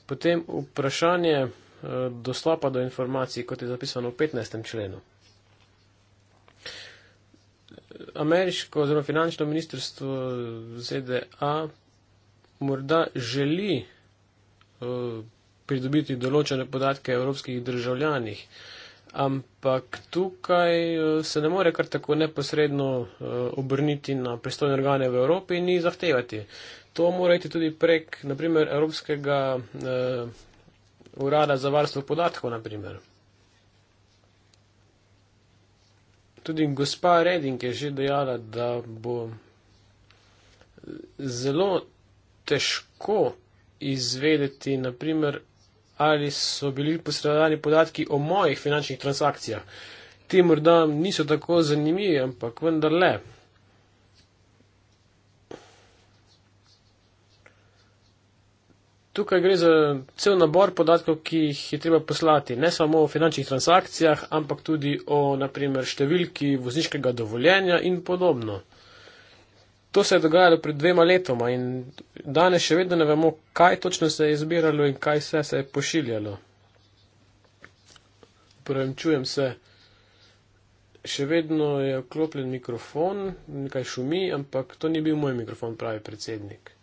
Potem vprašanje eh, dostopa do informacij, kot je zapisano v 15. členu. Ameriško oziroma finančno ministrstvo ZDA morda želi pridobiti določene podatke o evropskih državljanih. Ampak tukaj eh, se ne more kar tako neposredno eh, obrniti na pristojne organe v Evropi in jih zahtevati. To morate tudi prek, naprimer, Evropskega uh, urada za varstvo podatkov, naprimer. Tudi gospa Reding je že dejala, da bo zelo težko izvedeti, naprimer, ali so bili posredovani podatki o mojih finančnih transakcijah. Ti morda niso tako zanimivi, ampak vendarle. Tukaj gre za cel nabor podatkov, ki jih je treba poslati, ne samo o finančnih transakcijah, ampak tudi o, naprimer, številki vozniškega dovoljenja in podobno. To se je dogajalo pred dvema letoma in danes še vedno ne vemo, kaj točno se je izbiralo in kaj vse se je pošiljalo. Prvem čujem se, še vedno je vklopljen mikrofon, nekaj šumi, ampak to ni bil moj mikrofon, pravi predsednik.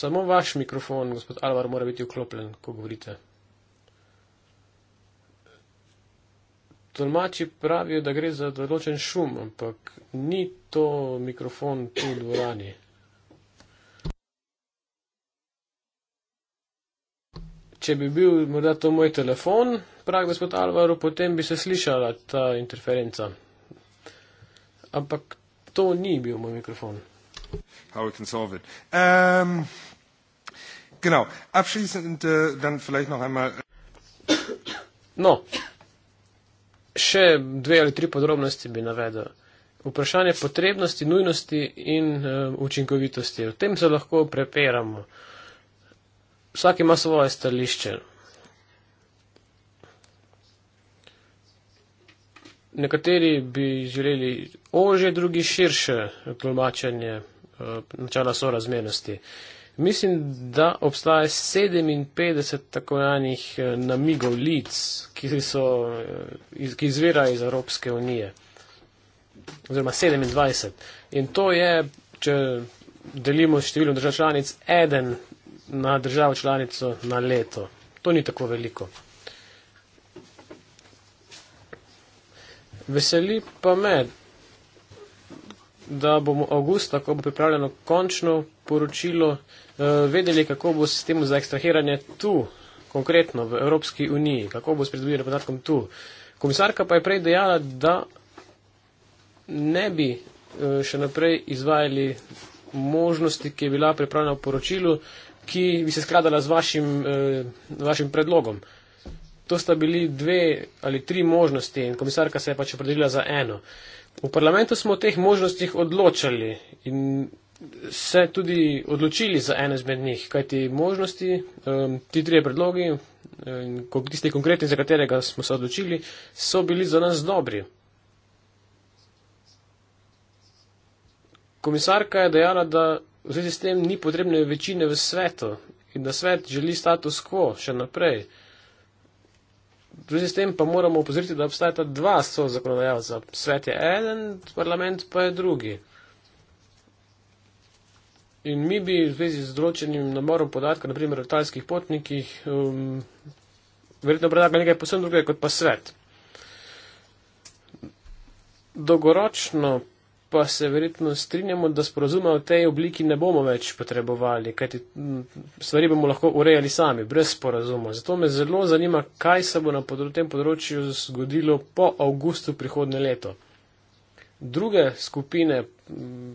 Samo vaš mikrofon, gospod Alvar, mora biti vklopljen, ko govorite. Tolmači pravijo, da gre za določen šum, ampak ni to mikrofon tu v dvorani. Če bi bil morda to moj telefon, pravi gospod Alvaro, potem bi se slišala ta interferenca. Ampak to ni bil moj mikrofon. How we can solve it. Um, genau, abschließend uh, dann vielleicht noch einmal. No še dve ali tri podrobnosti bi navedel. Vprašanje potrebnosti, nujnosti in uh, učinkovitosti. O tem se lahko prepiramo. Vsak ima svoje stališče. Nekateri bi želeli ože, drugi širše tlumačenje uh, eh, načela sorazmernosti. Uh, Mislim, da obstaja 57 tako enih eh, namigov lic, ki, so, eh, ki izvira iz Evropske unije. Oziroma 27. In to je, če delimo število držav članic, eden na državo članico na leto. To ni tako veliko. Veseli pa me, da bomo avgusta, ko bo pripravljeno končno poročilo, eh, vedeli, kako bo sistem za ekstrahiranje tu, konkretno v Evropski uniji, kako bo s pridobivanjem podatkom tu. Komisarka pa je prej dejala, da ne bi eh, še naprej izvajali možnosti, ki je bila pripravljena v poročilu, ki bi se skladala z vašim, eh, vašim predlogom. To sta bili dve ali tri možnosti in komisarka se je pač opredelila za eno. V parlamentu smo o teh možnostih odločali in se tudi odločili za eno izmed njih, kajti možnosti, ti trije predlogi, tisti konkretni, za katerega smo se odločili, so bili za nas dobri. Komisarka je dejala, da v zvezi s tem ni potrebne večine v svetu in da svet želi status quo še naprej. Drugi s tem pa moramo opozoriti, da obstajata dva so zakonodajalca. Svet je eden, parlament pa je drugi. In mi bi v zvezi z določenim naborom podatka, naprimer o talskih potnikih, um, verjetno predlagali nekaj posebno drugega kot pa svet. Dolgoročno pa se verjetno strinjamo, da sporozuma v tej obliki ne bomo več potrebovali, kajti mm, stvari bomo lahko urejali sami, brez sporozuma. Zato me zelo zanima, kaj se bo na tem področju zgodilo po avgustu prihodne leto. Druge skupine mm,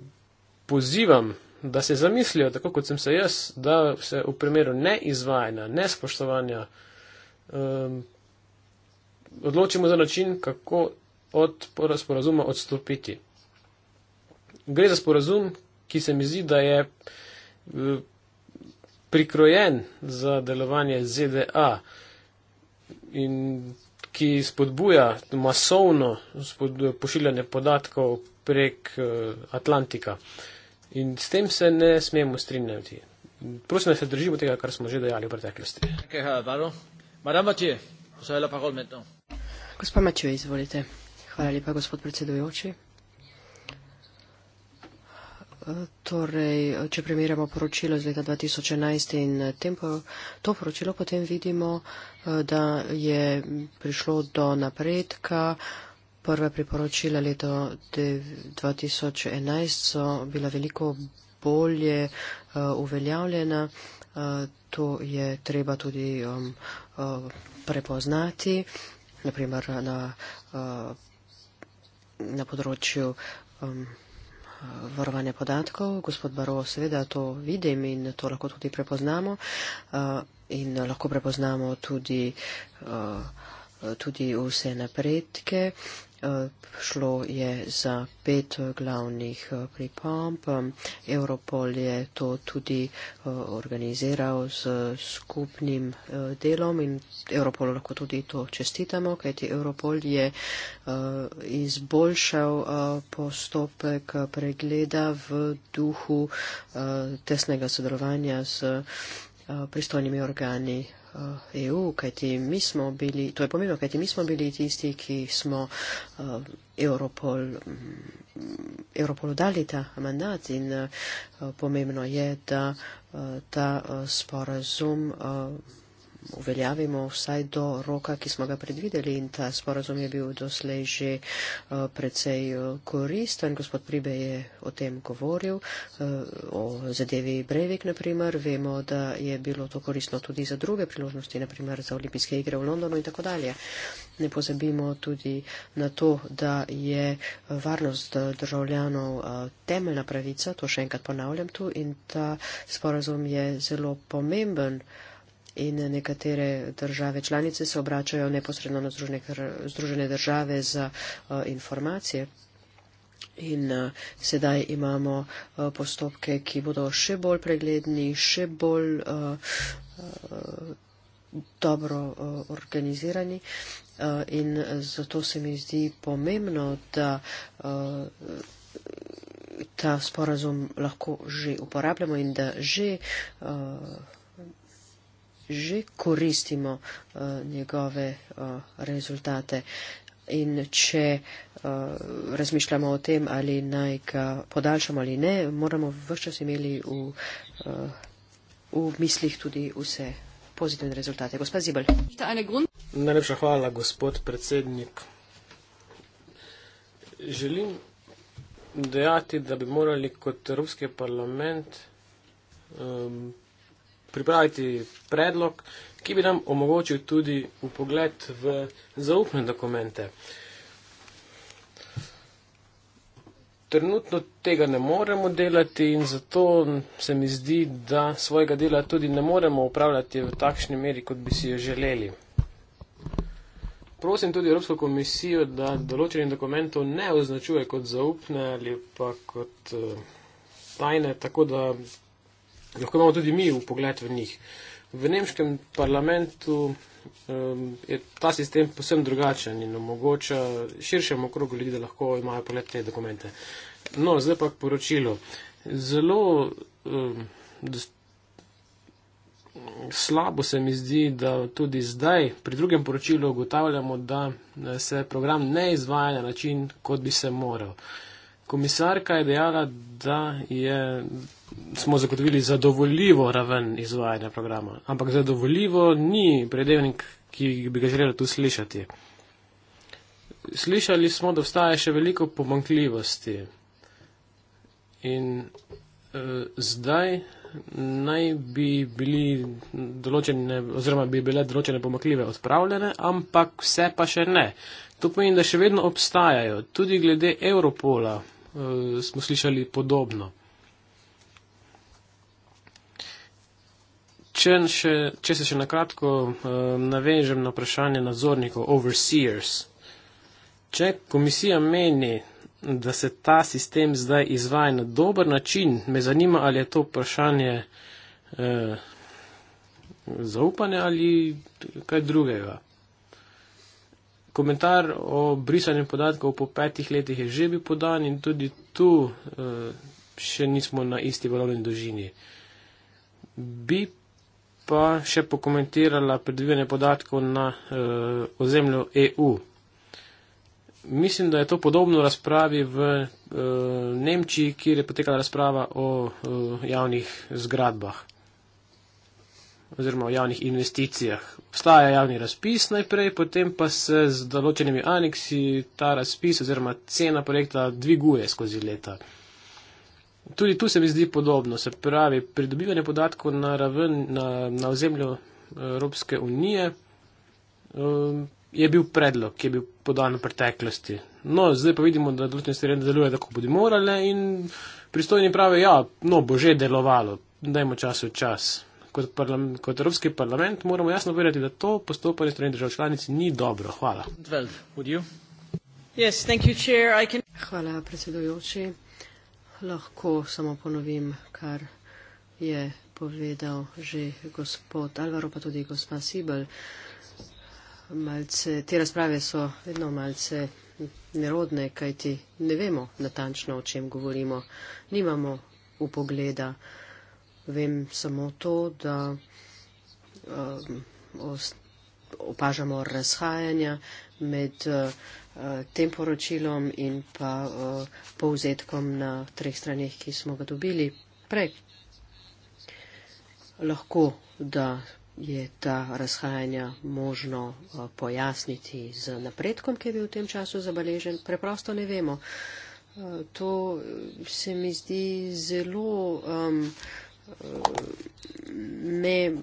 pozivam, da se zamislijo, tako kot sem se jaz, da se v primeru neizvajanja, nespoštovanja um, odločimo za način, kako od sporozuma odstopiti gre za sporazum, ki se mi zdi, da je prikrojen za delovanje ZDA in ki spodbuja masovno pošiljanje podatkov prek eh, Atlantika. In s tem se ne smemo strinjati. Prosim, da se držimo tega, kar smo že dejali v preteklosti. Gospa Mačjo, izvolite. Hvala lepa, gospod predsedujoči torej, če primerjamo poročilo iz leta 2011 in tempo, to poročilo, potem vidimo, eh, da je prišlo do napredka. Prva priporočila leto 2011 so bila veliko bolje eh, uveljavljena. Eh, to je treba tudi um, prepoznati, naprimer na, na področju. Um, varovanja podatkov. Gospod Baro, seveda to vidim in to lahko tudi prepoznamo eh, in lahko prepoznamo tudi, eh, tudi vse napredke. Eh, šlo je za pet eh, glavnih eh, pripomp. Europol je to tudi organiziral z skupnim delom in Europolu lahko tudi to čestitamo, kajti Europol je izboljšal postopek pregleda v duhu tesnega sodelovanja z pristojnimi organi EU, eh, e kajti mi smo bili, to je pomembno, kajti mi smo bili tisti, ki smo eh, Europol, mm, Europolu dali ta mandat in eh, pomembno je, da ta sporazum uveljavimo vsaj do roka, ki smo ga predvideli in ta sporazum je bil doslej že eh, precej eh, koristen. Gospod Pribe je o tem govoril, eh, o zadevi Brevik, naprimer. Vemo, da je bilo to koristno tudi za druge priložnosti, naprimer za olimpijske igre v Londonu in tako dalje. Ne pozabimo tudi na to, da je varnost državljanov temeljna pravica, to še enkrat ponavljam tu, in ta sporazum je zelo pomemben in nekatere države članice se obračajo neposredno na Združene države za eh, informacije. In uh, sedaj imamo uh, postopke, ki bodo še bolj pregledni, še bolj uh, uh, dobro uh, organizirani. Uh, in zato se mi zdi pomembno, da. Uh, ta sporazum lahko že uporabljamo in da že uh, že koristimo uh, njegove uh, rezultate. In če uh, razmišljamo o tem, ali naj ga podaljšamo ali ne, moramo vse čas imeli v, uh, v mislih tudi vse pozitivne rezultate. Gospod Zibel. Najlepša hvala, gospod predsednik. Želim dejati, da bi morali kot Evropski parlament um, pripraviti predlog, ki bi nam omogočil tudi upogled v zaupne dokumente. Trenutno tega ne moremo delati in zato se mi zdi, da svojega dela tudi ne moremo upravljati v takšni meri, kot bi si jo želeli. Prosim tudi Evropsko komisijo, da določenih dokumentov ne označuje kot zaupne ali pa kot eh, tajne, tako da lahko imamo tudi mi v pogled v njih. V nemškem parlamentu um, je ta sistem posebno drugačen in omogoča širšemu krogu ljudi, da lahko imajo pogled te dokumente. No, zdaj pa poročilo. Zelo um, slabo se mi zdi, da tudi zdaj pri drugem poročilu ugotavljamo, da eh, se program ne izvaja na način, kot bi se moral. Uh, Komisarka je dejala, da je, smo zagotovili zadovoljivo raven izvajanja programa, ampak zadovoljivo ni predevnik, ki bi ga želeli tu slišati. Slišali smo, da obstaja še veliko pomankljivosti in e, zdaj naj bi bili določene, oziroma bi bile določene pomakljive odpravljene, ampak vse pa še ne. To pomeni, da še vedno obstajajo, tudi glede Europola uh, smo slišali podobno. Če, še, če se še na kratko uh, navežem na vprašanje nadzornikov, overseers. Če komisija meni, da se ta sistem zdaj izvaja na dober način, me zanima, ali je to vprašanje uh, zaupanja ali kaj drugega. Komentar o brisanju podatkov po petih letih je že bil podan in tudi tu eh, še nismo na isti valovni dolžini. Bi pa še pokomentirala predvidevanje podatkov na eh, ozemlju EU. Mislim, da je to podobno razpravi v eh, Nemčiji, kjer je potekala razprava o javnih zgradbah oziroma o javnih investicijah. Obstaja javni razpis najprej, potem pa se z določenimi aneksi ta razpis oziroma cena projekta dviguje skozi leta. Tudi tu se mi zdi podobno, se pravi pridobivanje podatkov na raven na, na ozemlju eh, Evropske unije eh, je bil predlog, ki je bil podan v preteklosti. No, zdaj pa vidimo, da določene stvari ne delujejo, tako bodi morale in pristojni pravijo, ja, no, bo že delovalo, dajmo času čas. V čas kot, parlam, kot Evropski parlament moramo jasno povedati, da to postopanje strani držav članic ni dobro. Hvala. Yes, you, Chair, can... Hvala, predsedujoči. Lahko samo ponovim, kar je povedal že gospod Alvaro, pa tudi gospa Sibel. Malce, te razprave so vedno malce nerodne, kajti ne vemo natančno, o čem govorimo. Nimamo upogleda. pogleda. Vem samo to, da um, opažamo razhajanja med uh, uh, tem poročilom in pa uh, povzetkom na treh stranih, ki smo ga dobili prej. Lahko, da je ta razhajanja možno pojasniti z napredkom, ki je bil v tem času zabeležen, preprosto ne vemo. To se mi zdi zelo. Um, ne,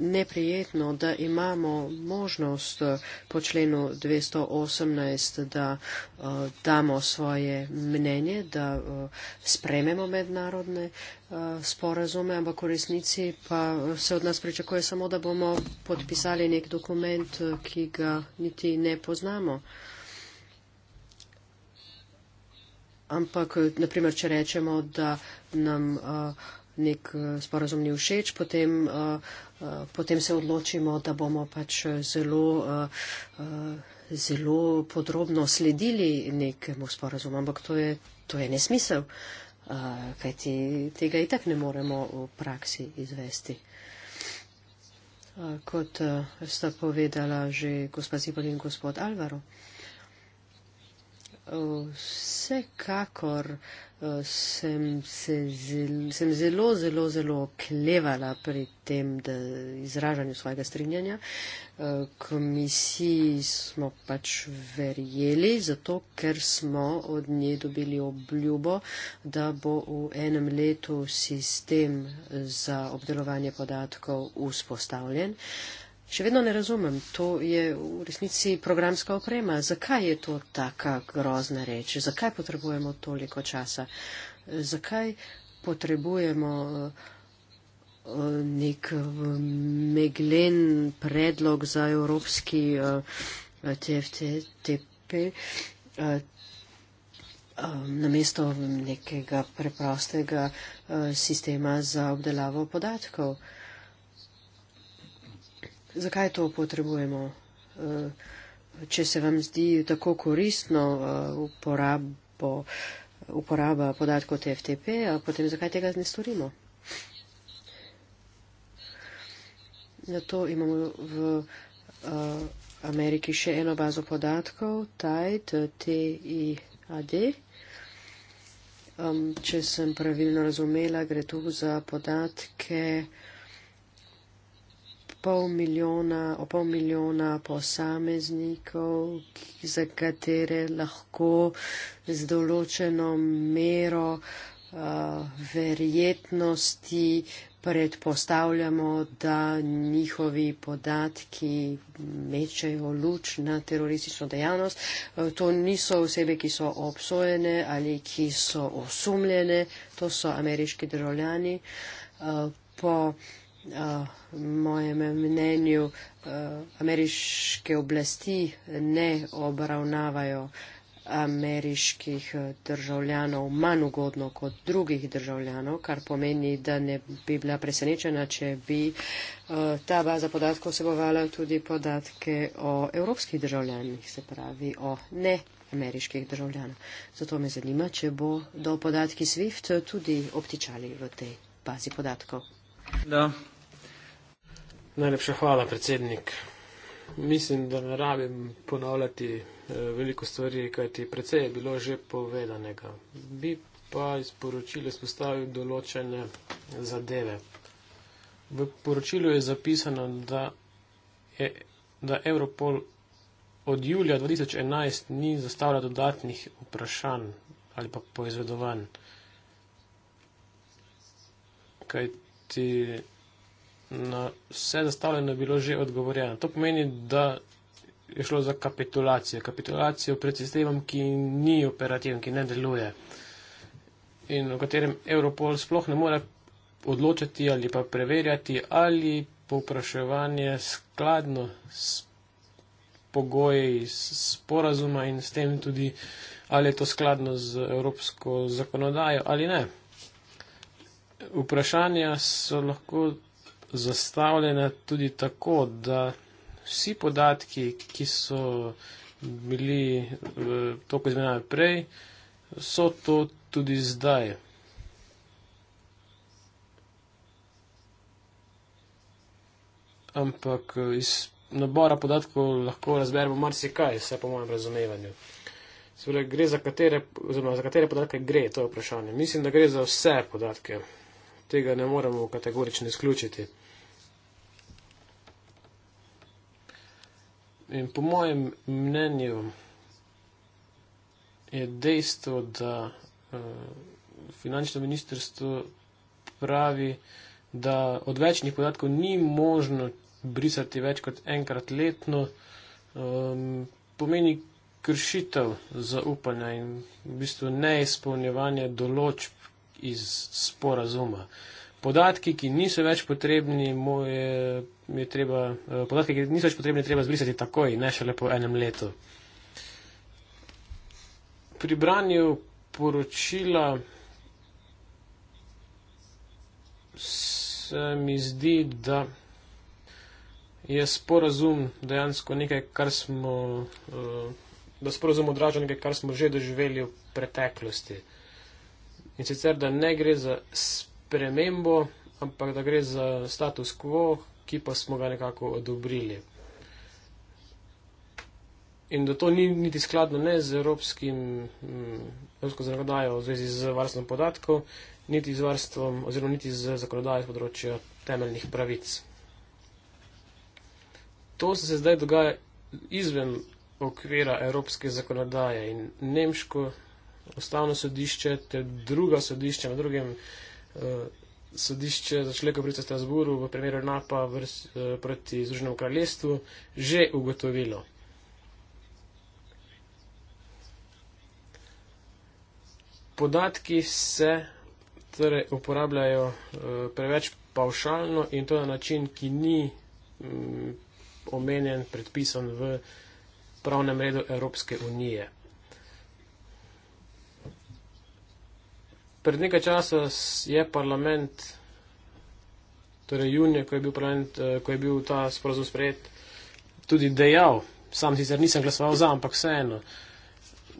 neprijetno, da imamo možnost po členu 218, da eh, damo svoje mnenje, da eh, sprememo mednarodne eh, sporazume, ampak v resnici pa se od nas pričakuje samo, da bomo podpisali nek dokument, ki ga niti ne poznamo. Ampak, naprimer, če rečemo, da nam uh, nek eh, sporazum ni všeč, potem, eh, eh, potem se odločimo, da bomo pač zelo, zelo podrobno sledili nekemu sporazumu. Ampak to je, to je nesmisel, kajti tega itak ne moremo v praksi izvesti. Kot sta povedala že gospod Zibal in gospod Alvaro. Vsekakor eh, sem, se zel, sem zelo, zelo, zelo klevala pri tem da, izražanju svojega strinjanja. Eh, Komisiji smo pač verjeli, zato ker smo od nje dobili obljubo, da bo v enem letu sistem za obdelovanje podatkov vzpostavljen. Uh, Še vedno ne razumem, to je v resnici programska oprema. Zakaj je to taka grozna reč? Zakaj potrebujemo toliko časa? Zakaj potrebujemo eh, nek eh, meglen predlog za evropski eh, TFTP namesto nekega preprostega sistema za obdelavo podatkov? Zakaj to potrebujemo? Eh, če se vam zdi tako koristno eh, uporabo, uporaba podatkov TFTP, eh, potem zakaj tega ne storimo? Na to imamo v Ameriki še eno bazo podatkov, TIDE, TIAD. Um, če sem pravilno razumela, gre tu za podatke pol milijona, o pol milijona posameznikov, za katere lahko z določeno mero uh, verjetnosti predpostavljamo, da njihovi podatki mečejo luč na teroristično dejavnost. To niso osebe, ki so obsojene ali ki so osumljene, to so ameriški državljani. Uh, mojem mnenju eh, ameriške oblasti ne obravnavajo ameriških eh, državljanov manj ugodno kot drugih državljanov, kar pomeni, da ne bi bila presenečena, če bi eh, ta baza podatkov vsebovala tudi podatke o evropskih državljanih, se pravi o ne ameriških državljanov. Zato me zanima, če bo do podatki SWIFT tudi optičali v tej bazi podatkov. Da, Najlepša hvala, predsednik. Mislim, da ne rabim ponavljati eh, veliko stvari, kajti precej je bilo že povedanega. Bi pa iz poročila spostavil določene zadeve. V poročilu je zapisano, da, je, da Europol od julija 2011 ni zastavlja dodatnih vprašanj ali pa poizvedovanj. Kajti na vse zastavljeno bilo že odgovorjeno. To pomeni, da je šlo za kapitulacijo. Kapitulacijo pred sistemom, ki ni operativen, ki ne deluje in o katerem Europol sploh ne more odločati ali pa preverjati, ali povpraševanje skladno s pogoji sporazuma in s tem tudi, ali je to skladno z evropsko zakonodajo ali ne. Vprašanja so lahko zastavljena tudi tako, da vsi podatki, ki so bili v eh, toku izmenjave prej, so to tudi zdaj. Ampak eh, iz nabora podatkov lahko razberemo marsikaj, vse po mojem razumevanju. Seveda, gre za katere, oziroma za katere podatke gre, to je vprašanje. Mislim, da gre za vse podatke. Tega ne moremo kategorično izključiti. In po mojem mnenju je dejstvo, da uh, finančno ministrstvo pravi, da odvečnih podatkov ni možno brisati več kot enkrat letno, um, pomeni kršitev zaupanja in v bistvu neizpolnjevanje določb iz sporazuma. Uh, Eh, podatki, ki niso več potrebni, je, je treba, podatke, ki niso več potrebni, treba zbrisati takoj, ne šele po enem letu. Pri branju poročila se mi zdi, da je sporazum dejansko nekaj, kar smo, eh, da sporazum odraža nekaj, kar smo že doživeli v preteklosti. In sicer, da ne gre za spremljanje spremembo, ampak da gre za status quo, ki pa smo ga nekako odobrili. In da to ni niti skladno ne z evropskim, mm, evropsko zakonodajo v zvezi z varstvom podatkov, niti z varstvom oziroma niti z zakonodajo z področja temeljnih pravic. To se zdaj dogaja izven okvira evropske zakonodaje in nemško ustavno sodišče ter druga sodišča na drugem. Eh, sodišče za človekov pravice v Strasburu v primeru napa vrst, eh, proti Združenemu kraljestvu že ugotovilo. Podatki se torej, uporabljajo eh, preveč pavšalno in to na način, ki ni mm, omenjen, predpisan v pravnem redu Evropske unije. pred nekaj časa je parlament, torej junija, ko, eh, ko je bil ta sporozum sprejet, tudi dejal, sam sicer nisem glasoval za, ampak vseeno,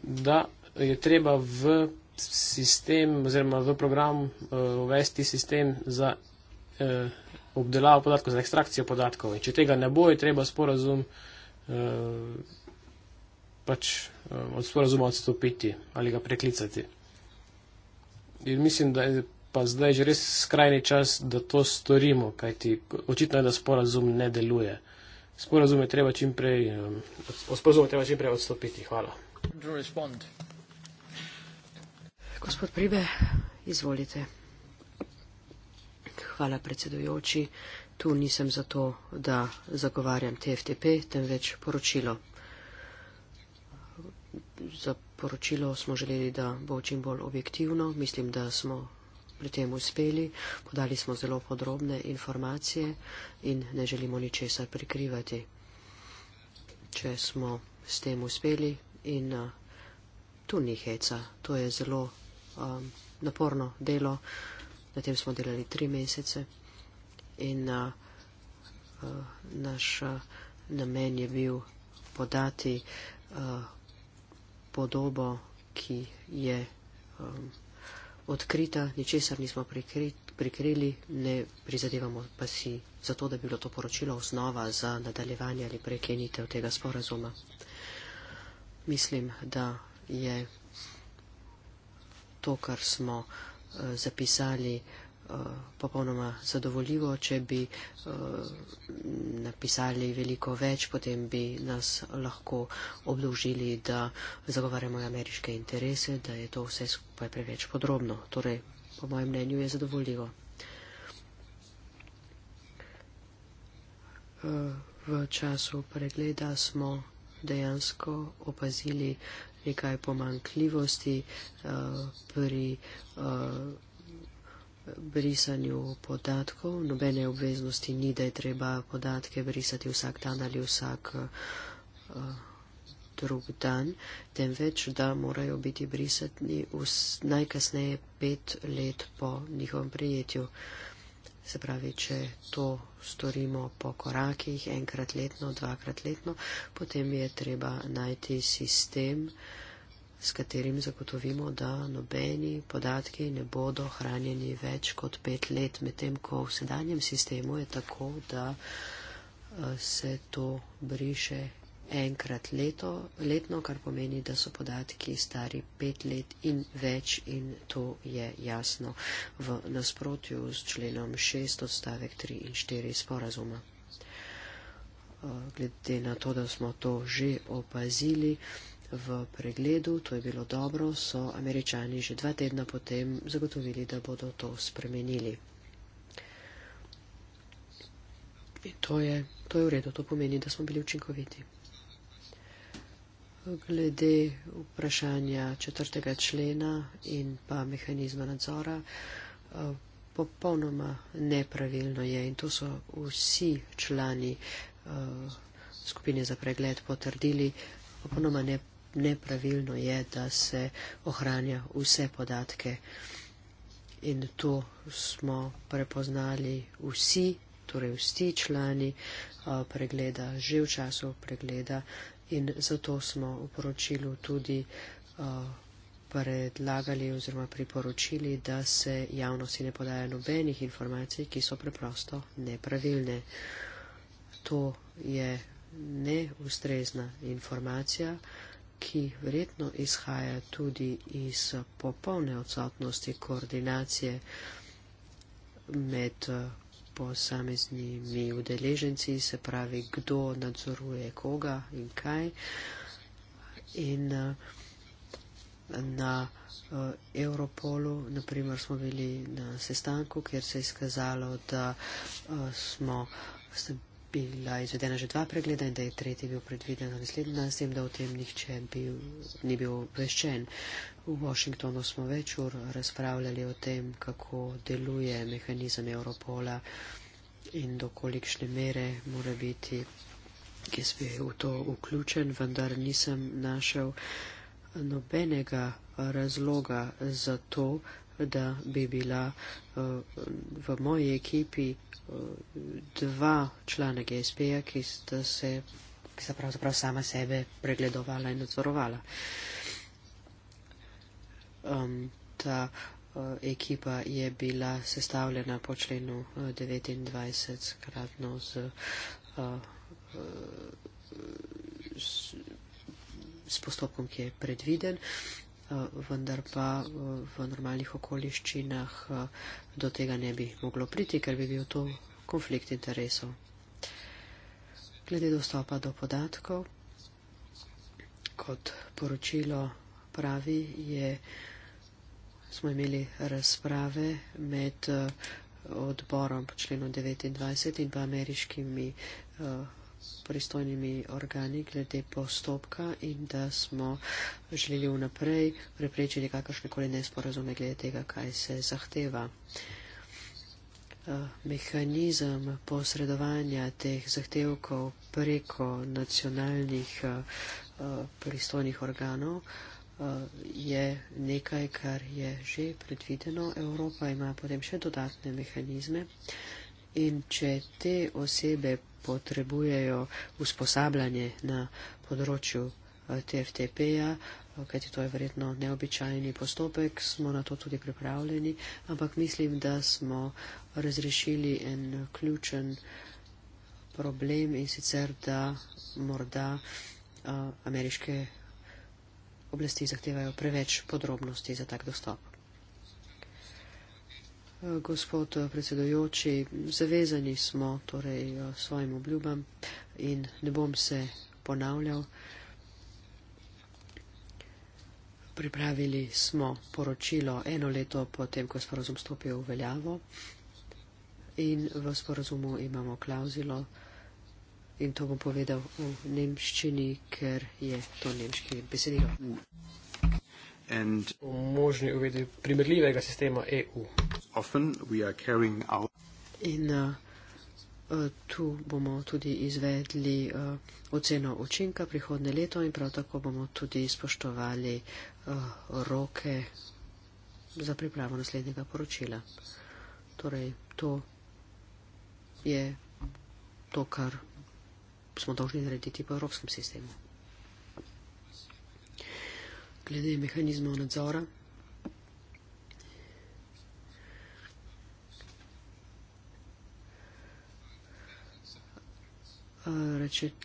da je treba v sistem oziroma v program uh, uvesti sistem za uh, obdelavo podatkov, za ekstrakcijo podatkov. In če tega ne bo, je treba sporozum. Uh, pač od sporazuma odstopiti ali ga preklicati. In mislim, da je pa zdaj že res skrajni čas, da to storimo, kajti očitno je, da sporazum ne deluje. Sporazum je treba čim prej, um, od sporazuma je treba čim prej odstopiti. Hvala. Gospod Pribe, izvolite. Hvala, predsedujoči. Tu nisem zato, da zagovarjam TFTP, temveč poročilo. Za poročilo smo želeli, da bo čim bolj objektivno. Mislim, da smo pri tem uspeli. Podali smo zelo podrobne informacije in ne želimo ničesar prikrivati. Če smo s tem uspeli in uh, tu ni heca, to je zelo um, naporno delo. Na tem smo delali tri mesece in uh, uh, naš uh, namen je bil podati uh, podobo, ki je um, odkrita, ničesar nismo prikri, prikrili, ne prizadevamo pa si za to, da bi bilo to poročilo osnova za nadaljevanje ali prekenitev tega sporazuma. Mislim, da je to, kar smo uh, zapisali, uh, Eh, popolnoma zadovoljivo. Če bi uh, napisali veliko več, potem bi nas lahko obdolžili, da zagovarjamo ameriške interese, da je to vse skupaj preveč podrobno. Torej, po mojem mnenju je zadovoljivo. Eh, v času pregleda smo dejansko opazili nekaj pomankljivosti uh, pri uh, brisanju podatkov. Nobene obveznosti ni, da je treba podatke brisati vsak dan ali vsak uh, drug dan, temveč, da morajo biti brisani najkasneje pet let po njihovem prijetju. Se pravi, če to storimo po korakih, enkrat letno, dvakrat letno, potem je treba najti sistem, uh, s katerim zagotovimo, da nobeni podatki ne bodo hranjeni več kot pet let, medtem ko v sedanjem sistemu je tako, da eh, se to briše enkrat leto, letno, kar pomeni, da so podatki stari pet let in več in to je jasno v nasprotju s členom 6 odstavek 3 in 4 sporazuma. Eh, glede na to, da smo to že opazili, v pregledu, to je bilo dobro, so američani že dva tedna potem zagotovili, da bodo to spremenili. In to je, to je v redu, to pomeni, da smo bili učinkoviti. Glede vprašanja četrtega člena in pa mehanizma nadzora, popolnoma nepravilno je in to so vsi člani eh, skupine za pregled potrdili, popolnoma nepravilno nepravilno je, da se ohranja vse podatke. In to smo prepoznali vsi, torej vsi člani pregleda že v času pregleda in zato smo v poročilu tudi predlagali oziroma priporočili, da se javnosti ne podaja nobenih informacij, ki so preprosto nepravilne. To je neustrezna informacija ki verjetno izhaja tudi iz popolne odsotnosti koordinacije med eh, posameznimi udeleženci, se pravi, kdo nadzoruje koga in kaj. In eh, na eh, Europolu, naprimer, smo bili na sestanku, kjer se je skazalo, da smo bila izvedena že dva pregleda in da je tretji bil predviden na naslednji dan, s tem, da o tem nihče bil, ni bil obveščen. V Washingtonu smo večur razpravljali o tem, kako deluje mehanizem Europola in do kolikšne mere mora biti, ki sem bil v to vključen, vendar nisem našel nobenega razloga za to, da bi bila uh, v moji ekipi dva člana GSP-ja, ki sta se, ki sta pravzaprav sama sebe pregledovala in nadzorovala. Um, ta uh, ekipa je bila sestavljena po členu uh, 29 kratno z, uh, uh, s, s postopkom, ki je predviden. Uh, Eh, vendar pa eh, v normalnih okoliščinah eh, do tega ne bi moglo priti, ker bi bil to konflikt interesov. Glede dostopa do podatkov, kot poročilo pravi, je, smo imeli razprave med odborom po členu 29 in pa ameriškimi uh, pristojnimi organi glede postopka in da smo želeli vnaprej preprečiti kakršne koli nesporazume glede tega, kaj se zahteva. Eh, mehanizem posredovanja teh zahtevkov preko nacionalnih eh, pristojnih organov eh, je nekaj, kar je že predvideno. Evropa ima potem še dodatne mehanizme. In če te osebe potrebujejo usposabljanje na področju eh, TFTP-ja, eh, kajti to je verjetno neobičajni postopek, smo na to tudi pripravljeni, ampak mislim, da smo razrešili en ključen problem in sicer, da morda eh, ameriške oblasti zahtevajo preveč podrobnosti za tak dostop. Gospod predsedojoči, zavezani smo torej eh, svojim obljubam in ne bom se ponavljal. Pripravili smo poročilo eno leto potem, ko je sporozum stopil v veljavo in v sporozumu imamo klauzilo in to bom povedal v nemščini, ker je to nemški besedilo. In možni uvedi primerljivega sistema EU often we are carrying out in uh, uh, tu bomo tudi izvedli uh, oceno učinka prihodne leto in prav tako bomo tudi spoštovali uh, roke za pripravo naslednjega poročila. Torej, to je to, kar smo dolžni narediti v evropskem sistemu. Glede mehanizmov nadzora.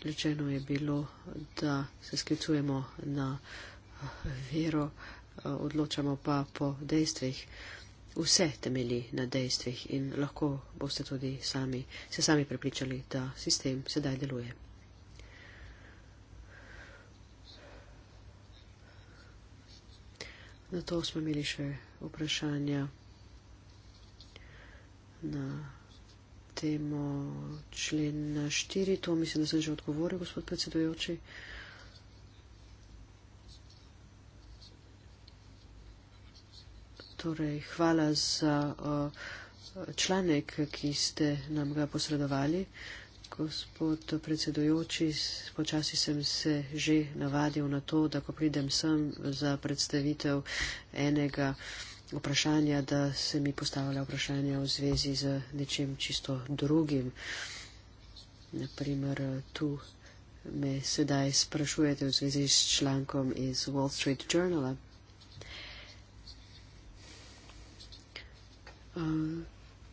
rečeno je bilo, da se sklicujemo na vero, odločamo pa po dejstvih. Vse temeli na dejstvih in lahko boste tudi sami, se sami prepričali, da sistem sedaj deluje. Na to smo imeli še vprašanja na temo člen 4, to mislim, da sem že odgovoril, gospod predsedujoči. Torej, hvala za uh, članek, ki ste nam ga posredovali. Gospod predsedujoči, počasi sem se že navadil na to, da ko pridem sem za predstavitev enega vprašanja, da se mi postavlja vprašanja v zvezi z nečem čisto drugim. Naprimer, tu me sedaj sprašujete v zvezi s člankom iz Wall Street Journala.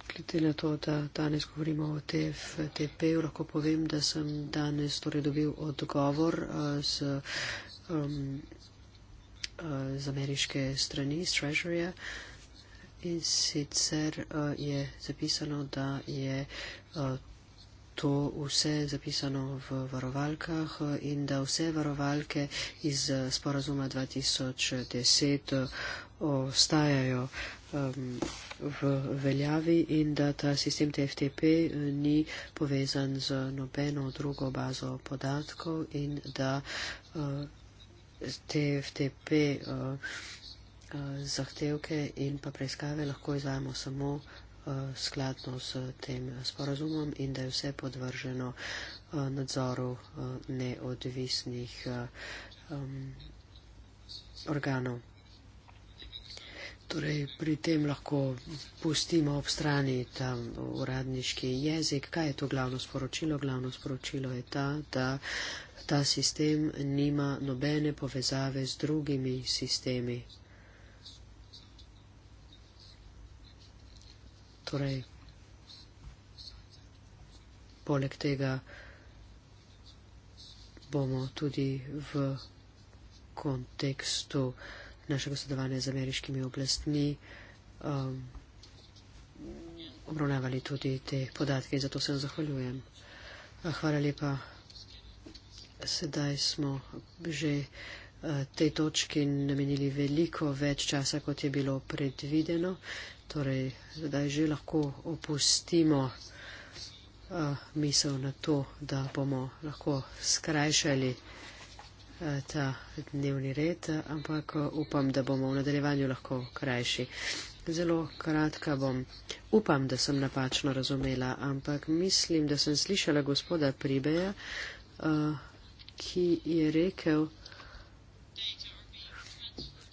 Glede na to, da danes govorimo o TFTP-ju, lahko povem, da sem danes torej dobil odgovor z. Um, Eh, z ameriške strani, z Treasurya. In sicer uh, je zapisano, da je uh, to vse zapisano v varovalkah in da vse varovalke iz sporazuma 2010 ostajajo um, v veljavi in da ta sistem TFTP ni povezan z nobeno drugo bazo podatkov in da. Uh, te FTP eh, eh, zahtevke in pa preiskave lahko izvajamo samo eh, skladno s tem sporazumom in da je vse podvrženo nadzoru neodvisnih organov. Torej, pri tem lahko pustimo ob strani ta uradniški jezik. Kaj je to glavno sporočilo? Glavno sporočilo je ta, da ta sistem nima nobene povezave z drugimi sistemi. Torej, poleg tega bomo tudi v kontekstu našega sodelovanja z ameriškimi oblastmi um, obravnavali tudi te podatke in zato se vam zahvaljujem. Hvala lepa. Sedaj smo že eh, tej točki namenili veliko več časa, kot je bilo predvideno. Torej, zdaj že lahko opustimo eh, misel na to, da bomo lahko skrajšali ta dnevni red, ampak upam, da bomo v nadaljevanju lahko krajši. Zelo kratka bom. Upam, da sem napačno razumela, ampak mislim, da sem slišala gospoda Pribeja, eh, ki je rekel,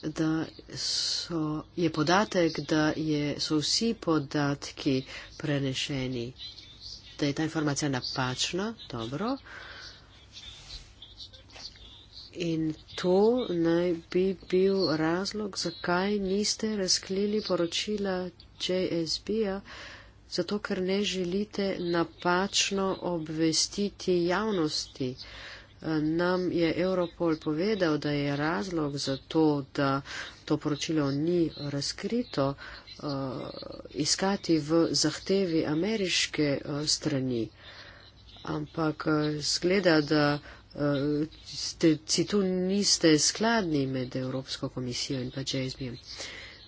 da so, je podatek, da je, so vsi podatki prenešeni, da je ta informacija napačna, dobro. Uh, In to naj bi bil razlog, zakaj niste razkrili poročila JSB-ja, zato ker ne želite napačno obvestiti javnosti. Nam je Europol povedal, da je razlog za to, da to poročilo ni razkrito, eh, iskati v zahtevi ameriške eh, strani. Ampak eh, zgleda, da ste, si tu niste skladni med Evropsko komisijo in pa Jazbijem.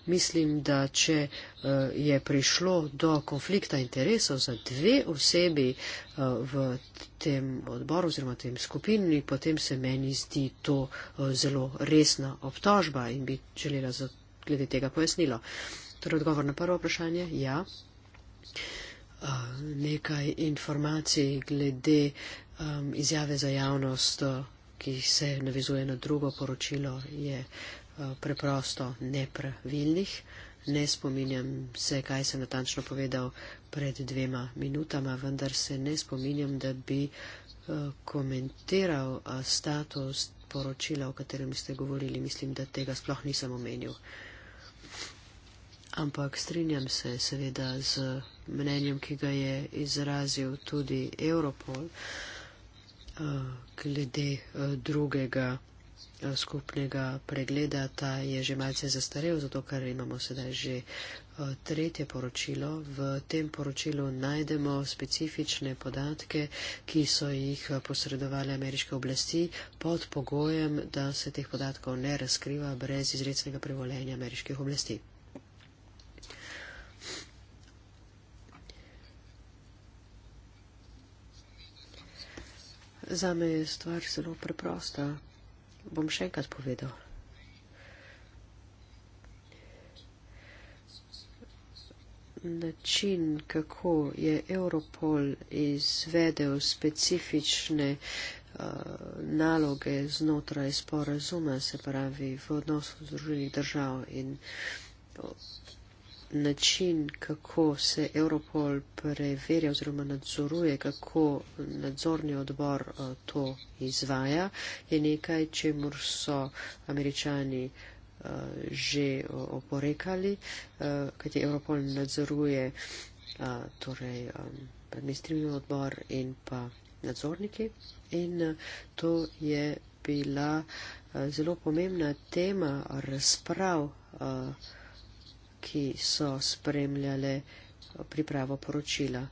Mislim, da če eh, je prišlo do konflikta interesov za dve osebi eh, v tem odboru oziroma v tem skupini, potem se meni zdi to eh, zelo resna obtožba in bi želela glede tega pojasnilo. Torej, odgovor na prvo vprašanje, ja nekaj informacij glede um, izjave za javnost, ki se navezuje na drugo poročilo, je uh, preprosto nepravilnih. Ne spominjam se, kaj sem natančno povedal pred dvema minutama, vendar se ne spominjam, da bi uh, komentiral uh, status poročila, o katerem ste govorili. Mislim, da tega sploh nisem omenil. Uh, ampak strinjam se seveda z mnenjem, ki ga je izrazil tudi Europol eh, glede eh, drugega eh, skupnega pregleda. Ta je že malce zastarel, zato ker imamo sedaj že tretje poročilo. V tem poročilu najdemo specifične podatke, ki so jih posredovali ameriške oblasti pod pogojem, da se teh podatkov ne razkriva brez izrecnega privolenja ameriških oblasti. Za me je stvar zelo preprosta. Bom še enkrat povedal. Način, kako je Europol izvedel specifične uh, naloge znotraj sporazuma, se pravi v odnosu z druženih držav in način, kako se Europol preverja oziroma nadzoruje, kako nadzorni odbor eh, to izvaja, je nekaj, čemu so američani eh, že oporekali, eh, kajti Europol nadzoruje torej, administrativni odbor in pa nadzorniki. In to je bila zelo pomembna tema razprav ki so spremljale pripravo poročila.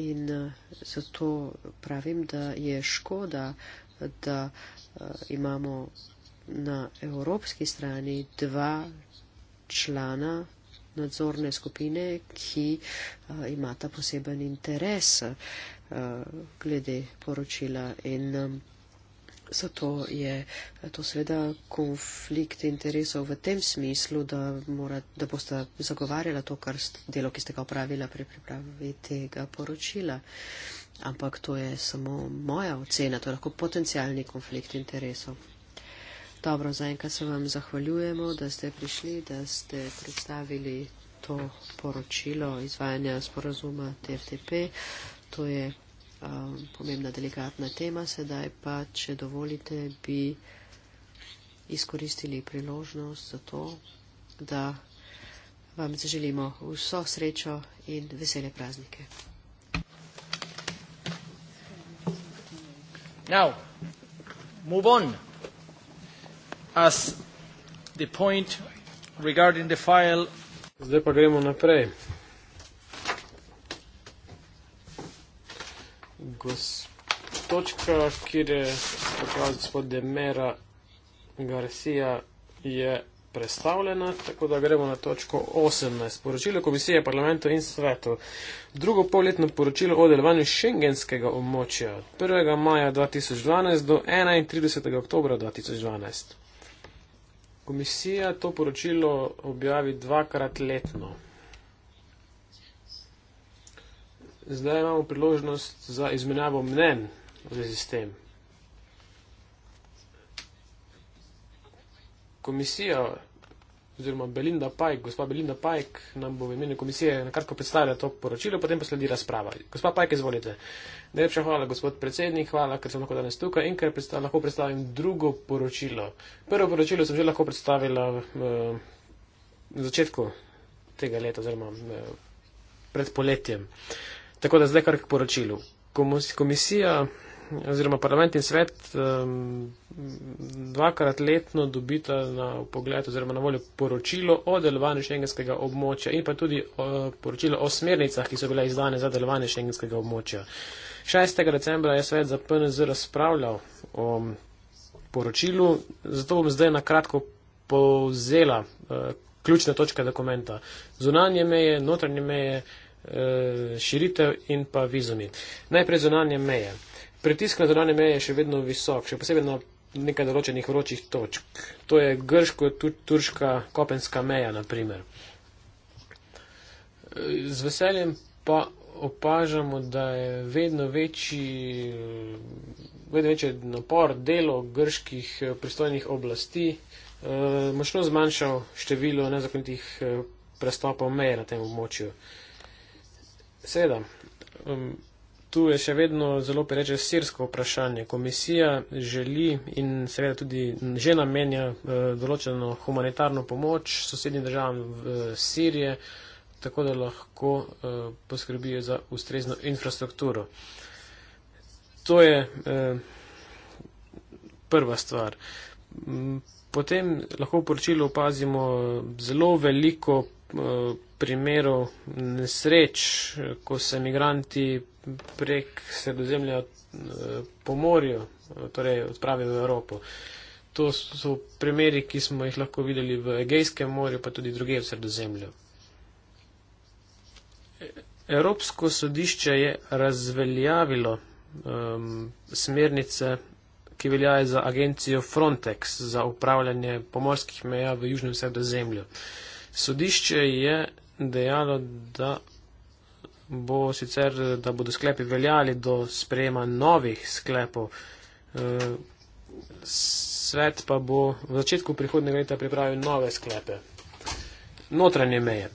In eh, zato pravim, da je škoda, da eh, imamo na evropski strani dva člana nadzorne skupine, ki eh, imata poseben interes glede poročila in Zato je to seveda konflikt interesov v tem smislu, da, mora, da boste zagovarjala to, kar delo, ki ste ga opravila pri pripravi tega poročila. Ampak to je samo moja ocena, to je lahko potencijalni konflikt interesov. Dobro, zaenkrat se vam zahvaljujemo, da ste prišli, da ste predstavili to poročilo izvajanja sporozuma TFTP. To je um, pomembna delikatna tema. Sedaj pa, če dovolite, bi izkoristili priložnost za to, da vam zaželimo vso srečo in vesele praznike. Now, move on. As the point regarding the file. Zdaj pa gremo naprej. točka, kjer je pokazal gospod Demera Garcia, je predstavljena, tako da gremo na točko 18. Poročilo Komisije parlamentu in svetu. Drugo polletno poročilo o delovanju šengenskega območja 1. maja 2012 do 31. oktobra 2012. Komisija to poročilo objavi dvakrat letno. zdaj imamo priložnost za izmenjavo mnen v zvezi s tem. Komisija oziroma Belinda Pajk, gospa Belinda Pajk nam bo v imenu komisije nakratko predstavila to poročilo, potem pa sledi razprava. Gospa Pajk, izvolite. Najlepša hvala, gospod predsednik, hvala, ker sem lahko danes tukaj in ker predstav, lahko predstavim drugo poročilo. Prvo poročilo sem že lahko predstavila v, eh, v začetku tega leta oziroma eh, pred poletjem. Tako da zdaj kar k poročilu. Komisija oziroma parlament in svet um, dvakrat letno dobita na pogled oziroma na voljo poročilo o delovanju šengenskega območja in pa tudi uh, poročilo o smernicah, ki so bile izdane za delovanje šengenskega območja. 6. decembra je svet za PNZ razpravljal o poročilu, zato bom zdaj na kratko povzela uh, ključne točke dokumenta. Zunanje meje, notranje meje, uh, Eh, širitev in pa vizumi. Najprej zunanje meje. Pritisk na zunanje meje je še vedno visok, še posebej na nekaj določenih vročih točk. To je grško-turška kopenska meja, naprimer. Eh, z veseljem pa opažamo, da je vedno večji, vedno večji napor delo grških eh, pristojnih oblasti močno zmanjšal število nezakonitih prestopov meje na tem območju. Seveda. Um, tu je še vedno zelo pereče sirsko vprašanje. Komisija želi in seveda tudi že namenja uh, določeno humanitarno pomoč sosednjim državam v uh, eh, Sirije, tako da lahko uh, poskrbijo za ustrezno infrastrukturo. To je uh, prva stvar. Mm, potem lahko v poročilu opazimo zelo veliko. Uh, primerov nesreč, ko se migranti prek sredozemlja eh, po morju, eh, torej odpravijo v Evropo. To so primeri, ki smo jih lahko videli v Egejskem morju, pa tudi druge v sredozemlju. Evropsko sodišče je razveljavilo um, smernice, ki veljajo za agencijo Frontex za upravljanje pomorskih meja v južnem sredozemlju. Sodišče je dejalo, da bo sicer, da bodo sklepi veljali do sprejema novih sklepov. E, svet pa bo v začetku prihodnega leta pripravil nove sklepe. Notranje meje.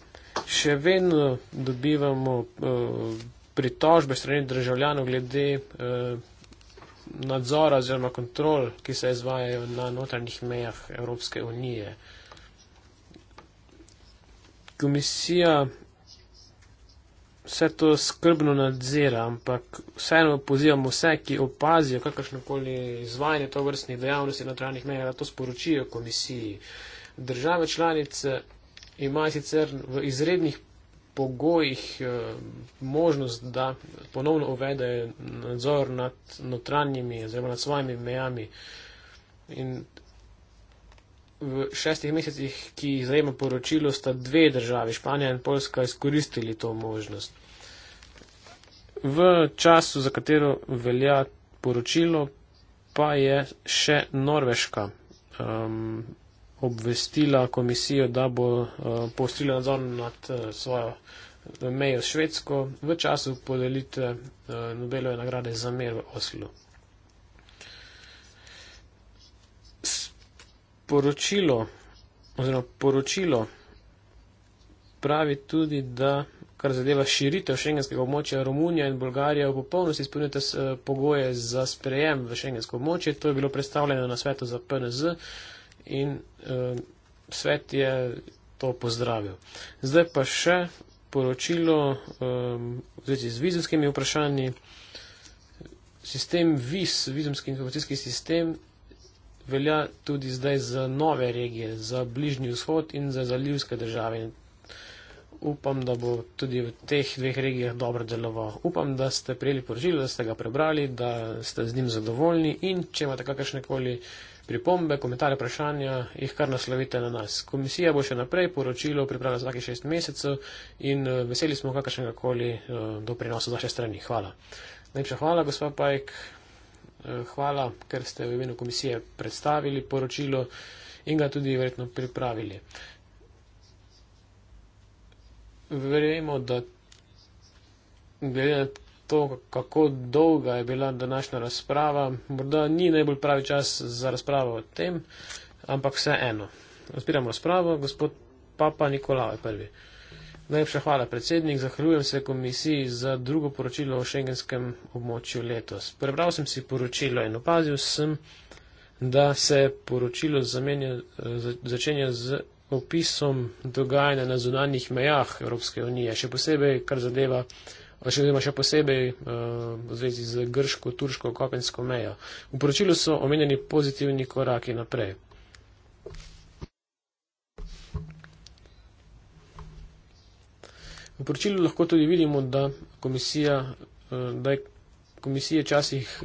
Še vedno dobivamo e, pritožbe strani državljanov glede e, nadzora oziroma kontrol, ki se izvajajo na notranjih mejah Evropske unije komisija vse to skrbno nadzira, ampak vseeno pozivamo vse, ki opazijo kakršnokoli izvajanje to vrstnih dejavnosti na trajnih mejah, da to sporočijo komisiji. Države članice imajo sicer v izrednih pogojih eh, možnost, da ponovno uvedejo nadzor nad notranjimi oziroma nad svojimi mejami. In v šestih mesecih, ki jih zajema poročilo, sta dve državi, Španija in Poljska, izkoristili to možnost. V času, za katero velja poročilo, pa je še Norveška um, obvestila komisijo, da bo uh, postila nadzor nad uh, svojo uh, mejo s Švedsko v času podelitve uh, Nobelove nagrade za mer v Oslu. poročilo, oziroma poročilo pravi tudi, da kar zadeva širitev šengenskega območja, Romunija in Bolgarija v popolnosti izpolnjujete eh, pogoje za sprejem v šengensko območje. To je bilo predstavljeno na svetu za PNZ in eh, svet je to pozdravil. Zdaj pa še poročilo eh, v zvezi z vizumskimi vprašanji. Sistem VIS, vizumski informacijski sistem, velja tudi zdaj za nove regije, za bližnji vzhod in za zalivske države. Upam, da bo tudi v teh dveh regijah dobro deloval. Upam, da ste prijeli poročilo, da ste ga prebrali, da ste z njim zadovoljni in če imate kakršne koli pripombe, komentarje, vprašanja, jih kar naslovite na nas. Komisija bo še naprej poročilo pripravila vsake šest mesecev in eh, veseli smo kakršnega koli eh, doprinosa z vaše strani. Hvala. Najprej hvala, gospod Pajk hvala, ker ste v imenu komisije predstavili poročilo in ga tudi verjetno pripravili. Verjemo, da glede na to, kako dolga je bila današnja razprava, morda ni najbolj pravi čas za razpravo o tem, ampak vse eno. Razpiramo razpravo, gospod Papa Nikolaj prvi. Najlepša hvala, predsednik. Zahvaljujem se komisiji za drugo poročilo o šengenskem območju letos. Prebral sem si poročilo in opazil sem, da se poročilo zamenja, eh, začenja z opisom dogajanja na zunanjih mejah Evropske unije, še posebej, kar zadeva, še, še posebej eh, v zvezi z grško, turško, kopensko mejo. V poročilu so omenjeni pozitivni koraki naprej. V poročilu lahko tudi vidimo, da komisija, eh, da je komisija časih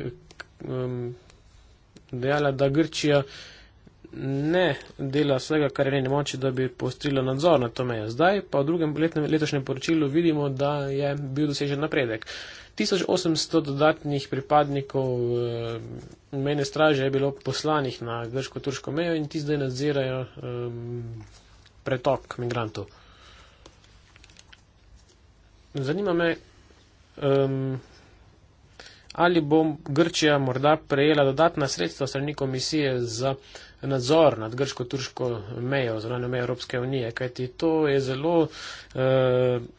ehm, dejala, da Grčija ne dela vsega, kar je njene moči, da bi postrila nadzor na to mejo. Zdaj pa v drugem letnem, letošnjem poročilu vidimo, da je bil dosežen napredek. 1800 dodatnih pripadnikov e, mejne straže je bilo poslanih na grško-turško mejo in ti zdaj nadzirajo e, pretok migrantov. Zanima me, um, ali bo Grčija morda prejela dodatna sredstva strani komisije za nadzor nad grško-turško mejo, zvonanjo mejo Evropske unije, kajti to je zelo uh,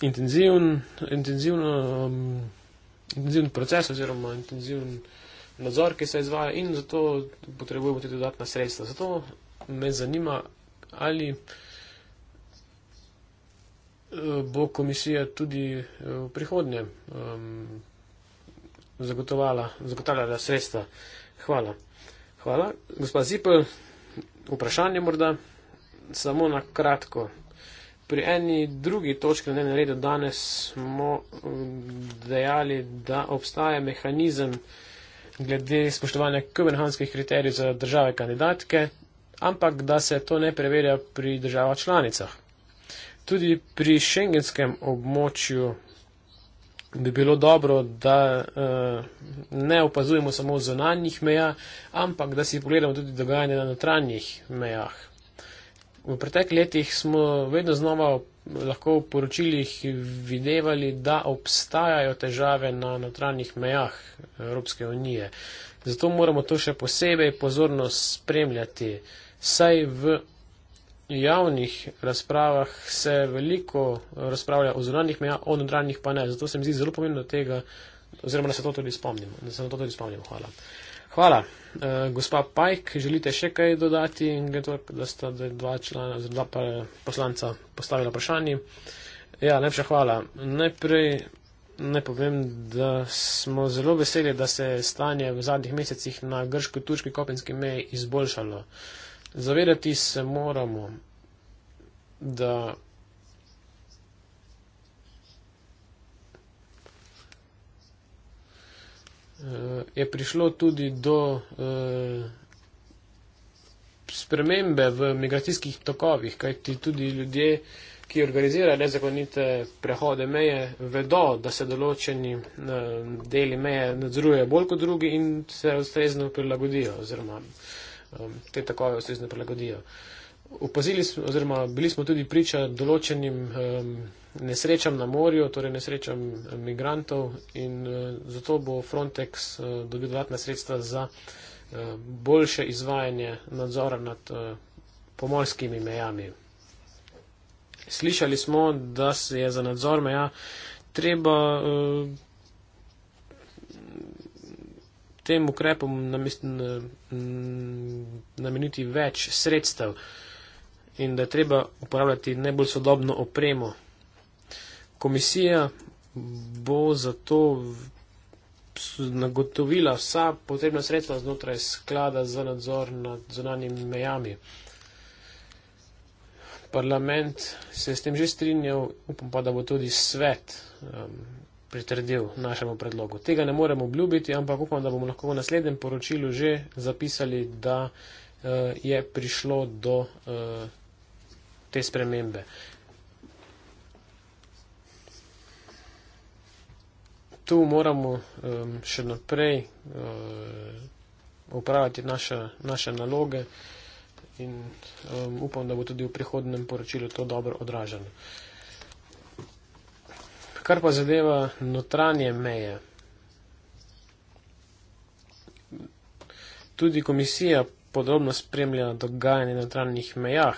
intenzivn, intenzivn, um, intenzivn proces oziroma intenzivn nadzor, ki se izvaja in zato potrebujemo tudi dodatna sredstva. Zato me zanima, ali bo komisija tudi eh, v prihodnje um, zagotavljala sredstva. Hvala. Hvala. Gospa Zipel, vprašanje morda samo na kratko. Pri eni drugi točki na dnevnem redu danes smo um, dejali, da obstaja mehanizem glede spoštovanja kopenhanskih kriterijev za države kandidatke, ampak da se to ne preverja pri državah članicah. Tudi pri šengenskem območju bi bilo dobro, da eh, ne opazujemo samo zunanjih meja, ampak da si pogledamo tudi dogajanje na notranjih mejah. V preteklih letih smo vedno znova lahko v poročilih videvali, da obstajajo težave na notranjih mejah Evropske unije. Zato moramo to še posebej pozorno spremljati. Saj v javnih razpravah se veliko razpravlja o zunanjih meja, o notranjih pa ne. Zato se mi zdi zelo pomembno tega, oziroma da se to tudi spomnimo. Da se na to tudi spomnimo. Hvala. Hvala. E, gospa Pajk, želite še kaj dodati? To, da sta dva, člana, dva poslanca postavila vprašanje. Ja, najprej hvala. Najprej ne povem, da smo zelo veseli, da se je stanje v zadnjih mesecih na grško-turški kopenski meji izboljšalo. E, Zavedati se moramo, da eh, je prišlo tudi do eh, spremembe v migracijskih tokovih, kajti tudi ljudje, ki organizirajo nezakonite prehode meje, vedo, da se določeni eh, deli meje nadzorujejo bolj kot drugi in se ustrezno prilagodijo. Oziroma, um, te takoje ustrezno prilagodijo. Upazili smo, oziroma bili smo tudi priča določenim um, nesrečam na morju, torej nesrečam migrantov in uh, zato bo Frontex uh, dobil dodatna sredstva za uh, boljše izvajanje nadzora nad uh, pomorskimi mejami. Slišali smo, da se je za nadzor meja treba. Uh, tem ukrepom nameniti več sredstev in da je treba uporabljati najbolj sodobno opremo. Komisija bo zato nagotovila vsa potrebna sredstva znotraj sklada za nadzor nad zunanjimi mejami. Parlament se je s tem že strinjal, upam pa, da bo tudi svet um, pritrdil našemu predlogu. Tega ne morem obljubiti, ampak upam, da bomo lahko v naslednjem poročilu že zapisali, da uh, je prišlo do uh, te spremembe. Tu moramo um, še naprej upravljati eh, uh, naše, naše naloge in um, upam, da bo tudi v prihodnem poročilu to dobro odraženo. Uh, kar pa zadeva notranje meje. Tudi komisija podobno spremlja dogajanje na notranjih mejah,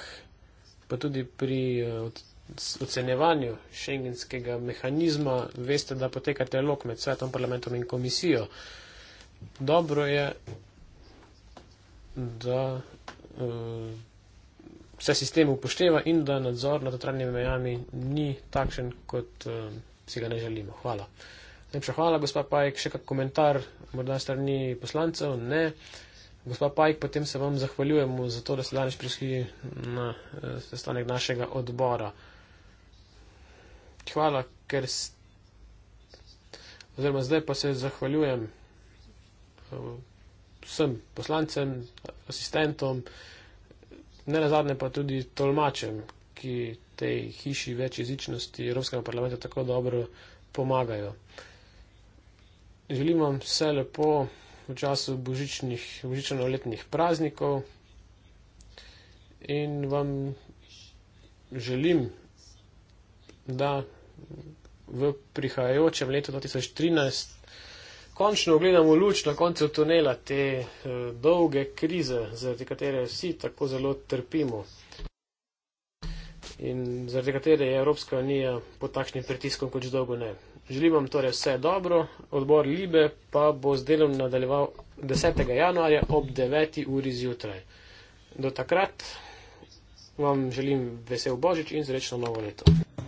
pa tudi pri eh, ocenjevanju šengenskega mehanizma veste, da poteka dialog med svetom, parlamentom in komisijo. Dobro je, da uh, se sistem upošteva in da nadzor nad notranjimi mejami ni takšen kot. Uh, si ga ne želimo. Hvala. Najprej hvala, gospa Pajk, še kak komentar, morda strani poslancev, ne. Gospa Pajk, potem se vam zahvaljujemo za to, da ste danes prišli na eh, sestanek našega odbora. Hvala, ker oziroma zdaj pa se zahvaljujem eh, vsem poslancem, asistentom, ne nazadnje pa tudi tolmačem, ki tej hiši večjezičnosti Evropskega parlamenta tako dobro pomagajo. Želim vam vse lepo v času božičnih, božično-letnih praznikov in vam želim, da v prihajajočem letu 2013 končno ogledamo luč na koncu tunela te eh, dolge krize, zaradi katere vsi tako zelo trpimo in zaradi katere je Evropska unija pod takšnim pritiskom, kot že dolgo ne. Želim vam torej vse dobro, odbor Libe pa bo z delom nadaljeval 10. januarja ob 9. uri zjutraj. Do takrat vam želim vesel Božič in zrečno novo leto.